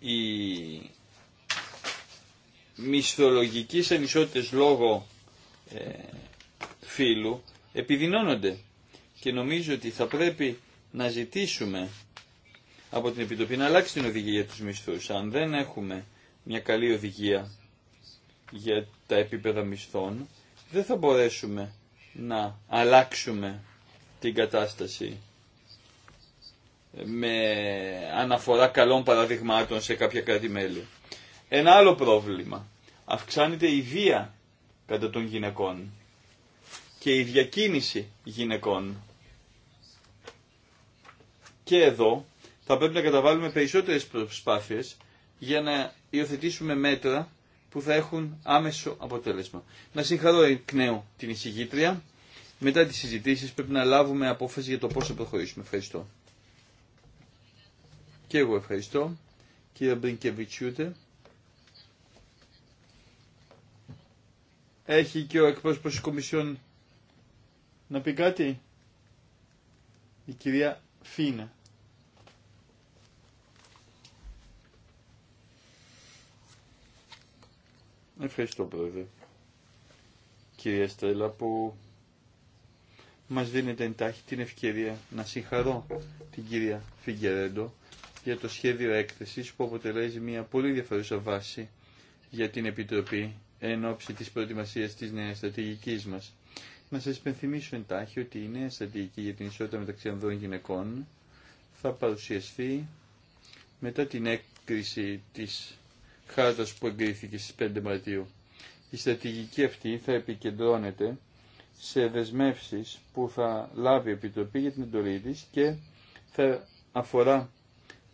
Η μισθολογικής ανισότητας λόγω ε, φύλου επιδεινώνονται και νομίζω ότι θα πρέπει να ζητήσουμε από την Επιτροπή να αλλάξει την οδηγία για τους μισθούς. Αν δεν έχουμε μια καλή οδηγία για τα επίπεδα μισθών, δεν θα μπορέσουμε να αλλάξουμε την κατάσταση με αναφορά καλών παραδειγμάτων σε κάποια κράτη-μέλη. Ένα άλλο πρόβλημα. Αυξάνεται η βία κατά των γυναικών και η διακίνηση γυναικών. Και εδώ θα πρέπει να καταβάλουμε περισσότερες προσπάθειες για να υιοθετήσουμε μέτρα που θα έχουν άμεσο αποτέλεσμα. Να συγχαρώ εκ νέου την εισηγήτρια. Μετά τις συζητήσεις πρέπει να λάβουμε απόφαση για το πώς θα προχωρήσουμε. Ευχαριστώ. Και εγώ ευχαριστώ. Κύριε Μπρινκεβιτσιούτε. Έχει και ο εκπρόσωπος της Κομισιόν να πει κάτι. Η κυρία Φίνα. Ευχαριστώ πρόεδρε. Κυρία Στρέλλα που μας δίνεται εντάχει την ευκαιρία να συγχαρώ την κυρία Φιγκερέντο για το σχέδιο έκθεσης που αποτελέζει μια πολύ διαφορετική βάση για την Επιτροπή εν ώψη της προετοιμασίας της νέας στρατηγικής μας. Να σας υπενθυμίσω εντάχει ότι η νέα στρατηγική για την ισότητα μεταξύ ανδρών και γυναικών θα παρουσιαστεί μετά την έκκριση της χάρτας που εγκρίθηκε στις 5 Μαρτίου. Η στρατηγική αυτή θα επικεντρώνεται σε δεσμεύσεις που θα λάβει η Επιτροπή για την εντολή της και θα αφορά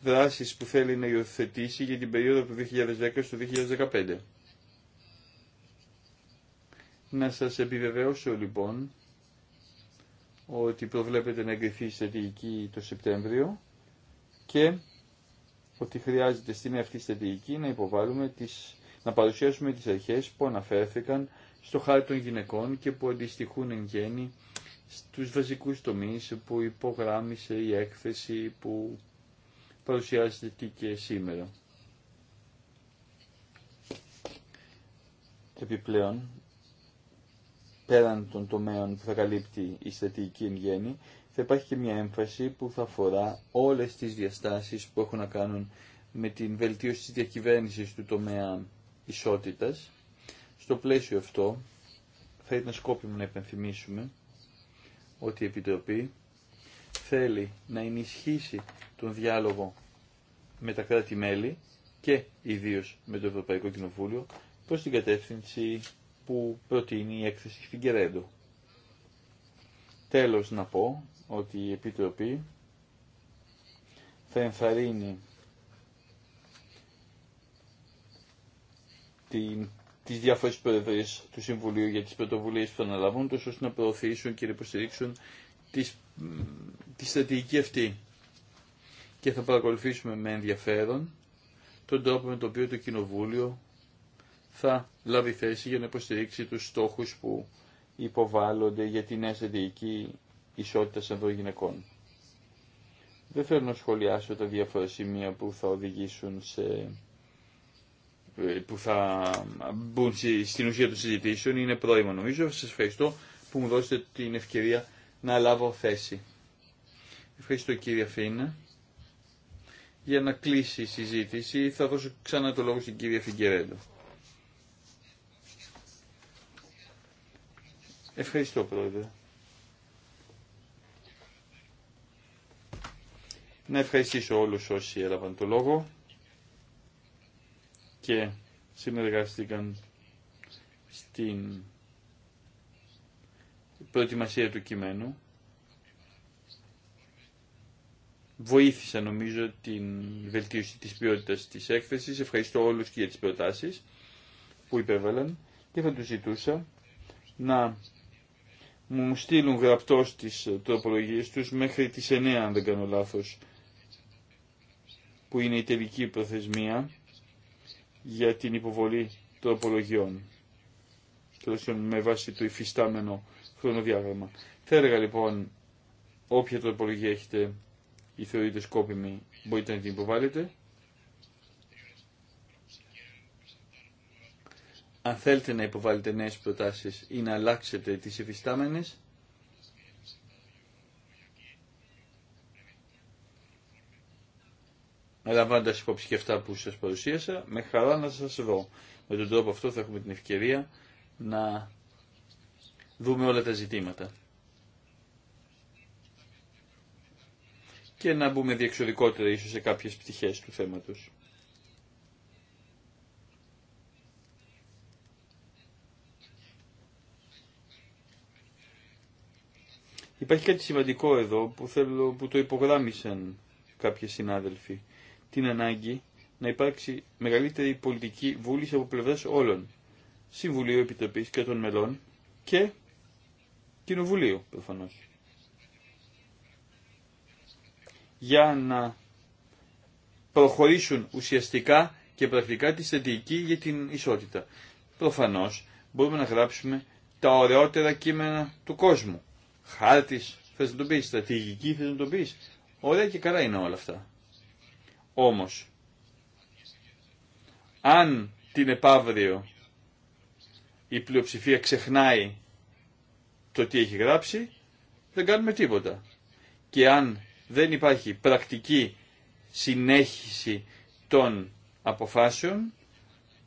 δράσεις που θέλει να υιοθετήσει για την περίοδο του 2010 στο 2015. Να σας επιβεβαιώσω λοιπόν ότι προβλέπεται να εγκριθεί η στρατηγική το Σεπτέμβριο και ότι χρειάζεται στην αυτή στρατηγική να υποβάλουμε τις, να παρουσιάσουμε τις αρχές που αναφέρθηκαν στο χάρτη των γυναικών και που αντιστοιχούν εν γέννη στους βασικούς τομείς που υπογράμμισε η έκθεση που παρουσιάζεται και σήμερα. Επιπλέον, πέραν των τομέων που θα καλύπτει η στρατηγική εν γέννη, θα υπάρχει και μια έμφαση που θα αφορά όλες τις διαστάσεις που έχουν να κάνουν με την βελτίωση της διακυβέρνησης του τομέα ισότητας. Στο πλαίσιο αυτό θα ήταν σκόπιμο να επενθυμίσουμε ότι η Επιτροπή θέλει να ενισχύσει τον διάλογο με τα κράτη-μέλη και ιδίως με το Ευρωπαϊκό Κοινοβούλιο προς την κατεύθυνση που προτείνει η έκθεση Φιγκερέντο. Τέλος να πω ότι η Επιτροπή θα ενθαρρύνει την, τις διάφορες προεδρίες του Συμβουλίου για τις πρωτοβουλίες που θα αναλαβούν, τόσο ώστε να προωθήσουν και να υποστηρίξουν τις, τη στρατηγική αυτή. Και θα παρακολουθήσουμε με ενδιαφέρον τον τρόπο με τον οποίο το Κοινοβούλιο θα λάβει θέση για να υποστηρίξει τους στόχους που υποβάλλονται για την νέα ισότητα ανδρών γυναικών. Δεν θέλω να σχολιάσω τα διάφορα σημεία που θα οδηγήσουν σε που θα μπουν στην ουσία των συζητήσεων είναι πρόημα νομίζω. Σας ευχαριστώ που μου δώσετε την ευκαιρία να λάβω θέση. Ευχαριστώ κύριε Φίνα. Για να κλείσει η συζήτηση θα δώσω ξανά το λόγο στην κυρία Φιγκερέντο. Ευχαριστώ πρόεδρε. Να ευχαριστήσω όλους όσοι έλαβαν το λόγο και συνεργάστηκαν στην προετοιμασία του κειμένου. Βοήθησα νομίζω την βελτίωση της ποιότητας της έκθεσης. Ευχαριστώ όλους και για τις προτάσεις που υπέβαλαν και θα τους ζητούσα να μου στείλουν γραπτό τι ε, τροπολογίες τους μέχρι τις 9 αν δεν κάνω λάθος που είναι η τελική προθεσμία για την υποβολή τροπολογιών με βάση το υφιστάμενο χρονοδιάγραμμα. Θα έλεγα λοιπόν όποια τροπολογία έχετε ή θεωρείτε σκόπιμη μπορείτε να την υποβάλλετε. αν θέλετε να υποβάλλετε νέες προτάσεις ή να αλλάξετε τις εφιστάμενες, λαμβάνοντα υπόψη και αυτά που σας παρουσίασα, με χαρά να σας δω. Με τον τρόπο αυτό θα έχουμε την ευκαιρία να δούμε όλα τα ζητήματα. Και να μπούμε διεξοδικότερα ίσως σε κάποιες πτυχές του θέματος. Υπάρχει κάτι σημαντικό εδώ που, θέλω, που το υπογράμμισαν κάποιοι συνάδελφοι. Την ανάγκη να υπάρξει μεγαλύτερη πολιτική βούληση από πλευράς όλων. Συμβουλίου Επιτροπής και των μελών και Κοινοβουλίου προφανώς. Για να προχωρήσουν ουσιαστικά και πρακτικά τη στρατηγική για την ισότητα. Προφανώς μπορούμε να γράψουμε τα ωραιότερα κείμενα του κόσμου χάρτη, θε να τον πει, στρατηγική θε να τον πει. Ωραία και καλά είναι όλα αυτά. Όμω, αν την επαύριο η πλειοψηφία ξεχνάει το τι έχει γράψει, δεν κάνουμε τίποτα. Και αν δεν υπάρχει πρακτική συνέχιση των αποφάσεων,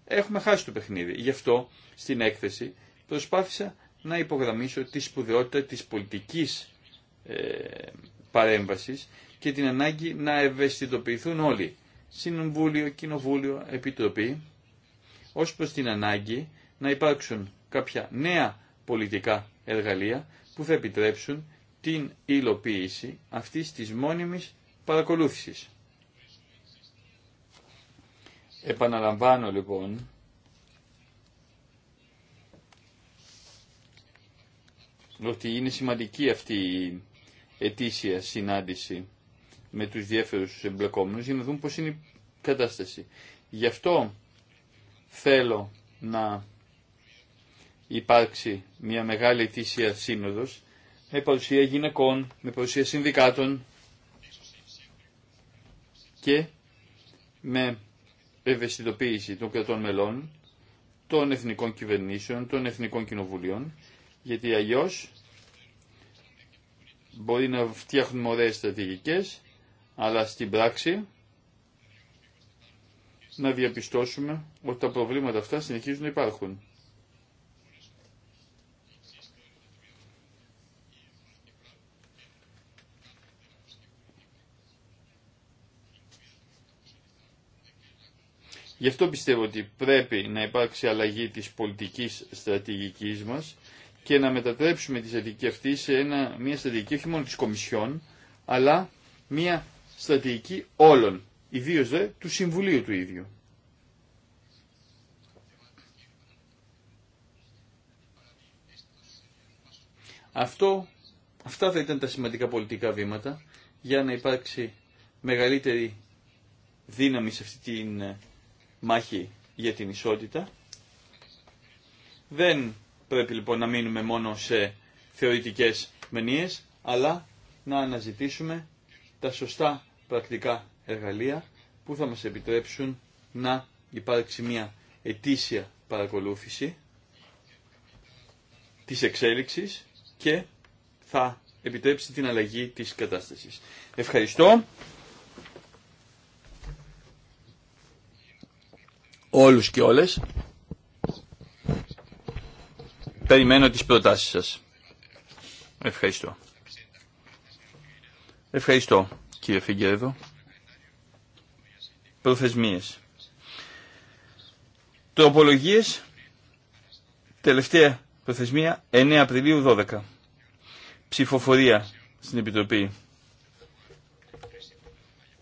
έχουμε χάσει το παιχνίδι. Γι' αυτό στην έκθεση προσπάθησα να υπογραμμίσω τη σπουδαιότητα της πολιτικής ε, παρέμβασης και την ανάγκη να ευαισθητοποιηθούν όλοι, Συμβούλιο, Κοινοβούλιο, Επιτροπή, ως προς την ανάγκη να υπάρξουν κάποια νέα πολιτικά εργαλεία που θα επιτρέψουν την υλοποίηση αυτής της μόνιμης παρακολούθησης. Επαναλαμβάνω λοιπόν ότι είναι σημαντική αυτή η ετήσια συνάντηση με τους διέφερους εμπλεκόμενους για να δούμε πώς είναι η κατάσταση. Γι' αυτό θέλω να υπάρξει μια μεγάλη ετήσια σύνοδος με παρουσία γυναικών, με παρουσία συνδικάτων και με ευαισθητοποίηση των κρατών μελών, των εθνικών κυβερνήσεων, των εθνικών κοινοβουλίων γιατί αλλιώ μπορεί να φτιάχνουμε ωραίες στρατηγικές, αλλά στην πράξη να διαπιστώσουμε ότι τα προβλήματα αυτά συνεχίζουν να υπάρχουν. Γι' αυτό πιστεύω ότι πρέπει να υπάρξει αλλαγή της πολιτικής στρατηγικής μας και να μετατρέψουμε τη στρατηγική αυτή σε μια στρατηγική όχι μόνο τη Κομισιόν, αλλά μια στρατηγική όλων, ιδίω δε του Συμβουλίου του ίδιου. Αυτό, αυτά θα ήταν τα σημαντικά πολιτικά βήματα για να υπάρξει μεγαλύτερη δύναμη σε αυτή τη ε, μάχη για την ισότητα. Δεν πρέπει λοιπόν να μείνουμε μόνο σε θεωρητικές μενίες, αλλά να αναζητήσουμε τα σωστά πρακτικά εργαλεία που θα μας επιτρέψουν να υπάρξει μια ετήσια παρακολούθηση της εξέλιξης και θα επιτρέψει την αλλαγή της κατάστασης. Ευχαριστώ όλους και όλες. Περιμένω τις προτάσεις σας. Ευχαριστώ. Ευχαριστώ κύριε Φιγκέρδο. Προθεσμίες. Τροπολογίες. Τελευταία προθεσμία 9 Απριλίου 12. Ψηφοφορία στην Επιτροπή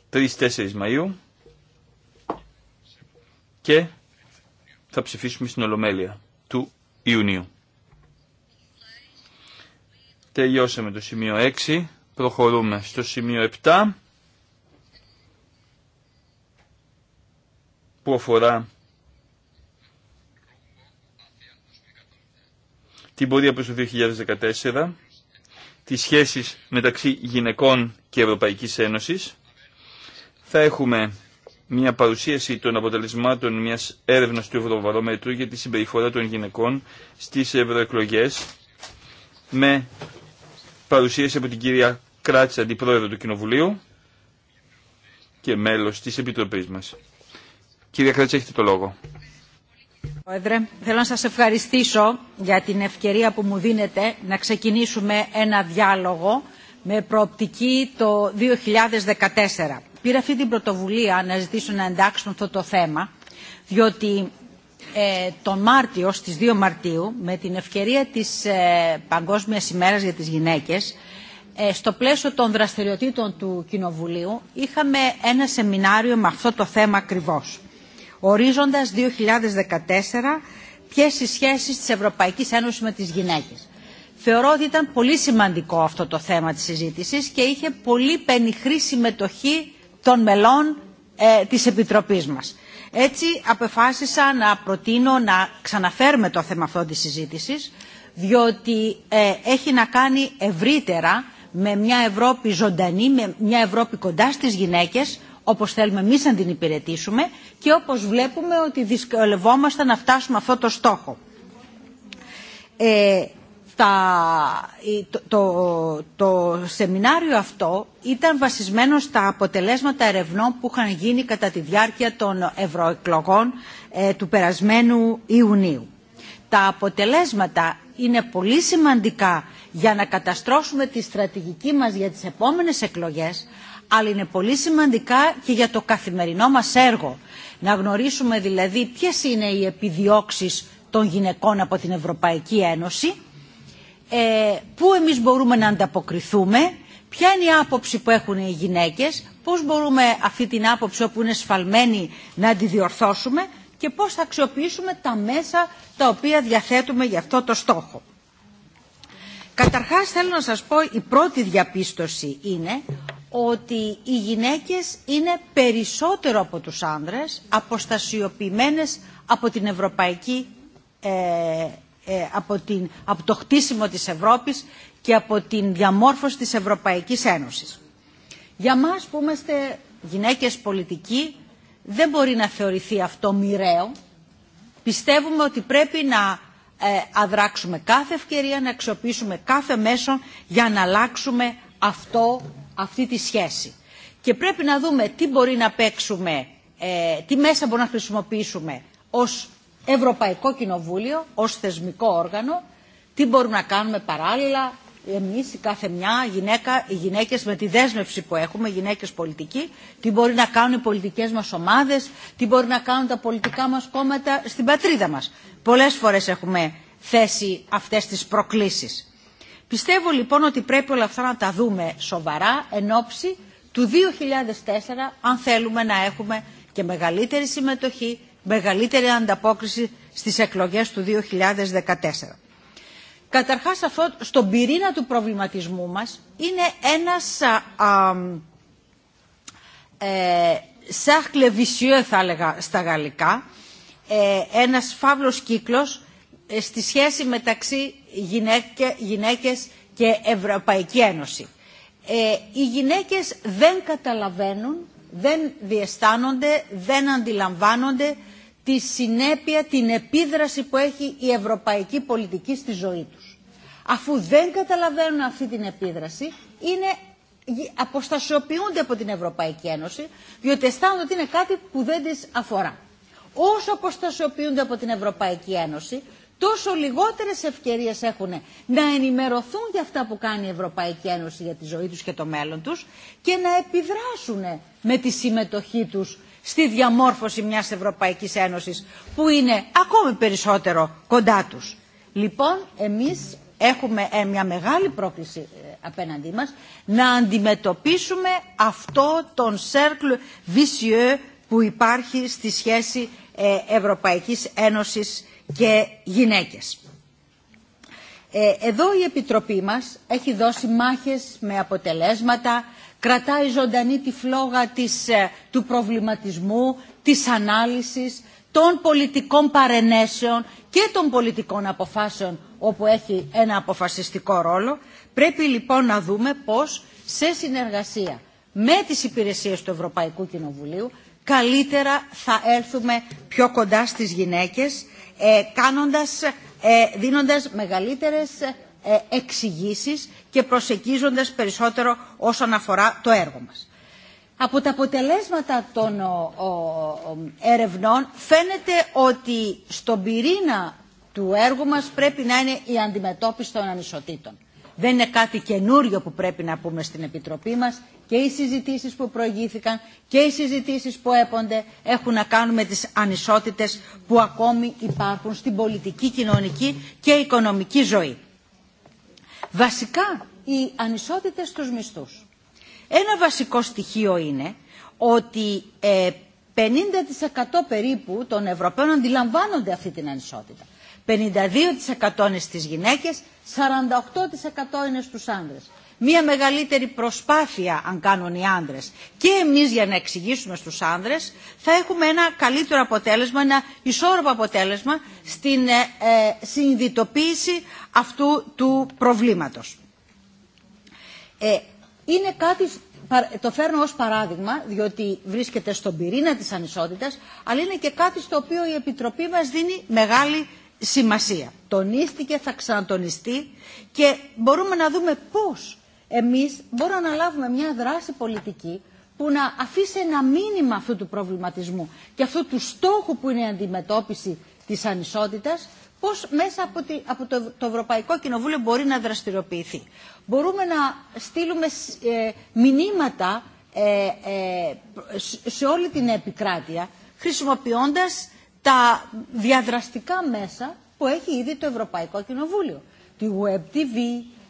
3-4 Μαΐου και θα ψηφίσουμε στην Ολομέλεια του Ιουνίου. Τελειώσαμε το σημείο 6. Προχωρούμε στο σημείο 7 που αφορά την πορεία προς το 2014, τις σχέσεις μεταξύ γυναικών και Ευρωπαϊκής Ένωσης. Θα έχουμε μια παρουσίαση των αποτελεσμάτων μιας έρευνας του Ευρωβαρόμετρου για τη συμπεριφορά των γυναικών στις ευρωεκλογέ με παρουσίαση από την κυρία Κράτσα, αντιπρόεδρο του Κοινοβουλίου και μέλος της Επιτροπής μας. Κυρία Κράτσα, έχετε το λόγο. Πρόεδρε, θέλω να σας ευχαριστήσω για την ευκαιρία που μου δίνετε να ξεκινήσουμε ένα διάλογο με προοπτική το 2014. Πήρα αυτή την πρωτοβουλία να ζητήσω να εντάξουν αυτό το θέμα, διότι ε, τον Μάρτιο, στις 2 Μαρτίου, με την ευκαιρία της ε, Παγκόσμιας ημέρας για τις γυναίκες, ε, στο πλαίσιο των δραστηριοτήτων του Κοινοβουλίου, είχαμε ένα σεμινάριο με αυτό το θέμα ακριβώς. Ορίζοντας 2014 ποιες οι σχέσεις της Ευρωπαϊκής Ένωσης με τις γυναίκες. Θεωρώ ότι ήταν πολύ σημαντικό αυτό το θέμα της συζήτησης και είχε πολύ πενιχρή συμμετοχή των μελών της Επιτροπής μας. Έτσι αποφάσισα να προτείνω να ξαναφέρουμε το θέμα αυτό της συζήτησης διότι ε, έχει να κάνει ευρύτερα με μια Ευρώπη ζωντανή, με μια Ευρώπη κοντά στις γυναίκες όπως θέλουμε εμείς να την υπηρετήσουμε και όπως βλέπουμε ότι δυσκολευόμαστε να φτάσουμε αυτό το στόχο. Ε, το, σεμινάριο αυτό ήταν βασισμένο στα αποτελέσματα ερευνών που είχαν γίνει κατά τη διάρκεια των ευρωεκλογών ε, του περασμένου Ιουνίου. Τα αποτελέσματα είναι πολύ σημαντικά για να καταστρώσουμε τη στρατηγική μας για τις επόμενες εκλογές, αλλά είναι πολύ σημαντικά και για το καθημερινό μας έργο. Να γνωρίσουμε δηλαδή ποιες είναι οι επιδιώξεις των γυναικών από την Ευρωπαϊκή Ένωση ε, πού εμείς μπορούμε να ανταποκριθούμε, ποια είναι η άποψη που έχουν οι γυναίκες, πώς μπορούμε αυτή την άποψη όπου είναι σφαλμένη να τη διορθώσουμε και πώς θα αξιοποιήσουμε τα μέσα τα οποία διαθέτουμε για αυτό το στόχο. Καταρχάς θέλω να σας πω η πρώτη διαπίστωση είναι ότι οι γυναίκες είναι περισσότερο από τους άνδρες αποστασιοποιημένες από την Ευρωπαϊκή ε, ε, από, την, το χτίσιμο της Ευρώπης και από την διαμόρφωση της Ευρωπαϊκής Ένωσης. Για μας που είμαστε γυναίκες πολιτικοί δεν μπορεί να θεωρηθεί αυτό μοιραίο. Πιστεύουμε ότι πρέπει να ε, αδράξουμε κάθε ευκαιρία, να αξιοποιήσουμε κάθε μέσο για να αλλάξουμε αυτό, αυτή τη σχέση. Και πρέπει να δούμε τι μπορεί να παίξουμε, ε, τι μέσα μπορούμε να χρησιμοποιήσουμε ως Ευρωπαϊκό Κοινοβούλιο ως θεσμικό όργανο τι μπορούμε να κάνουμε παράλληλα εμείς η κάθε μια γυναίκα, οι γυναίκες με τη δέσμευση που έχουμε, γυναίκες πολιτικοί, τι μπορεί να κάνουν οι πολιτικές μας ομάδες, τι μπορεί να κάνουν τα πολιτικά μας κόμματα στην πατρίδα μας. Πολλές φορές έχουμε θέσει αυτές τις προκλήσεις. Πιστεύω λοιπόν ότι πρέπει όλα αυτά να τα δούμε σοβαρά εν ώψη του 2004 αν θέλουμε να έχουμε και μεγαλύτερη συμμετοχή μεγαλύτερη ανταπόκριση στις εκλογές του 2014. Καταρχάς αυτό στον πυρήνα του προβληματισμού μας είναι ένας σάχλε θα έλεγα στα γαλλικά, ε, ένας φαύλος κύκλος ε, στη σχέση μεταξύ γυναίκε, γυναίκες και Ευρωπαϊκή Ένωση. Ε, οι γυναίκες δεν καταλαβαίνουν, δεν διαισθάνονται, δεν αντιλαμβάνονται τη συνέπεια, την επίδραση που έχει η ευρωπαϊκή πολιτική στη ζωή τους. Αφού δεν καταλαβαίνουν αυτή την επίδραση, είναι αποστασιοποιούνται από την Ευρωπαϊκή Ένωση, διότι αισθάνονται ότι είναι κάτι που δεν τις αφορά. Όσο αποστασιοποιούνται από την Ευρωπαϊκή Ένωση, τόσο λιγότερες ευκαιρίες έχουν να ενημερωθούν για αυτά που κάνει η Ευρωπαϊκή Ένωση για τη ζωή τους και το μέλλον τους και να επιδράσουν με τη συμμετοχή τους στη διαμόρφωση μιας Ευρωπαϊκής Ένωσης που είναι ακόμη περισσότερο κοντά τους. Λοιπόν, εμείς έχουμε ε, μια μεγάλη πρόκληση ε, απέναντί μας να αντιμετωπίσουμε αυτό τον cercle vicieux που υπάρχει στη σχέση ε, Ευρωπαϊκής Ένωσης και γυναίκες. Εδώ η Επιτροπή μας έχει δώσει μάχες με αποτελέσματα κρατάει ζωντανή τη φλόγα της, ε, του προβληματισμού, της ανάλυσης, των πολιτικών παρενέσεων και των πολιτικών αποφάσεων όπου έχει ένα αποφασιστικό ρόλο. Πρέπει λοιπόν να δούμε πώς σε συνεργασία με τις υπηρεσίες του Ευρωπαϊκού Κοινοβουλίου καλύτερα θα έρθουμε πιο κοντά στις γυναίκες ε, κάνοντας, ε, δίνοντας μεγαλύτερες ε, εξηγήσεις και προσεγγίζοντας περισσότερο όσον αφορά το έργο μας. Από τα αποτελέσματα των ερευνών φαίνεται ότι στον πυρήνα του έργου μας πρέπει να είναι η αντιμετώπιση των ανισοτήτων. Δεν είναι κάτι καινούριο που πρέπει να πούμε στην Επιτροπή μας και οι συζητήσεις που προηγήθηκαν και οι συζητήσεις που έπονται έχουν να κάνουν με τις ανισότητες που ακόμη υπάρχουν στην πολιτική, κοινωνική και οικονομική ζωή. Βασικά, οι ανισότητες στους μισθούς. Ένα βασικό στοιχείο είναι ότι 50% ε, περίπου των Ευρωπαίων αντιλαμβάνονται αυτή την ανισότητα. 52% είναι στις γυναίκες, 48% είναι στους άνδρες μία μεγαλύτερη προσπάθεια αν κάνουν οι άνδρες. Και εμείς για να εξηγήσουμε στους άνδρες θα έχουμε ένα καλύτερο αποτέλεσμα, ένα ισόρροπο αποτέλεσμα στην ε, ε, συνειδητοποίηση αυτού του προβλήματος. Ε, είναι κάτι το φέρνω ως παράδειγμα, διότι βρίσκεται στον πυρήνα της ανισότητας, αλλά είναι και κάτι στο οποίο η Επιτροπή μας δίνει μεγάλη σημασία. Τονίστηκε, θα ξανατονιστεί και μπορούμε να δούμε πώς εμείς μπορούμε να λάβουμε μια δράση πολιτική που να αφήσει ένα μήνυμα αυτού του προβληματισμού και αυτού του στόχου που είναι η αντιμετώπιση της ανισότητας, πώς μέσα από, το, Ευρωπαϊκό Κοινοβούλιο μπορεί να δραστηριοποιηθεί. Μπορούμε να στείλουμε ε, μηνύματα ε, ε, σε όλη την επικράτεια, χρησιμοποιώντας τα διαδραστικά μέσα που έχει ήδη το Ευρωπαϊκό Κοινοβούλιο. Τη Web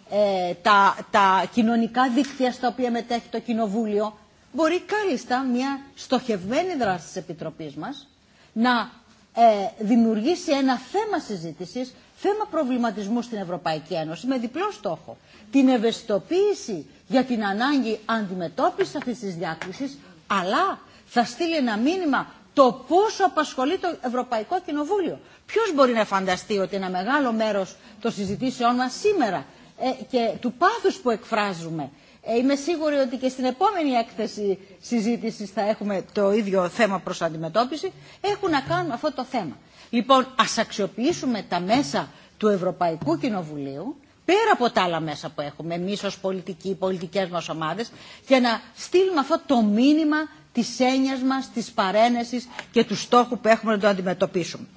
ε, τα, τα κοινωνικά δίκτυα στα οποία μετέχει το Κοινοβούλιο, μπορεί κάλλιστα μια στοχευμένη δράση της Επιτροπής μας να ε, δημιουργήσει ένα θέμα συζήτησης, θέμα προβληματισμού στην Ευρωπαϊκή Ένωση με διπλό στόχο. Την ευαισθητοποίηση για την ανάγκη αντιμετώπισης αυτής της διάκρισης, αλλά θα στείλει ένα μήνυμα το πόσο απασχολεί το Ευρωπαϊκό Κοινοβούλιο. Ποιο μπορεί να φανταστεί ότι ένα μεγάλο μέρο των συζητήσεών μα σήμερα ε, και του πάθους που εκφράζουμε. Ε, είμαι σίγουρη ότι και στην επόμενη έκθεση συζήτησης θα έχουμε το ίδιο θέμα προς αντιμετώπιση. Έχουν να κάνουν αυτό το θέμα. Λοιπόν, ας αξιοποιήσουμε τα μέσα του Ευρωπαϊκού Κοινοβουλίου, πέρα από τα άλλα μέσα που έχουμε εμείς ως πολιτικοί, οι πολιτικές μας ομάδες, για να στείλουμε αυτό το μήνυμα της έννοιας μας, της παρένεσης και του στόχου που έχουμε να το αντιμετωπίσουμε.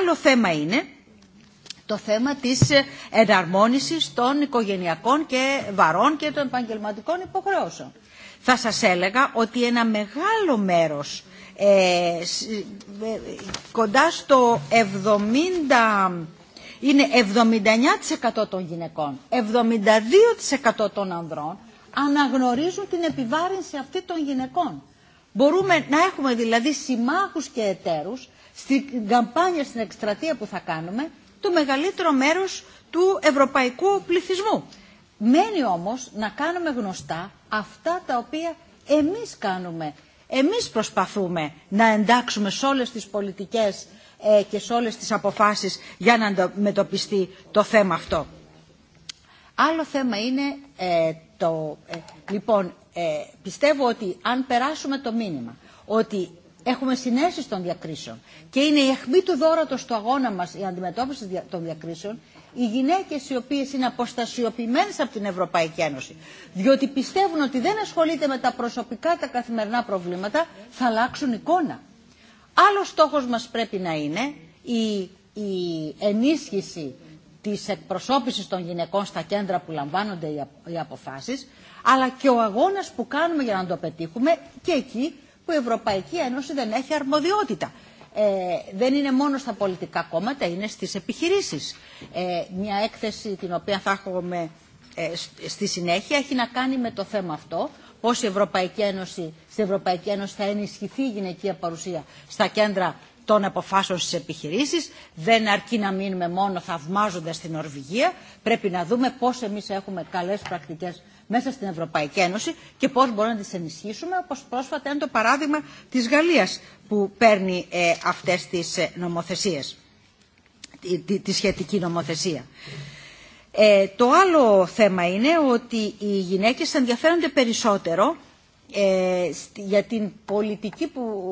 Άλλο θέμα είναι το θέμα της εναρμόνισης των οικογενειακών και βαρών και των επαγγελματικών υποχρεώσεων. Θα σας έλεγα ότι ένα μεγάλο μέρος, ε, ε, κοντά στο 70, είναι 79% των γυναικών, 72% των ανδρών, αναγνωρίζουν την επιβάρυνση αυτή των γυναικών. Μπορούμε να έχουμε δηλαδή συμμάχους και εταίρους στην καμπάνια, στην εκστρατεία που θα κάνουμε το μεγαλύτερο μέρος του ευρωπαϊκού πληθυσμού. Μένει όμως να κάνουμε γνωστά αυτά τα οποία εμείς κάνουμε. Εμείς προσπαθούμε να εντάξουμε σε όλες τις πολιτικές ε, και σε όλες τις αποφάσεις για να αντιμετωπιστεί το θέμα αυτό. Άλλο θέμα είναι ε, το... Ε, λοιπόν, πιστεύω ότι αν περάσουμε το μήνυμα ότι έχουμε συνέσεις των διακρίσεων. Και είναι η αιχμή του δόρατος στο αγώνα μας η αντιμετώπιση των διακρίσεων, οι γυναίκες οι οποίες είναι αποστασιοποιημένες από την Ευρωπαϊκή Ένωση, διότι πιστεύουν ότι δεν ασχολείται με τα προσωπικά τα καθημερινά προβλήματα, θα αλλάξουν εικόνα. Άλλο στόχος μας πρέπει να είναι η, η ενίσχυση της εκπροσώπησης των γυναικών στα κέντρα που λαμβάνονται οι αποφάσεις, αλλά και ο αγώνας που κάνουμε για να το πετύχουμε και εκεί που η Ευρωπαϊκή Ένωση δεν έχει αρμοδιότητα. Ε, δεν είναι μόνο στα πολιτικά κόμματα, είναι στις επιχειρήσεις. Ε, μια έκθεση την οποία θα έχουμε ε, στη συνέχεια έχει να κάνει με το θέμα αυτό, πώς η Ευρωπαϊκή Ένωση, στην Ευρωπαϊκή Ένωση θα ενισχυθεί η γυναικεία παρουσία στα κέντρα των αποφάσεων στις επιχειρήσεις. Δεν αρκεί να μείνουμε μόνο θαυμάζοντας την Ορβηγία. Πρέπει να δούμε πώς εμείς έχουμε καλές πρακτικές μέσα στην Ευρωπαϊκή Ένωση και πώς μπορούμε να τις ενισχύσουμε, όπως πρόσφατα είναι το παράδειγμα της Γαλλίας που παίρνει ε, αυτές τις ε, νομοθεσίες, τη σχετική νομοθεσία. Ε, το άλλο θέμα είναι ότι οι γυναίκες ενδιαφέρονται περισσότερο για την πολιτική που,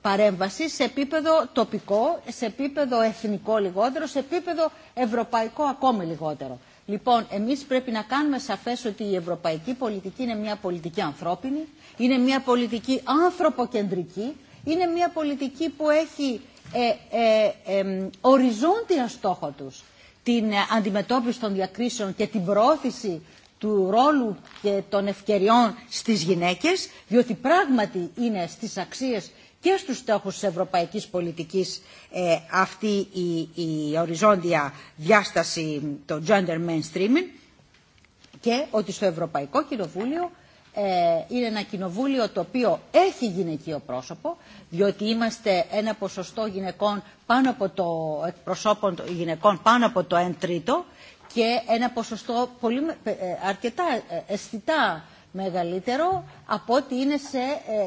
παρέμβαση σε επίπεδο τοπικό, σε επίπεδο εθνικό λιγότερο, σε επίπεδο ευρωπαϊκό ακόμη λιγότερο. Λοιπόν, εμείς πρέπει να κάνουμε σαφές ότι η ευρωπαϊκή πολιτική είναι μια πολιτική ανθρώπινη, είναι μια πολιτική ανθρωποκεντρική, είναι μια πολιτική που έχει ε, ε, οριζόντια στόχο του την ε, αντιμετώπιση των διακρίσεων και την προώθηση του ρόλου και των ευκαιριών στις γυναίκες, διότι πράγματι είναι στις αξίες και στους στόχους της ευρωπαϊκής πολιτικής ε, αυτή η, η οριζόντια διάσταση, το gender mainstreaming και ότι στο Ευρωπαϊκό Κοινοβούλιο ε, είναι ένα κοινοβούλιο το οποίο έχει γυναικείο πρόσωπο, διότι είμαστε ένα ποσοστό γυναικών πάνω από το εκπροσώπων γυναικών πάνω από το 1 τρίτο και ένα ποσοστό πολύ, ε, αρκετά αισθητά μεγαλύτερο από ότι είναι σε,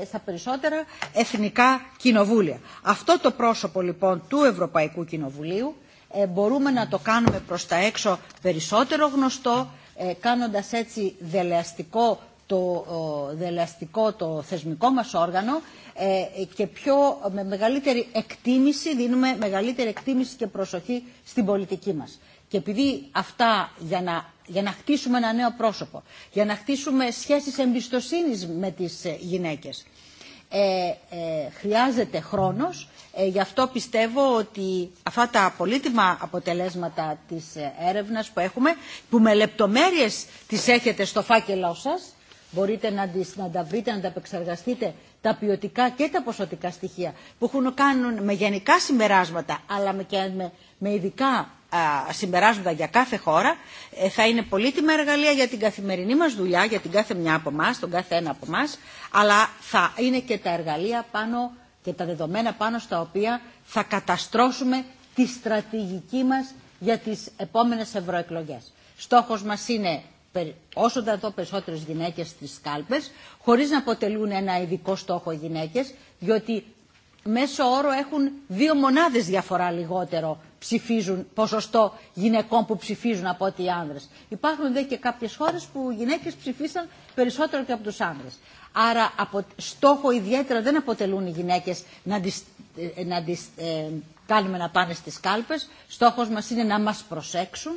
ε, στα περισσότερα εθνικά κοινοβούλια. Αυτό το πρόσωπο λοιπόν του Ευρωπαϊκού Κοινοβουλίου ε, μπορούμε να το κάνουμε προς τα έξω περισσότερο γνωστό, ε, κάνοντας έτσι δελεαστικό το ο, το θεσμικό μας όργανο ε, και πιο με μεγαλύτερη εκτίμηση, δίνουμε μεγαλύτερη εκτίμηση και προσοχή στην πολιτική μας. Και επειδή αυτά για να, για να χτίσουμε ένα νέο πρόσωπο, για να χτίσουμε σχέσεις εμπιστοσύνης με τις ε, γυναίκες, ε, ε, χρειάζεται χρόνος. Ε, γι' αυτό πιστεύω ότι αυτά τα πολύτιμα αποτελέσματα της έρευνας που έχουμε, που με λεπτομέρειες τις έχετε στο φάκελό σας, μπορείτε να, να τα βρείτε, να τα επεξεργαστείτε, τα ποιοτικά και τα ποσοτικά στοιχεία, που έχουν κάνουν με γενικά συμπεράσματα, αλλά και με, με ειδικά συμπεράσματα για κάθε χώρα ε, θα είναι πολύτιμα εργαλεία για την καθημερινή μας δουλειά, για την κάθε μια από εμά, τον κάθε ένα από εμά, αλλά θα είναι και τα εργαλεία πάνω και τα δεδομένα πάνω στα οποία θα καταστρώσουμε τη στρατηγική μας για τις επόμενες ευρωεκλογές. Στόχος μας είναι όσο τα δω περισσότερες γυναίκες στις κάλπες, χωρίς να αποτελούν ένα ειδικό στόχο οι γυναίκες, διότι μέσω όρο έχουν δύο μονάδες διαφορά λιγότερο ψηφίζουν, ποσοστό γυναικών που ψηφίζουν από ότι οι άνδρες. Υπάρχουν δε και κάποιες χώρες που οι γυναίκες ψηφίσαν περισσότερο και από τους άνδρες. Άρα από, στόχο ιδιαίτερα δεν αποτελούν οι γυναίκες να τι ε, να ε, κάνουμε να πάνε στις κάλπες. Στόχος μας είναι να μας προσέξουν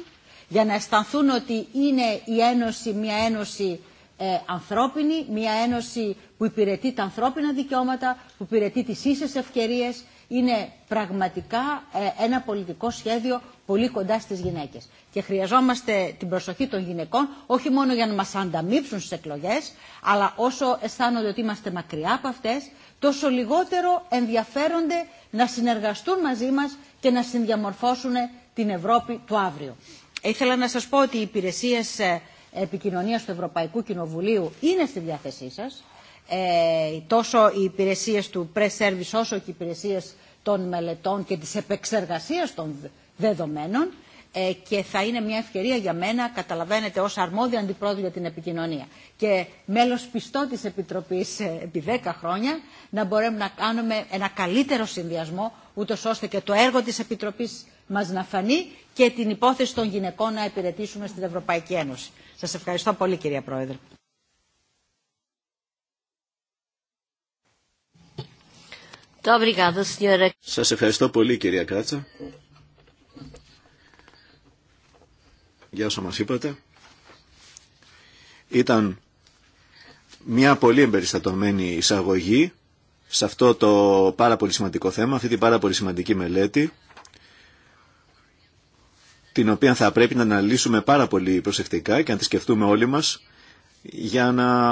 για να αισθανθούν ότι είναι η Ένωση μια Ένωση ε, ανθρώπινη, μια Ένωση που υπηρετεί τα ανθρώπινα δικαιώματα, που υπηρετεί τις ίσες ευκαιρίες είναι πραγματικά ε, ένα πολιτικό σχέδιο πολύ κοντά στις γυναίκες. Και χρειαζόμαστε την προσοχή των γυναικών, όχι μόνο για να μας ανταμείψουν στις εκλογές, αλλά όσο αισθάνονται ότι είμαστε μακριά από αυτές, τόσο λιγότερο ενδιαφέρονται να συνεργαστούν μαζί μας και να συνδιαμορφώσουν την Ευρώπη του αύριο. Ήθελα να σας πω ότι οι υπηρεσίες ε, επικοινωνίας του Ευρωπαϊκού Κοινοβουλίου είναι στη διάθεσή σας. Ε, τόσο οι υπηρεσίες του press service όσο και οι υπηρεσίες των μελετών και της επεξεργασίας των δεδομένων ε, και θα είναι μια ευκαιρία για μένα, καταλαβαίνετε, ως αρμόδια αντιπρόεδρο για την επικοινωνία και μέλος πιστό της Επιτροπής ε, επί 10 χρόνια, να μπορέσουμε να κάνουμε ένα καλύτερο συνδυασμό, ούτω ώστε και το έργο της Επιτροπής μας να φανεί και την υπόθεση των γυναικών να υπηρετήσουμε στην Ευρωπαϊκή Ένωση. Σας ευχαριστώ πολύ, κυρία Πρόεδρε. Σας ευχαριστώ πολύ κυρία Κράτσα για όσα μας είπατε. Ήταν μια πολύ εμπεριστατωμένη εισαγωγή σε αυτό το πάρα πολύ σημαντικό θέμα, αυτή την πάρα πολύ σημαντική μελέτη την οποία θα πρέπει να αναλύσουμε πάρα πολύ προσεκτικά και να τη σκεφτούμε όλοι μας για να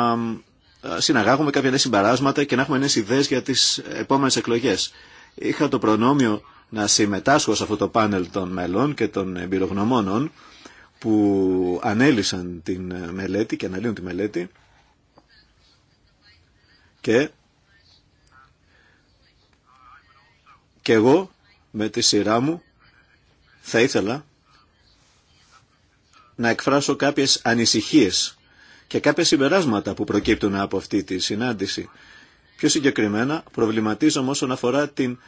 συναγάγουμε κάποια νέα συμπαράσματα και να έχουμε νέες ιδέες για τις επόμενες εκλογές. Είχα το προνόμιο να συμμετάσχω σε αυτό το πάνελ των μελών και των εμπειρογνωμόνων που ανέλησαν την μελέτη και αναλύουν τη μελέτη και, και εγώ με τη σειρά μου θα ήθελα να εκφράσω κάποιες ανησυχίες και κάποια συμπεράσματα που προκύπτουν από αυτή τη συνάντηση. Πιο συγκεκριμένα προβληματίζομαι όσον αφορά την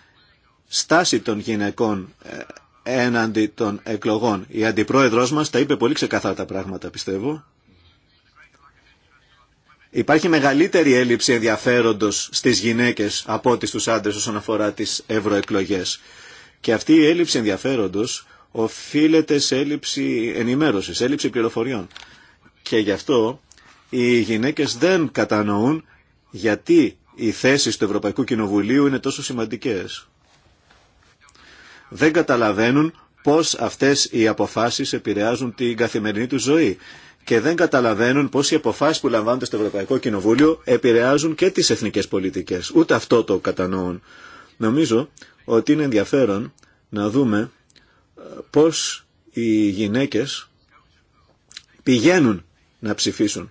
στάση των γυναικών ε, έναντι των εκλογών. Η αντιπρόεδρός μας τα είπε πολύ ξεκαθά τα πράγματα πιστεύω. Υπάρχει μεγαλύτερη έλλειψη ενδιαφέροντος στις γυναίκες από ό,τι στους άντρες όσον αφορά τις ευρωεκλογές. Και αυτή η έλλειψη ενδιαφέροντος οφείλεται σε έλλειψη ενημέρωσης, έλλειψη πληροφοριών. Και γι' αυτό οι γυναίκες δεν κατανοούν γιατί οι θέσεις του Ευρωπαϊκού Κοινοβουλίου είναι τόσο σημαντικές. Δεν καταλαβαίνουν πώς αυτές οι αποφάσεις επηρεάζουν την καθημερινή του ζωή και δεν καταλαβαίνουν πώς οι αποφάσεις που λαμβάνονται στο Ευρωπαϊκό Κοινοβούλιο επηρεάζουν και τις εθνικές πολιτικές. Ούτε αυτό το κατανοούν. Νομίζω ότι είναι ενδιαφέρον να δούμε ε, πώς οι γυναίκες πηγαίνουν να ψηφίσουν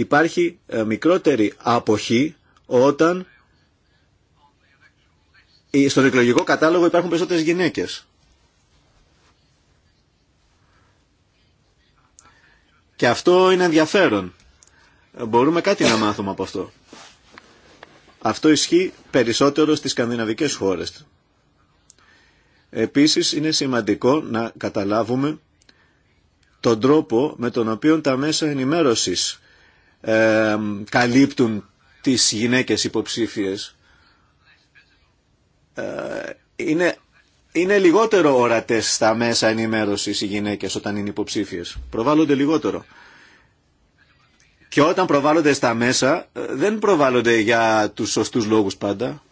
υπάρχει ε, μικρότερη αποχή όταν στον εκλογικό κατάλογο υπάρχουν περισσότερες γυναίκες. Και αυτό είναι ενδιαφέρον. Μπορούμε κάτι να μάθουμε από αυτό. Αυτό ισχύει περισσότερο στις σκανδιναβικές χώρες. Επίσης είναι σημαντικό να καταλάβουμε τον τρόπο με τον οποίο τα μέσα ενημέρωσης καλύπτουν τις γυναίκες υποψήφιες. Ε, είναι, είναι λιγότερο ορατές στα μέσα ενημέρωσης οι γυναίκες όταν είναι υποψήφιες. Προβάλλονται λιγότερο. Και όταν προβάλλονται στα μέσα ε, δεν προβάλλονται για τους σωστούς λόγους πάντα.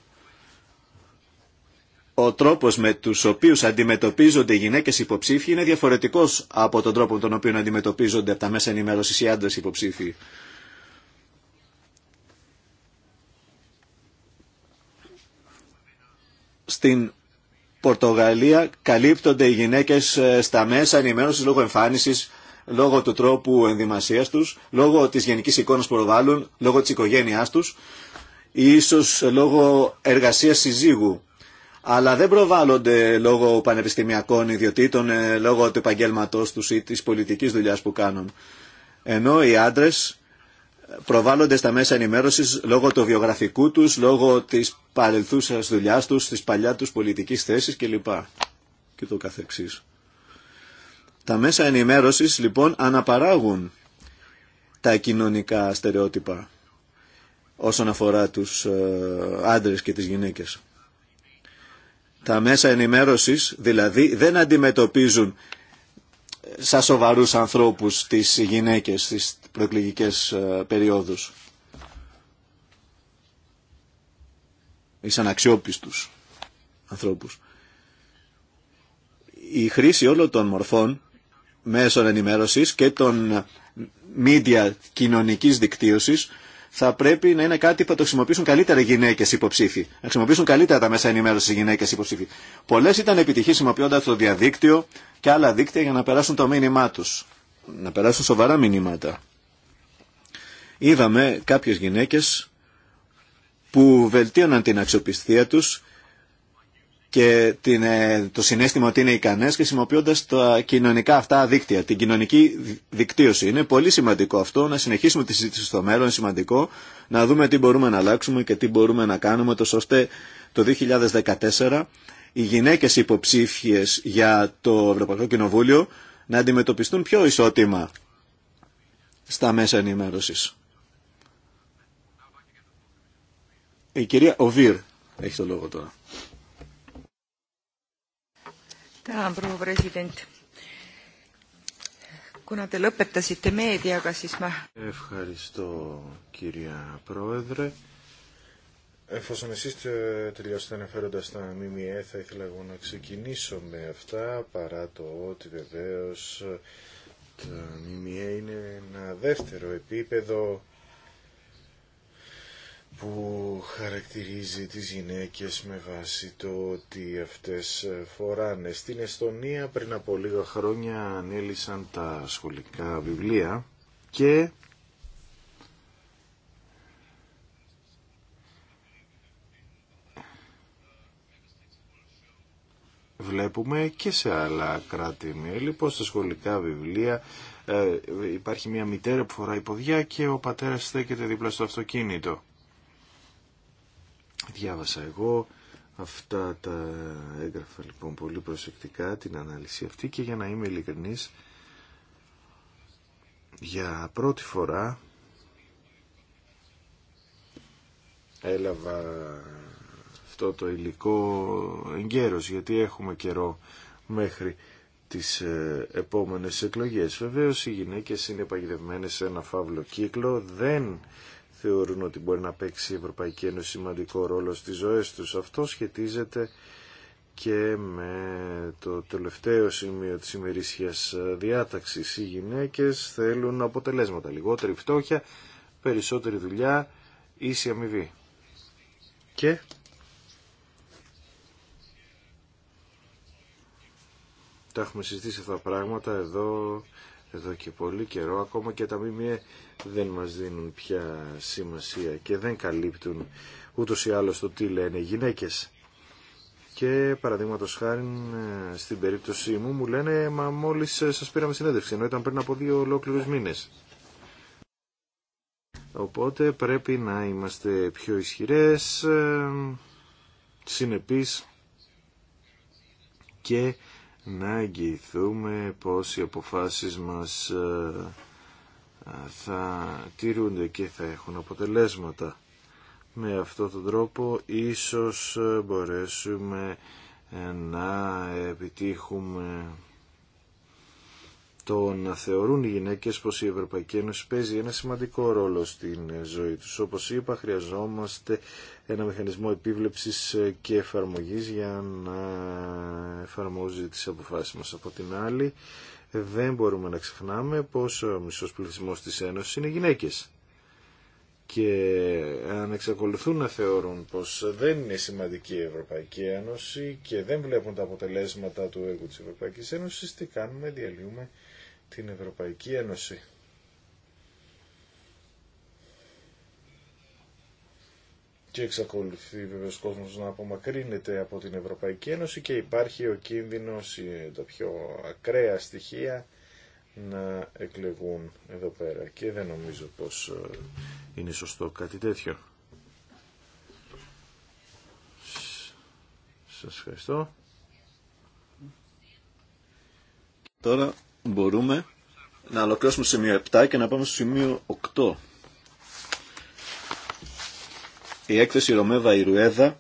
Ο τρόπος με τους οποίους αντιμετωπίζονται οι γυναίκες υποψήφιοι είναι διαφορετικός από τον τρόπο με τον οποίο αντιμετωπίζονται από τα μέσα ενημέρωσης οι άντρες υποψήφιοι στην Πορτογαλία καλύπτονται οι γυναίκες ε, στα μέσα ενημέρωσης λόγω εμφάνισης, λόγω του τρόπου ενδυμασίας τους, λόγω της γενικής εικόνας που προβάλλουν, λόγω της οικογένειάς τους ή ίσως λόγω εργασίας συζύγου. Αλλά δεν προβάλλονται λόγω πανεπιστημιακών ιδιωτήτων, ε, λόγω του επαγγέλματό τους ή της πολιτικής δουλειάς που κάνουν. Ενώ οι άντρες προβάλλονται στα μέσα ενημέρωσης λόγω του βιογραφικού τους, λόγω τη παρελθούσα δουλειά τους, της παλιά τους πολιτικής θέση κλπ. Και το καθεξής. Τα μέσα ενημέρωσης λοιπόν αναπαράγουν τα κοινωνικά στερεότυπα όσον αφορά τους ε, άντρες και τις γυναίκες. Τα μέσα ενημέρωσης δηλαδή δεν αντιμετωπίζουν ε, σαν σοβαρούς ανθρώπους τις γυναίκες, τις προεκλογικές ε, περιόδους. σαν αναξιόπιστους ανθρώπους. Η χρήση όλων των μορφών μέσων ενημέρωσης και των μίντια κοινωνικής δικτύωσης θα πρέπει να είναι κάτι που θα το χρησιμοποιήσουν καλύτερα οι γυναίκε υποψήφοι. Να χρησιμοποιήσουν καλύτερα τα μέσα ενημέρωση οι γυναίκε υποψήφοι. Πολλέ ήταν επιτυχεί χρησιμοποιώντα το διαδίκτυο και άλλα δίκτυα για να περάσουν το μήνυμά του. Να περάσουν σοβαρά μηνύματα είδαμε κάποιες γυναίκες που βελτίωναν την αξιοπιστία τους και την, ε, το συνέστημα ότι είναι ικανές χρησιμοποιώντα τα κοινωνικά αυτά δίκτυα, την κοινωνική δικτύωση. Είναι πολύ σημαντικό αυτό, να συνεχίσουμε τη συζήτηση στο μέλλον, είναι σημαντικό να δούμε τι μπορούμε να αλλάξουμε και τι μπορούμε να κάνουμε, τόσο ώστε το 2014 οι γυναίκες υποψήφιες για το Ευρωπαϊκό Κοινοβούλιο να αντιμετωπιστούν πιο ισότιμα στα μέσα ενημέρωσης. Η κυρία Οβίρ έχει το λόγο τώρα. Ευχαριστώ κυρία Πρόεδρε. Εφόσον εσείς τελειώσετε αναφέροντας τα ΜΜΕ, θα ήθελα εγώ να ξεκινήσω με αυτά, παρά το ότι βεβαίως τα ΜΜΕ είναι ένα δεύτερο επίπεδο που χαρακτηρίζει τις γυναίκες με βάση το ότι αυτές φοράνε. Στην Εστονία πριν από λίγα χρόνια ανέλησαν τα σχολικά βιβλία και βλέπουμε και σε άλλα κράτη-μέλη πως τα σχολικά βιβλία ε, υπάρχει μια μητέρα που φοράει ποδιά και ο πατέρας στέκεται δίπλα στο αυτοκίνητο. Διάβασα εγώ αυτά τα έγγραφα λοιπόν πολύ προσεκτικά την ανάλυση αυτή και για να είμαι ειλικρινής για πρώτη φορά έλαβα αυτό το υλικό εγκαίρος γιατί έχουμε καιρό μέχρι τις ε, επόμενες εκλογές. Βεβαίως οι γυναίκες είναι παγιδευμένες σε ένα φαύλο κύκλο, δεν θεωρούν ότι μπορεί να παίξει η Ευρωπαϊκή Ένωση σημαντικό ρόλο στις ζωές τους. Αυτό σχετίζεται και με το τελευταίο σημείο της ημερήσιας διάταξης. Οι γυναίκες θέλουν αποτελέσματα, λιγότερη φτώχεια, περισσότερη δουλειά, ίση αμοιβή. Και τα έχουμε συζητήσει αυτά τα πράγματα εδώ εδώ και πολύ καιρό. Ακόμα και τα ΜΜΕ δεν μας δίνουν πια σημασία και δεν καλύπτουν ούτως ή άλλως το τι λένε οι γυναίκες. Και παραδείγματο χάρη στην περίπτωσή μου μου λένε «Μα μόλις σας πήραμε συνέντευξη» ενώ ήταν πριν από δύο ολόκληρους μήνες. Οπότε πρέπει να είμαστε πιο ισχυρές, συνεπείς και να εγγυηθούμε πως οι αποφάσεις μας ε, θα τηρούνται και θα έχουν αποτελέσματα. Με αυτό τον τρόπο ίσως ε, μπορέσουμε ε, να επιτύχουμε το να θεωρούν οι γυναίκες πως η Ευρωπαϊκή Ένωση παίζει ένα σημαντικό ρόλο στην ζωή τους. Όπως είπα, χρειαζόμαστε ένα μηχανισμό επίβλεψης και εφαρμογής για να εφαρμόζει τις αποφάσεις μας. Από την άλλη, δεν μπορούμε να ξεχνάμε πως ο μισός πληθυσμός της Ένωσης είναι γυναίκες. Και αν εξακολουθούν να θεωρούν πως δεν είναι σημαντική η Ευρωπαϊκή Ένωση και δεν βλέπουν τα αποτελέσματα του έργου της Ευρωπαϊκής Ένωσης, τι κάνουμε, διαλύουμε την Ευρωπαϊκή Ένωση. Και εξακολουθεί βέβαια ο κόσμος να απομακρύνεται από την Ευρωπαϊκή Ένωση και υπάρχει ο κίνδυνος, ε, τα πιο ακραία στοιχεία να εκλεγούν εδώ πέρα και δεν νομίζω πως ε, είναι σωστό κάτι τέτοιο. Σας ευχαριστώ. Τώρα μπορούμε να ολοκληρώσουμε το σημείο 7 και να πάμε στο σημείο 8. Η έκθεση Ρωμέβα Ιρουέδα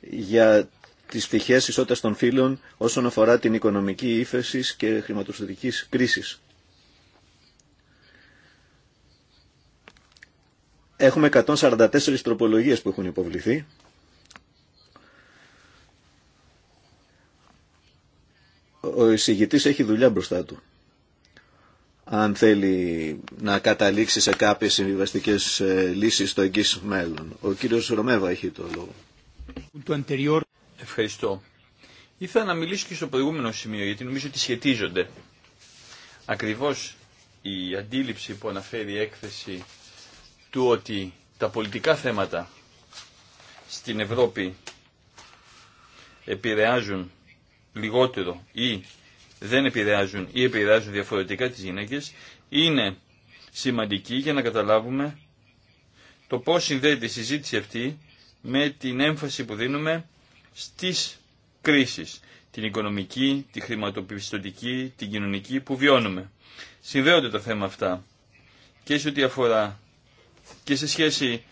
για τις πτυχές ισότητας των φύλων όσον αφορά την οικονομική ύφεση και χρηματοστατικής κρίσης. Έχουμε 144 τροπολογίες που έχουν υποβληθεί. ο εισηγητής έχει δουλειά μπροστά του. Αν θέλει να καταλήξει σε κάποιες συμβιβαστικέ ε, λύσεις στο εγγύς μέλλον. Ο κύριος Ρωμέβα έχει το λόγο. Ευχαριστώ. Ήθελα να μιλήσω και στο προηγούμενο σημείο γιατί νομίζω ότι σχετίζονται. Ακριβώς η αντίληψη που αναφέρει η έκθεση του ότι τα πολιτικά θέματα στην Ευρώπη επηρεάζουν λιγότερο ή δεν επηρεάζουν ή επηρεάζουν διαφορετικά τις γυναίκες είναι σημαντική για να καταλάβουμε το πώς συνδέεται η συζήτηση αυτή με την έμφαση που δίνουμε στις κρίσεις, την οικονομική, τη χρηματοπιστωτική, την κοινωνική που βιώνουμε. Συνδέονται τα θέματα αυτά και σε ό,τι αφορά και σε σχέση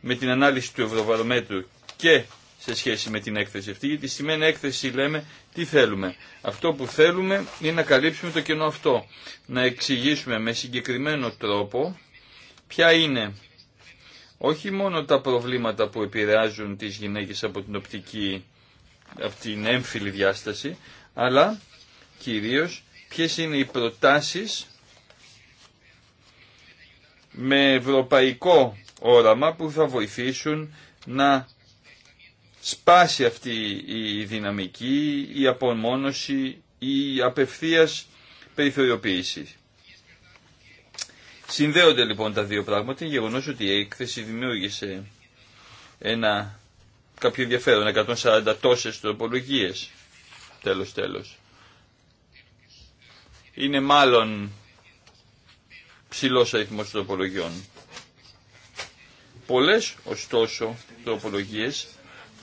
με την ανάλυση του Ευρωβαρομέτρου και σε σχέση με την έκθεση αυτή, γιατί σημαίνει έκθεση λέμε τι θέλουμε. Αυτό που θέλουμε είναι να καλύψουμε το κενό αυτό, να εξηγήσουμε με συγκεκριμένο τρόπο ποια είναι όχι μόνο τα προβλήματα που επηρεάζουν τις γυναίκες από την οπτική, από την έμφυλη διάσταση, αλλά κυρίως ποιες είναι οι προτάσεις με ευρωπαϊκό όραμα που θα βοηθήσουν να σπάσει αυτή η δυναμική, η απομόνωση, η απευθείας περιθωριοποίηση. Συνδέονται λοιπόν τα δύο πράγματα. Είναι γεγονός ότι η έκθεση δημιούργησε ένα κάποιο ενδιαφέρον, 140 τόσες τροπολογίες, τέλος τέλος. Είναι μάλλον ψηλός αριθμός τροπολογιών. Πολλές, ωστόσο, τροπολογίες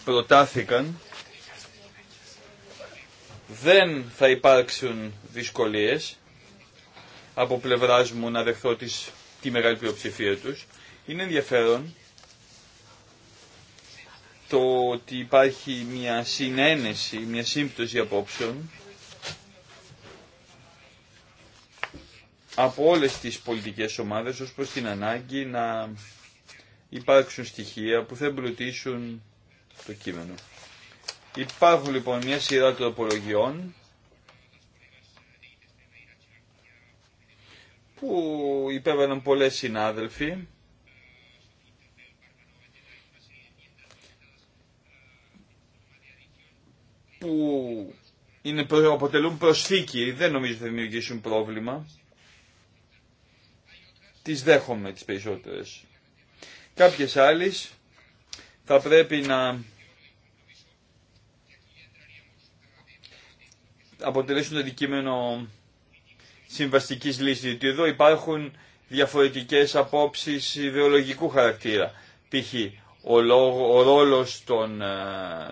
προτάθηκαν δεν θα υπάρξουν δυσκολίες από πλευράς μου να δεχθώ τις, τη μεγάλη πλειοψηφία τους. Είναι ενδιαφέρον το ότι υπάρχει μια συνένεση, μια σύμπτωση απόψεων από όλες τις πολιτικές ομάδες ως προς την ανάγκη να υπάρξουν στοιχεία που θα εμπλουτίσουν το κείμενο. Υπάρχουν λοιπόν μια σειρά τροπολογιών που υπέβαλαν πολλές συνάδελφοι που είναι, αποτελούν προσθήκη, δεν νομίζω ότι θα δημιουργήσουν πρόβλημα. Τις δέχομαι τις περισσότερες. Κάποιες άλλες θα πρέπει να αποτελέσουν το αντικείμενο συμβαστικής λύσης, διότι εδώ υπάρχουν διαφορετικές απόψεις ιδεολογικού χαρακτήρα. Π.χ. Ο, λόγο, ρόλος των ε,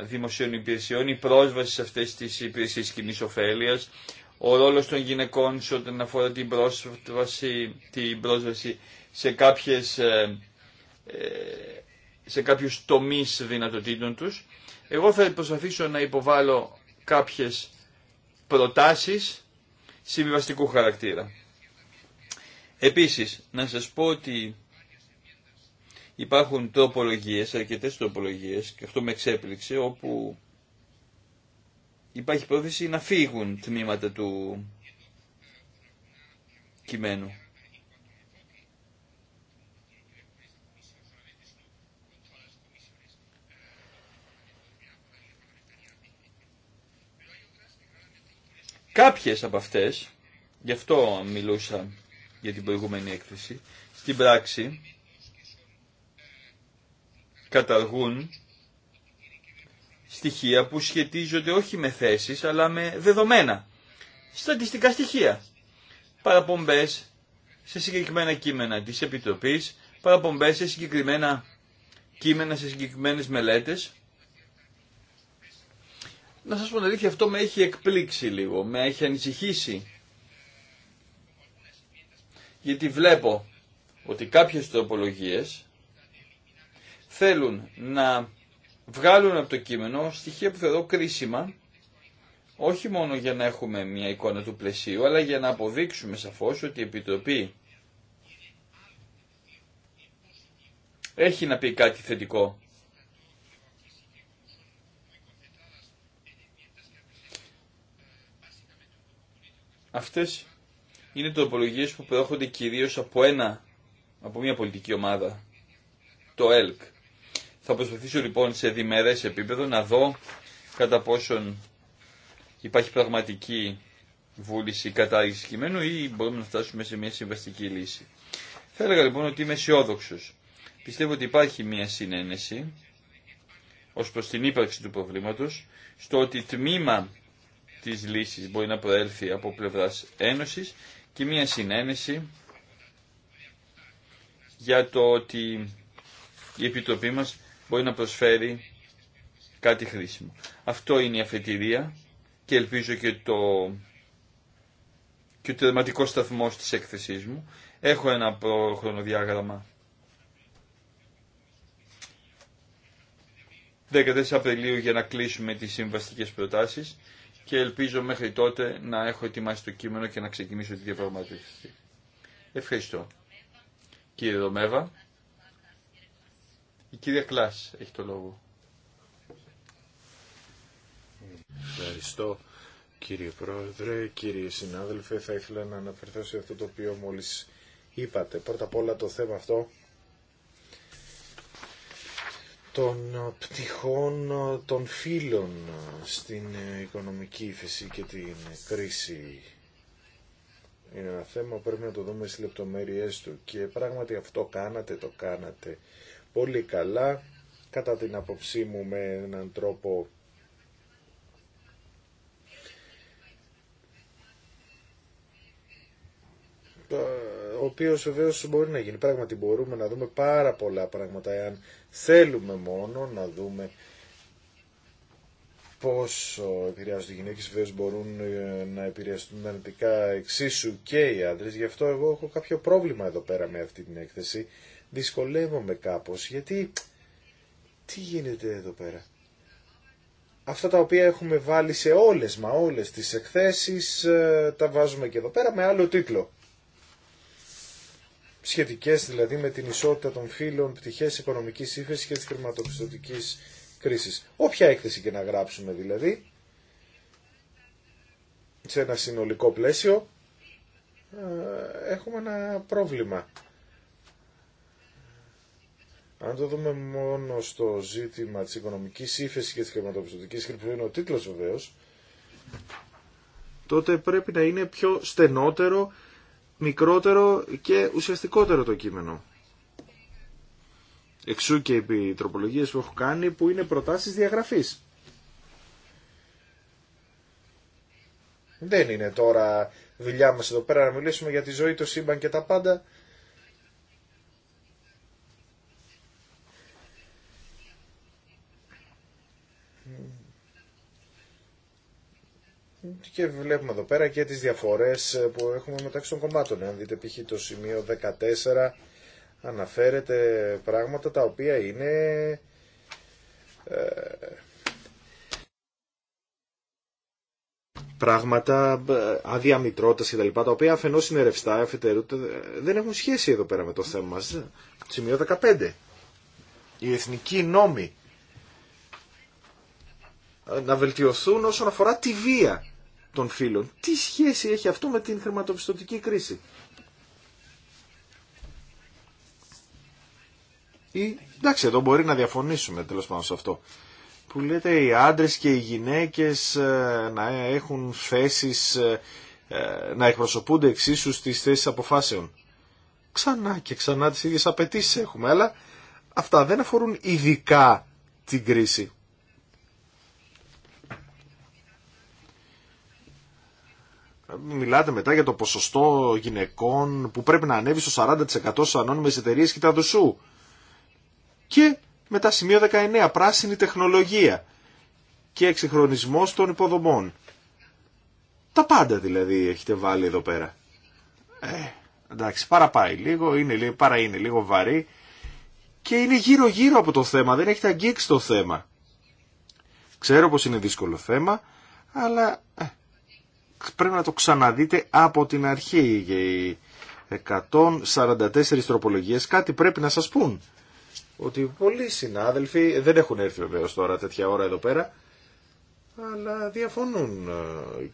δημοσίων υπηρεσιών, η πρόσβαση σε αυτές τις υπηρεσίες κοινή ωφέλεια, ο ρόλος των γυναικών σε όταν αφορά την πρόσβαση, την πρόσβαση σε κάποιες ε, ε, σε κάποιους τομείς δυνατοτήτων τους. Εγώ θα προσπαθήσω να υποβάλω κάποιες προτάσεις συμβιβαστικού χαρακτήρα. Επίσης, να σας πω ότι υπάρχουν τροπολογίες, αρκετές τροπολογίες, και αυτό με εξέπληξε, όπου υπάρχει πρόθεση να φύγουν τμήματα του κειμένου. Κάποιες από αυτές, γι' αυτό μιλούσα για την προηγούμενη έκθεση, στην πράξη καταργούν στοιχεία που σχετίζονται όχι με θέσεις αλλά με δεδομένα, στατιστικά στοιχεία, παραπομπές σε συγκεκριμένα κείμενα της Επιτροπής, παραπομπές σε συγκεκριμένα κείμενα, σε συγκεκριμένες μελέτες να σας πω την αλήθεια, αυτό με έχει εκπλήξει λίγο, με έχει ανησυχήσει. Γιατί βλέπω ότι κάποιες τροπολογίες θέλουν να βγάλουν από το κείμενο στοιχεία που θεωρώ κρίσιμα, όχι μόνο για να έχουμε μια εικόνα του πλαισίου, αλλά για να αποδείξουμε σαφώς ότι η Επιτροπή έχει να πει κάτι θετικό Αυτές είναι τροπολογίες που προέρχονται κυρίως από, ένα, από μια πολιτική ομάδα, το ΕΛΚ. Θα προσπαθήσω λοιπόν σε διμερές επίπεδο να δω κατά πόσον υπάρχει πραγματική βούληση κατάργηση κειμένου ή μπορούμε να φτάσουμε σε μια συμβαστική λύση. Θα έλεγα λοιπόν ότι είμαι αισιόδοξο. Πιστεύω ότι υπάρχει μια συνένεση ως προς την ύπαρξη του προβλήματος, στο ότι τμήμα της λύσης μπορεί να προέλθει από πλευράς Ένωσης και μια συνένεση για το ότι η Επιτροπή μας μπορεί να προσφέρει κάτι χρήσιμο. Αυτό είναι η αφετηρία και ελπίζω και το και ο τερματικό σταθμό της έκθεση μου. Έχω ένα χρονοδιάγραμμα. 14 Απριλίου για να κλείσουμε τις συμβαστικές προτάσεις και ελπίζω μέχρι τότε να έχω ετοιμάσει το κείμενο και να ξεκινήσω τη διαπραγματεύση. Ευχαριστώ. Κύριε Δομέβα, η κυρία Κλάς έχει το λόγο. Ευχαριστώ κύριε Πρόεδρε, κύριε συνάδελφε, θα ήθελα να αναφερθώ σε αυτό το οποίο μόλις είπατε. Πρώτα απ' όλα το θέμα αυτό των πτυχών των φύλων στην οικονομική ύφεση και την κρίση. Είναι ένα θέμα που πρέπει να το δούμε στις λεπτομέρειές του και πράγματι αυτό κάνατε, το κάνατε πολύ καλά, κατά την άποψή μου με έναν τρόπο ο οποίο βεβαίω μπορεί να γίνει. Πράγματι μπορούμε να δούμε πάρα πολλά πράγματα εάν θέλουμε μόνο να δούμε πόσο επηρεάζονται οι γυναίκες βεβαίως μπορούν ε, να επηρεαστούν αρνητικά εξίσου και οι άντρε Γι' αυτό εγώ έχω κάποιο πρόβλημα εδώ πέρα με αυτή την έκθεση. Δυσκολεύομαι κάπως γιατί τι γίνεται εδώ πέρα. Αυτά τα οποία έχουμε βάλει σε όλες μα όλες τις εκθέσεις ε, τα βάζουμε και εδώ πέρα με άλλο τίτλο σχετικές δηλαδή με την ισότητα των φύλων, πτυχές οικονομική ύφεση και τη χρηματοπιστωτική κρίσης. Όποια έκθεση και να γράψουμε δηλαδή, σε ένα συνολικό πλαίσιο, ε, έχουμε ένα πρόβλημα. Αν το δούμε μόνο στο ζήτημα της οικονομικής ύφεση και της χρηματοπιστωτικής κρίσης, που είναι ο τίτλος βεβαίως, τότε πρέπει να είναι πιο στενότερο μικρότερο και ουσιαστικότερο το κείμενο. Εξού και οι τροπολογίες που έχω κάνει που είναι προτάσεις διαγραφής. Δεν είναι τώρα δουλειά μας εδώ πέρα να μιλήσουμε για τη ζωή, το σύμπαν και τα πάντα. και βλέπουμε εδώ πέρα και τις διαφορές ε, που έχουμε μεταξύ των κομμάτων. Αν δείτε π.χ. το σημείο 14 αναφέρεται πράγματα τα οποία είναι ε, πράγματα ε, αδιαμητρότητας και τα οποία αφενός είναι ρευστά, δεν έχουν σχέση εδώ πέρα με το θέμα μας. Σημείο 15. Οι εθνικοί νόμοι να βελτιωθούν όσον αφορά τη βία των Τι σχέση έχει αυτό με την χρηματοπιστωτική κρίση. Ή, εντάξει, εδώ μπορεί να διαφωνήσουμε τέλο πάντων σε αυτό. Που λέτε οι άντρες και οι γυναίκες ε, να έχουν θέσεις, ε, ε, να εκπροσωπούνται εξίσου στις θέσεις αποφάσεων. Ξανά και ξανά τις ίδιες απαιτήσει έχουμε, αλλά αυτά δεν αφορούν ειδικά την κρίση. μιλάτε μετά για το ποσοστό γυναικών που πρέπει να ανέβει στο 40% στις ανώνυμες εταιρείες και τα δουσού. Και μετά σημείο 19, πράσινη τεχνολογία και εξυγχρονισμός των υποδομών. Τα πάντα δηλαδή έχετε βάλει εδώ πέρα. Ε, εντάξει, παραπάει λίγο, είναι, παρά είναι λίγο βαρύ και είναι γύρω γύρω από το θέμα, δεν έχετε αγγίξει το θέμα. Ξέρω πως είναι δύσκολο θέμα, αλλά ε, πρέπει να το ξαναδείτε από την αρχή. Οι 144 τροπολογίε κάτι πρέπει να σας πούν. Ότι πολλοί συνάδελφοι δεν έχουν έρθει βεβαίω τώρα τέτοια ώρα εδώ πέρα αλλά διαφωνούν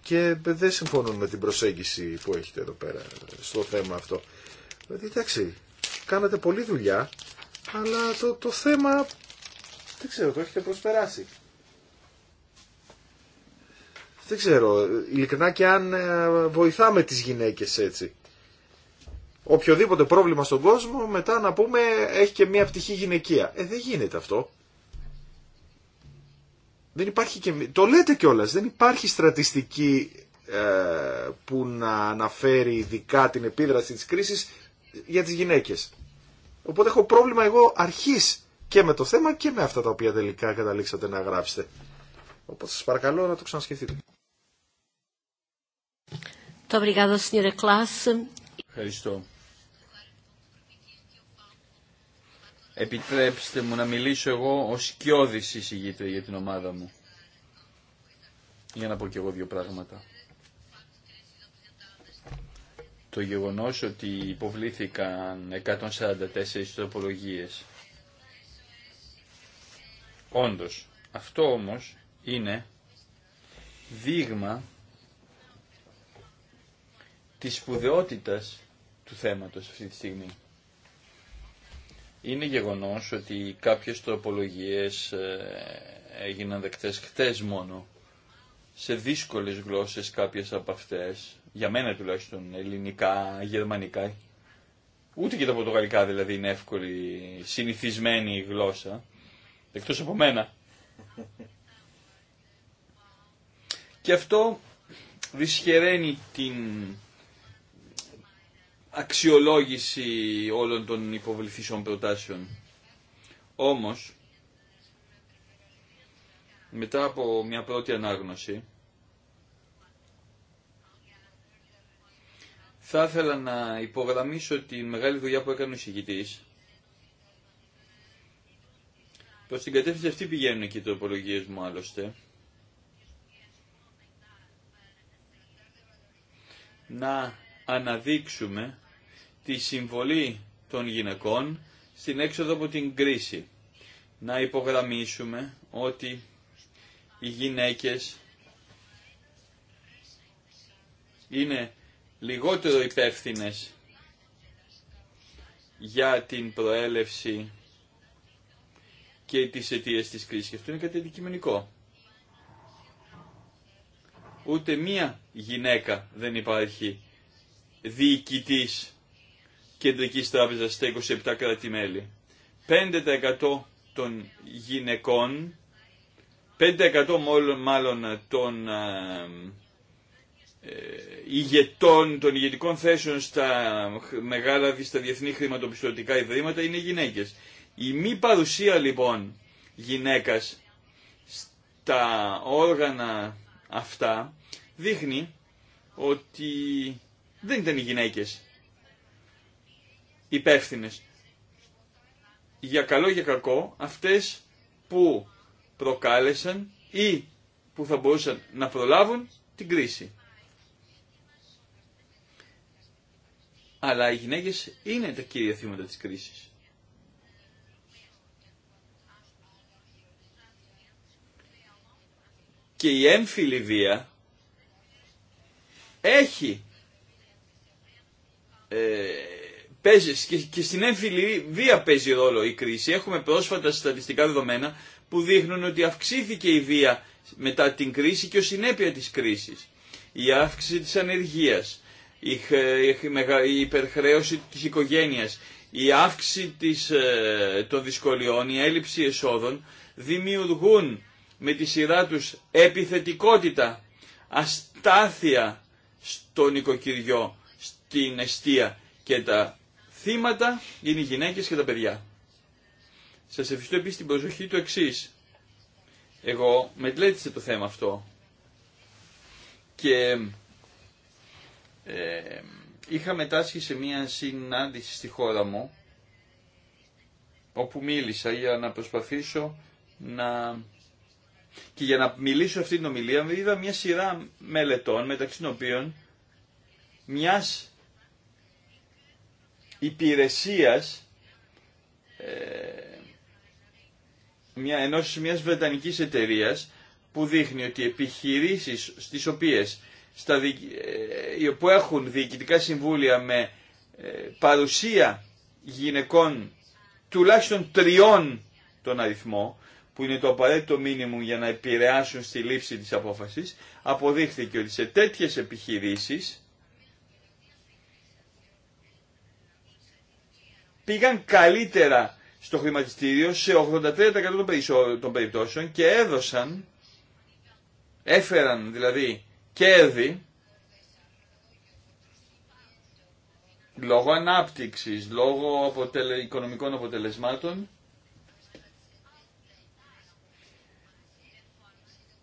και δεν συμφωνούν με την προσέγγιση που έχετε εδώ πέρα στο θέμα αυτό. Δηλαδή, εντάξει, κάνατε πολλή δουλειά, αλλά το, το θέμα, δεν ξέρω, το έχετε προσπεράσει. Δεν ξέρω, ειλικρινά και αν ε, βοηθάμε τις γυναίκες έτσι. Οποιοδήποτε πρόβλημα στον κόσμο μετά να πούμε έχει και μια πτυχή γυναικεία. Ε, δεν γίνεται αυτό. Δεν υπάρχει και... Το λέτε κιόλα, δεν υπάρχει στρατιστική ε, που να αναφέρει ειδικά την επίδραση της κρίσης για τις γυναίκες. Οπότε έχω πρόβλημα εγώ αρχής και με το θέμα και με αυτά τα οποία τελικά καταλήξατε να γράψετε. Οπότε σας παρακαλώ να το ξανασκεφτείτε. Ευχαριστώ. Επιτρέψτε μου να μιλήσω εγώ ως σκιώδης εισηγήτρια για την ομάδα μου. Για να πω και εγώ δύο πράγματα. Το γεγονός ότι υποβλήθηκαν 144 τροπολογίες. Όντως, αυτό όμως είναι δείγμα της σπουδαιότητας του θέματος αυτή τη στιγμή. Είναι γεγονός ότι κάποιες τροπολογίες ε, έγιναν δεκτές χτες μόνο. Σε δύσκολες γλώσσες κάποιες από αυτές, για μένα τουλάχιστον ελληνικά, γερμανικά, ούτε και τα πορτογαλικά δηλαδή είναι εύκολη, συνηθισμένη γλώσσα, εκτός από μένα. Και αυτό δυσχεραίνει την αξιολόγηση όλων των υποβληθήσεων προτάσεων. Όμως, μετά από μια πρώτη ανάγνωση, θα ήθελα να υπογραμμίσω τη μεγάλη δουλειά που έκανε ο εισηγητής. Προς την κατεύθυνση αυτή πηγαίνουν και οι τροπολογίες μου άλλωστε. Να αναδείξουμε τη συμβολή των γυναικών στην έξοδο από την κρίση. Να υπογραμμίσουμε ότι οι γυναίκες είναι λιγότερο υπεύθυνε για την προέλευση και τις αιτίες της κρίσης. Και αυτό είναι κάτι Ούτε μία γυναίκα δεν υπάρχει διοικητής κεντρικής τράπεζας στα 27 κράτη-μέλη. 5% των γυναικών, 5% μόλον, μάλλον των ε, ε, ηγετών, των ηγετικών θέσεων στα μεγάλα, στα διεθνή χρηματοπιστωτικά ιδρύματα είναι γυναίκες. Η μη παρουσία λοιπόν γυναίκας στα όργανα αυτά δείχνει ότι δεν ήταν οι γυναίκες υπεύθυνε. Για καλό για κακό, αυτές που προκάλεσαν ή που θα μπορούσαν να προλάβουν την κρίση. Αλλά οι γυναίκες είναι τα κύρια θύματα της κρίσης. Και η έμφυλη βία έχει ε, παίζει, και, και στην έμφυλη e βία παίζει ρόλο η κρίση. Έχουμε πρόσφατα στατιστικά δεδομένα που δείχνουν ότι αυξήθηκε η βία μετά την κρίση και ως συνέπεια της κρίσης. Η αύξηση της ανεργίας, η, η υπερχρέωση της οικογένειας, η αύξηση της, ε, των δυσκολιών, η έλλειψη εσόδων δημιουργούν με τη σειρά τους επιθετικότητα, αστάθεια στον οικοκυριό την αιστεία και τα θύματα είναι οι γυναίκες και τα παιδιά. Σας ευχαριστώ επίσης την προσοχή του εξή. Εγώ μετλέτησα το θέμα αυτό και ε, είχα μετάσχει σε μια συνάντηση στη χώρα μου όπου μίλησα για να προσπαθήσω να... Και για να μιλήσω αυτή την ομιλία είδα μια σειρά μελετών μεταξύ των οποίων μιας υπηρεσίας ε, μια, ενός μιας βρετανικής εταιρείας που δείχνει ότι επιχειρήσεις στις οποίες στα, δι, ε, που έχουν διοικητικά συμβούλια με ε, παρουσία γυναικών τουλάχιστον τριών τον αριθμό, που είναι το απαραίτητο μήνυμο για να επηρεάσουν στη λήψη της απόφασης, αποδείχθηκε ότι σε τέτοιες επιχειρήσεις πήγαν καλύτερα στο χρηματιστήριο σε 83% των περιπτώσεων και έδωσαν, έφεραν δηλαδή κέρδη λόγω ανάπτυξης, λόγω αποτελε, οικονομικών αποτελεσμάτων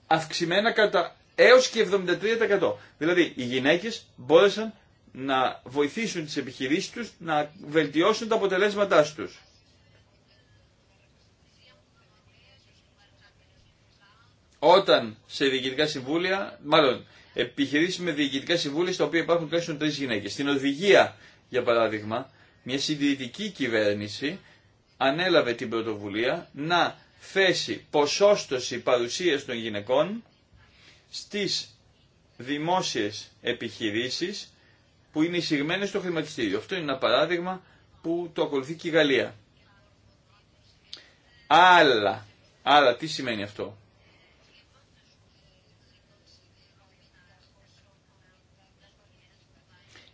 αυξημένα κατά έως και 73%. Δηλαδή οι γυναίκες μπόρεσαν να βοηθήσουν τις επιχειρήσεις τους να βελτιώσουν τα αποτελέσματά τους. Όταν σε διοικητικά συμβούλια, μάλλον επιχειρήσεις με διοικητικά συμβούλια στα οποία υπάρχουν τουλάχιστον τρεις γυναίκες. Στην οδηγία, για παράδειγμα, μια συντηρητική κυβέρνηση ανέλαβε την πρωτοβουλία να θέσει ποσόστοση παρουσίας των γυναικών στις δημόσιες επιχειρήσεις που είναι εισηγμένε στο χρηματιστήριο. Αυτό είναι ένα παράδειγμα που το ακολουθεί και η Γαλλία. Αλλά, αλλά τι σημαίνει αυτό.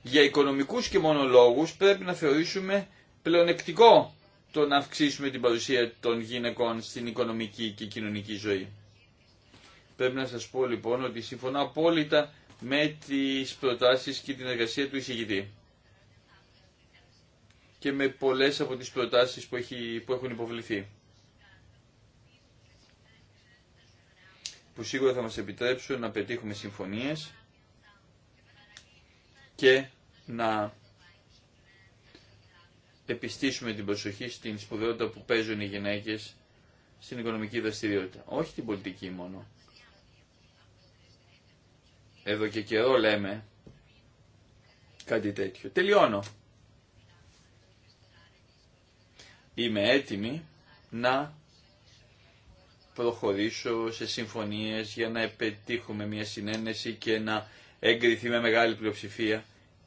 Για οικονομικούς και μονολόγους πρέπει να θεωρήσουμε πλεονεκτικό το να αυξήσουμε την παρουσία των γυναικών στην οικονομική και κοινωνική ζωή. Πρέπει να σας πω λοιπόν ότι συμφωνώ απόλυτα με τις προτάσεις και την εργασία του εισηγητή και με πολλές από τις προτάσεις που, που έχουν υποβληθεί που σίγουρα θα μας επιτρέψουν να πετύχουμε συμφωνίες και να επιστήσουμε την προσοχή στην σπουδαιότητα που παίζουν οι γυναίκες στην οικονομική δραστηριότητα. Όχι την πολιτική μόνο. Εδώ και καιρό λέμε κάτι τέτοιο. Τελειώνω. Είμαι έτοιμη να προχωρήσω σε συμφωνίες για να επιτύχουμε μια συνένεση και να εγκριθεί με μεγάλη πλειοψηφία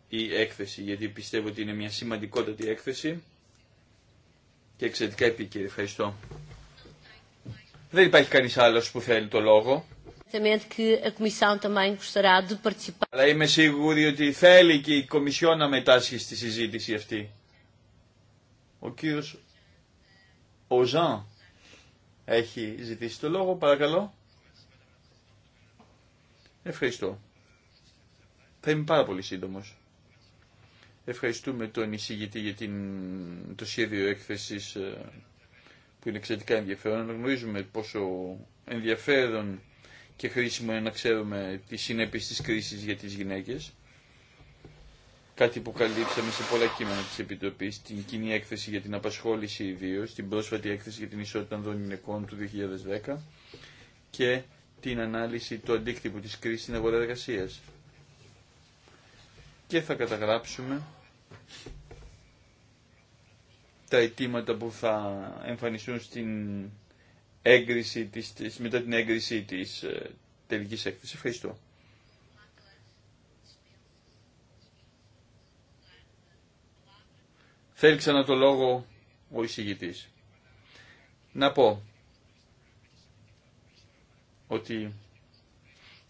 η έκθεση, γιατί πιστεύω ότι είναι μια σημαντικότατη έκθεση και εξαιρετικά επίκαιρη. Ευχαριστώ. Δεν υπάρχει κανείς άλλος που θέλει το λόγο. Αλλά είμαι σίγουρη ότι θέλει και η Κομισιόν να μετάσχει στη συζήτηση αυτή. Ο κύριος Οζάν έχει ζητήσει το λόγο, παρακαλώ. Ευχαριστώ. Θα είμαι πάρα πολύ σύντομος. Ευχαριστούμε τον εισηγητή για το σχέδιο έκθεσης ε, που είναι εξαιρετικά ενδιαφέρον. Γνωρίζουμε πόσο ενδιαφέρον και χρήσιμο είναι να ξέρουμε τις συνέπειες της κρίσης για τις γυναίκες. Κάτι που καλύψαμε σε πολλά κείμενα της Επιτροπής, την κοινή έκθεση για την απασχόληση ιδίω, την πρόσφατη έκθεση για την ισότητα των γυναικών του 2010 και την ανάλυση του αντίκτυπου της κρίσης στην αγορά εργασία. Και θα καταγράψουμε τα αιτήματα που θα εμφανιστούν στην έγκριση της, μετά την έγκριση της ε, τελικής έκθεσης. Ευχαριστώ. Θέλει ξανά το λόγο ο εισηγητής. Να πω ότι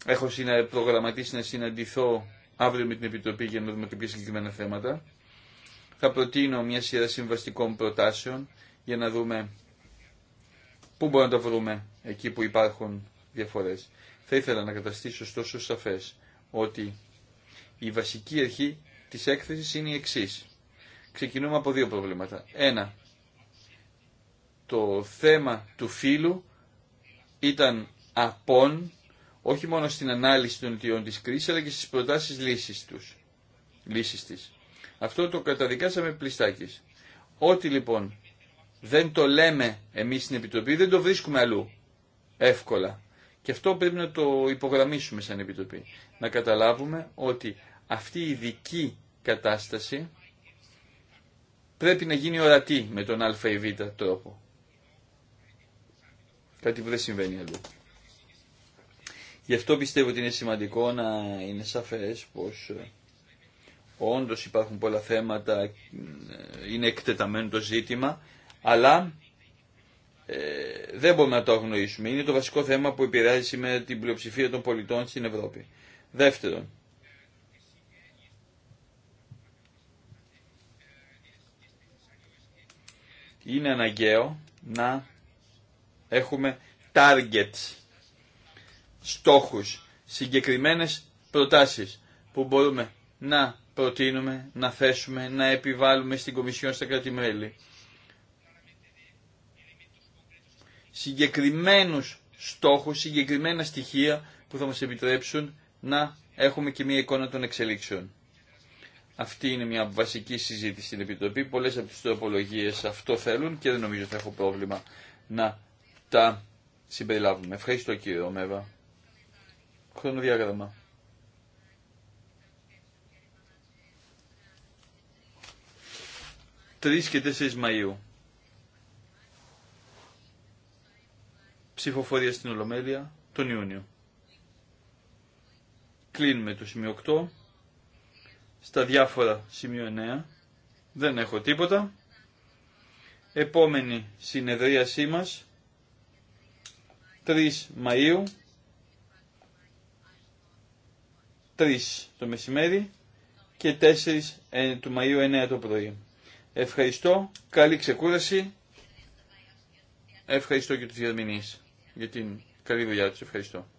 έχω προγραμματίσει να συναντηθώ αύριο με την Επιτροπή για να δούμε κάποια συγκεκριμένα θέματα. Θα προτείνω μια σειρά συμβαστικών προτάσεων για να δούμε Πού μπορούμε να τα βρούμε εκεί που υπάρχουν διαφορές. Θα ήθελα να καταστήσω ωστόσο σαφές ότι η βασική αρχή της έκθεσης είναι η εξής. Ξεκινούμε από δύο προβλήματα. Ένα, το θέμα του φίλου ήταν απόν όχι μόνο στην ανάλυση των αιτιών της κρίσης αλλά και στις προτάσεις λύσης, τους, λύσης της. Αυτό το καταδικάσαμε πλειστάκης. Ό,τι λοιπόν δεν το λέμε εμείς στην Επιτροπή, δεν το βρίσκουμε αλλού εύκολα. Και αυτό πρέπει να το υπογραμμίσουμε σαν Επιτροπή. Να καταλάβουμε ότι αυτή η ειδική κατάσταση πρέπει να γίνει ορατή με τον α ή β τρόπο. Κάτι που δεν συμβαίνει αλλού. Γι' αυτό πιστεύω ότι είναι σημαντικό να είναι σαφές πως ε, όντως υπάρχουν πολλά θέματα, ε, είναι εκτεταμένο το ζήτημα, αλλά ε, δεν μπορούμε να το αγνοήσουμε. Είναι το βασικό θέμα που επηρεάζει σήμερα την πλειοψηφία των πολιτών στην Ευρώπη. Δεύτερον, είναι αναγκαίο να έχουμε targets, στόχους, συγκεκριμένες προτάσεις που μπορούμε να προτείνουμε, να θέσουμε, να επιβάλλουμε στην Κομισιόν στα κράτη-μέλη. συγκεκριμένους στόχους, συγκεκριμένα στοιχεία που θα μας επιτρέψουν να έχουμε και μια εικόνα των εξελίξεων. Αυτή είναι μια βασική συζήτηση στην Επιτροπή. Πολλές από τις τροπολογίες αυτό θέλουν και δεν νομίζω ότι θα έχω πρόβλημα να τα συμπεριλάβουμε. Ευχαριστώ κύριε Ομέβα. Χρονοδιάγραμμα. Τρεις και 4 Μαΐου. ψηφοφορία στην Ολομέλεια τον Ιούνιο. Κλείνουμε το σημείο 8. Στα διάφορα σημείο 9. Δεν έχω τίποτα. Επόμενη συνεδρίασή μας 3 Μαΐου 3 το μεσημέρι και 4 ε, του Μαΐου 9 το πρωί. Ευχαριστώ, καλή ξεκούραση, ευχαριστώ και τους διαδμηνείς για την καλή δουλειά του. Ευχαριστώ.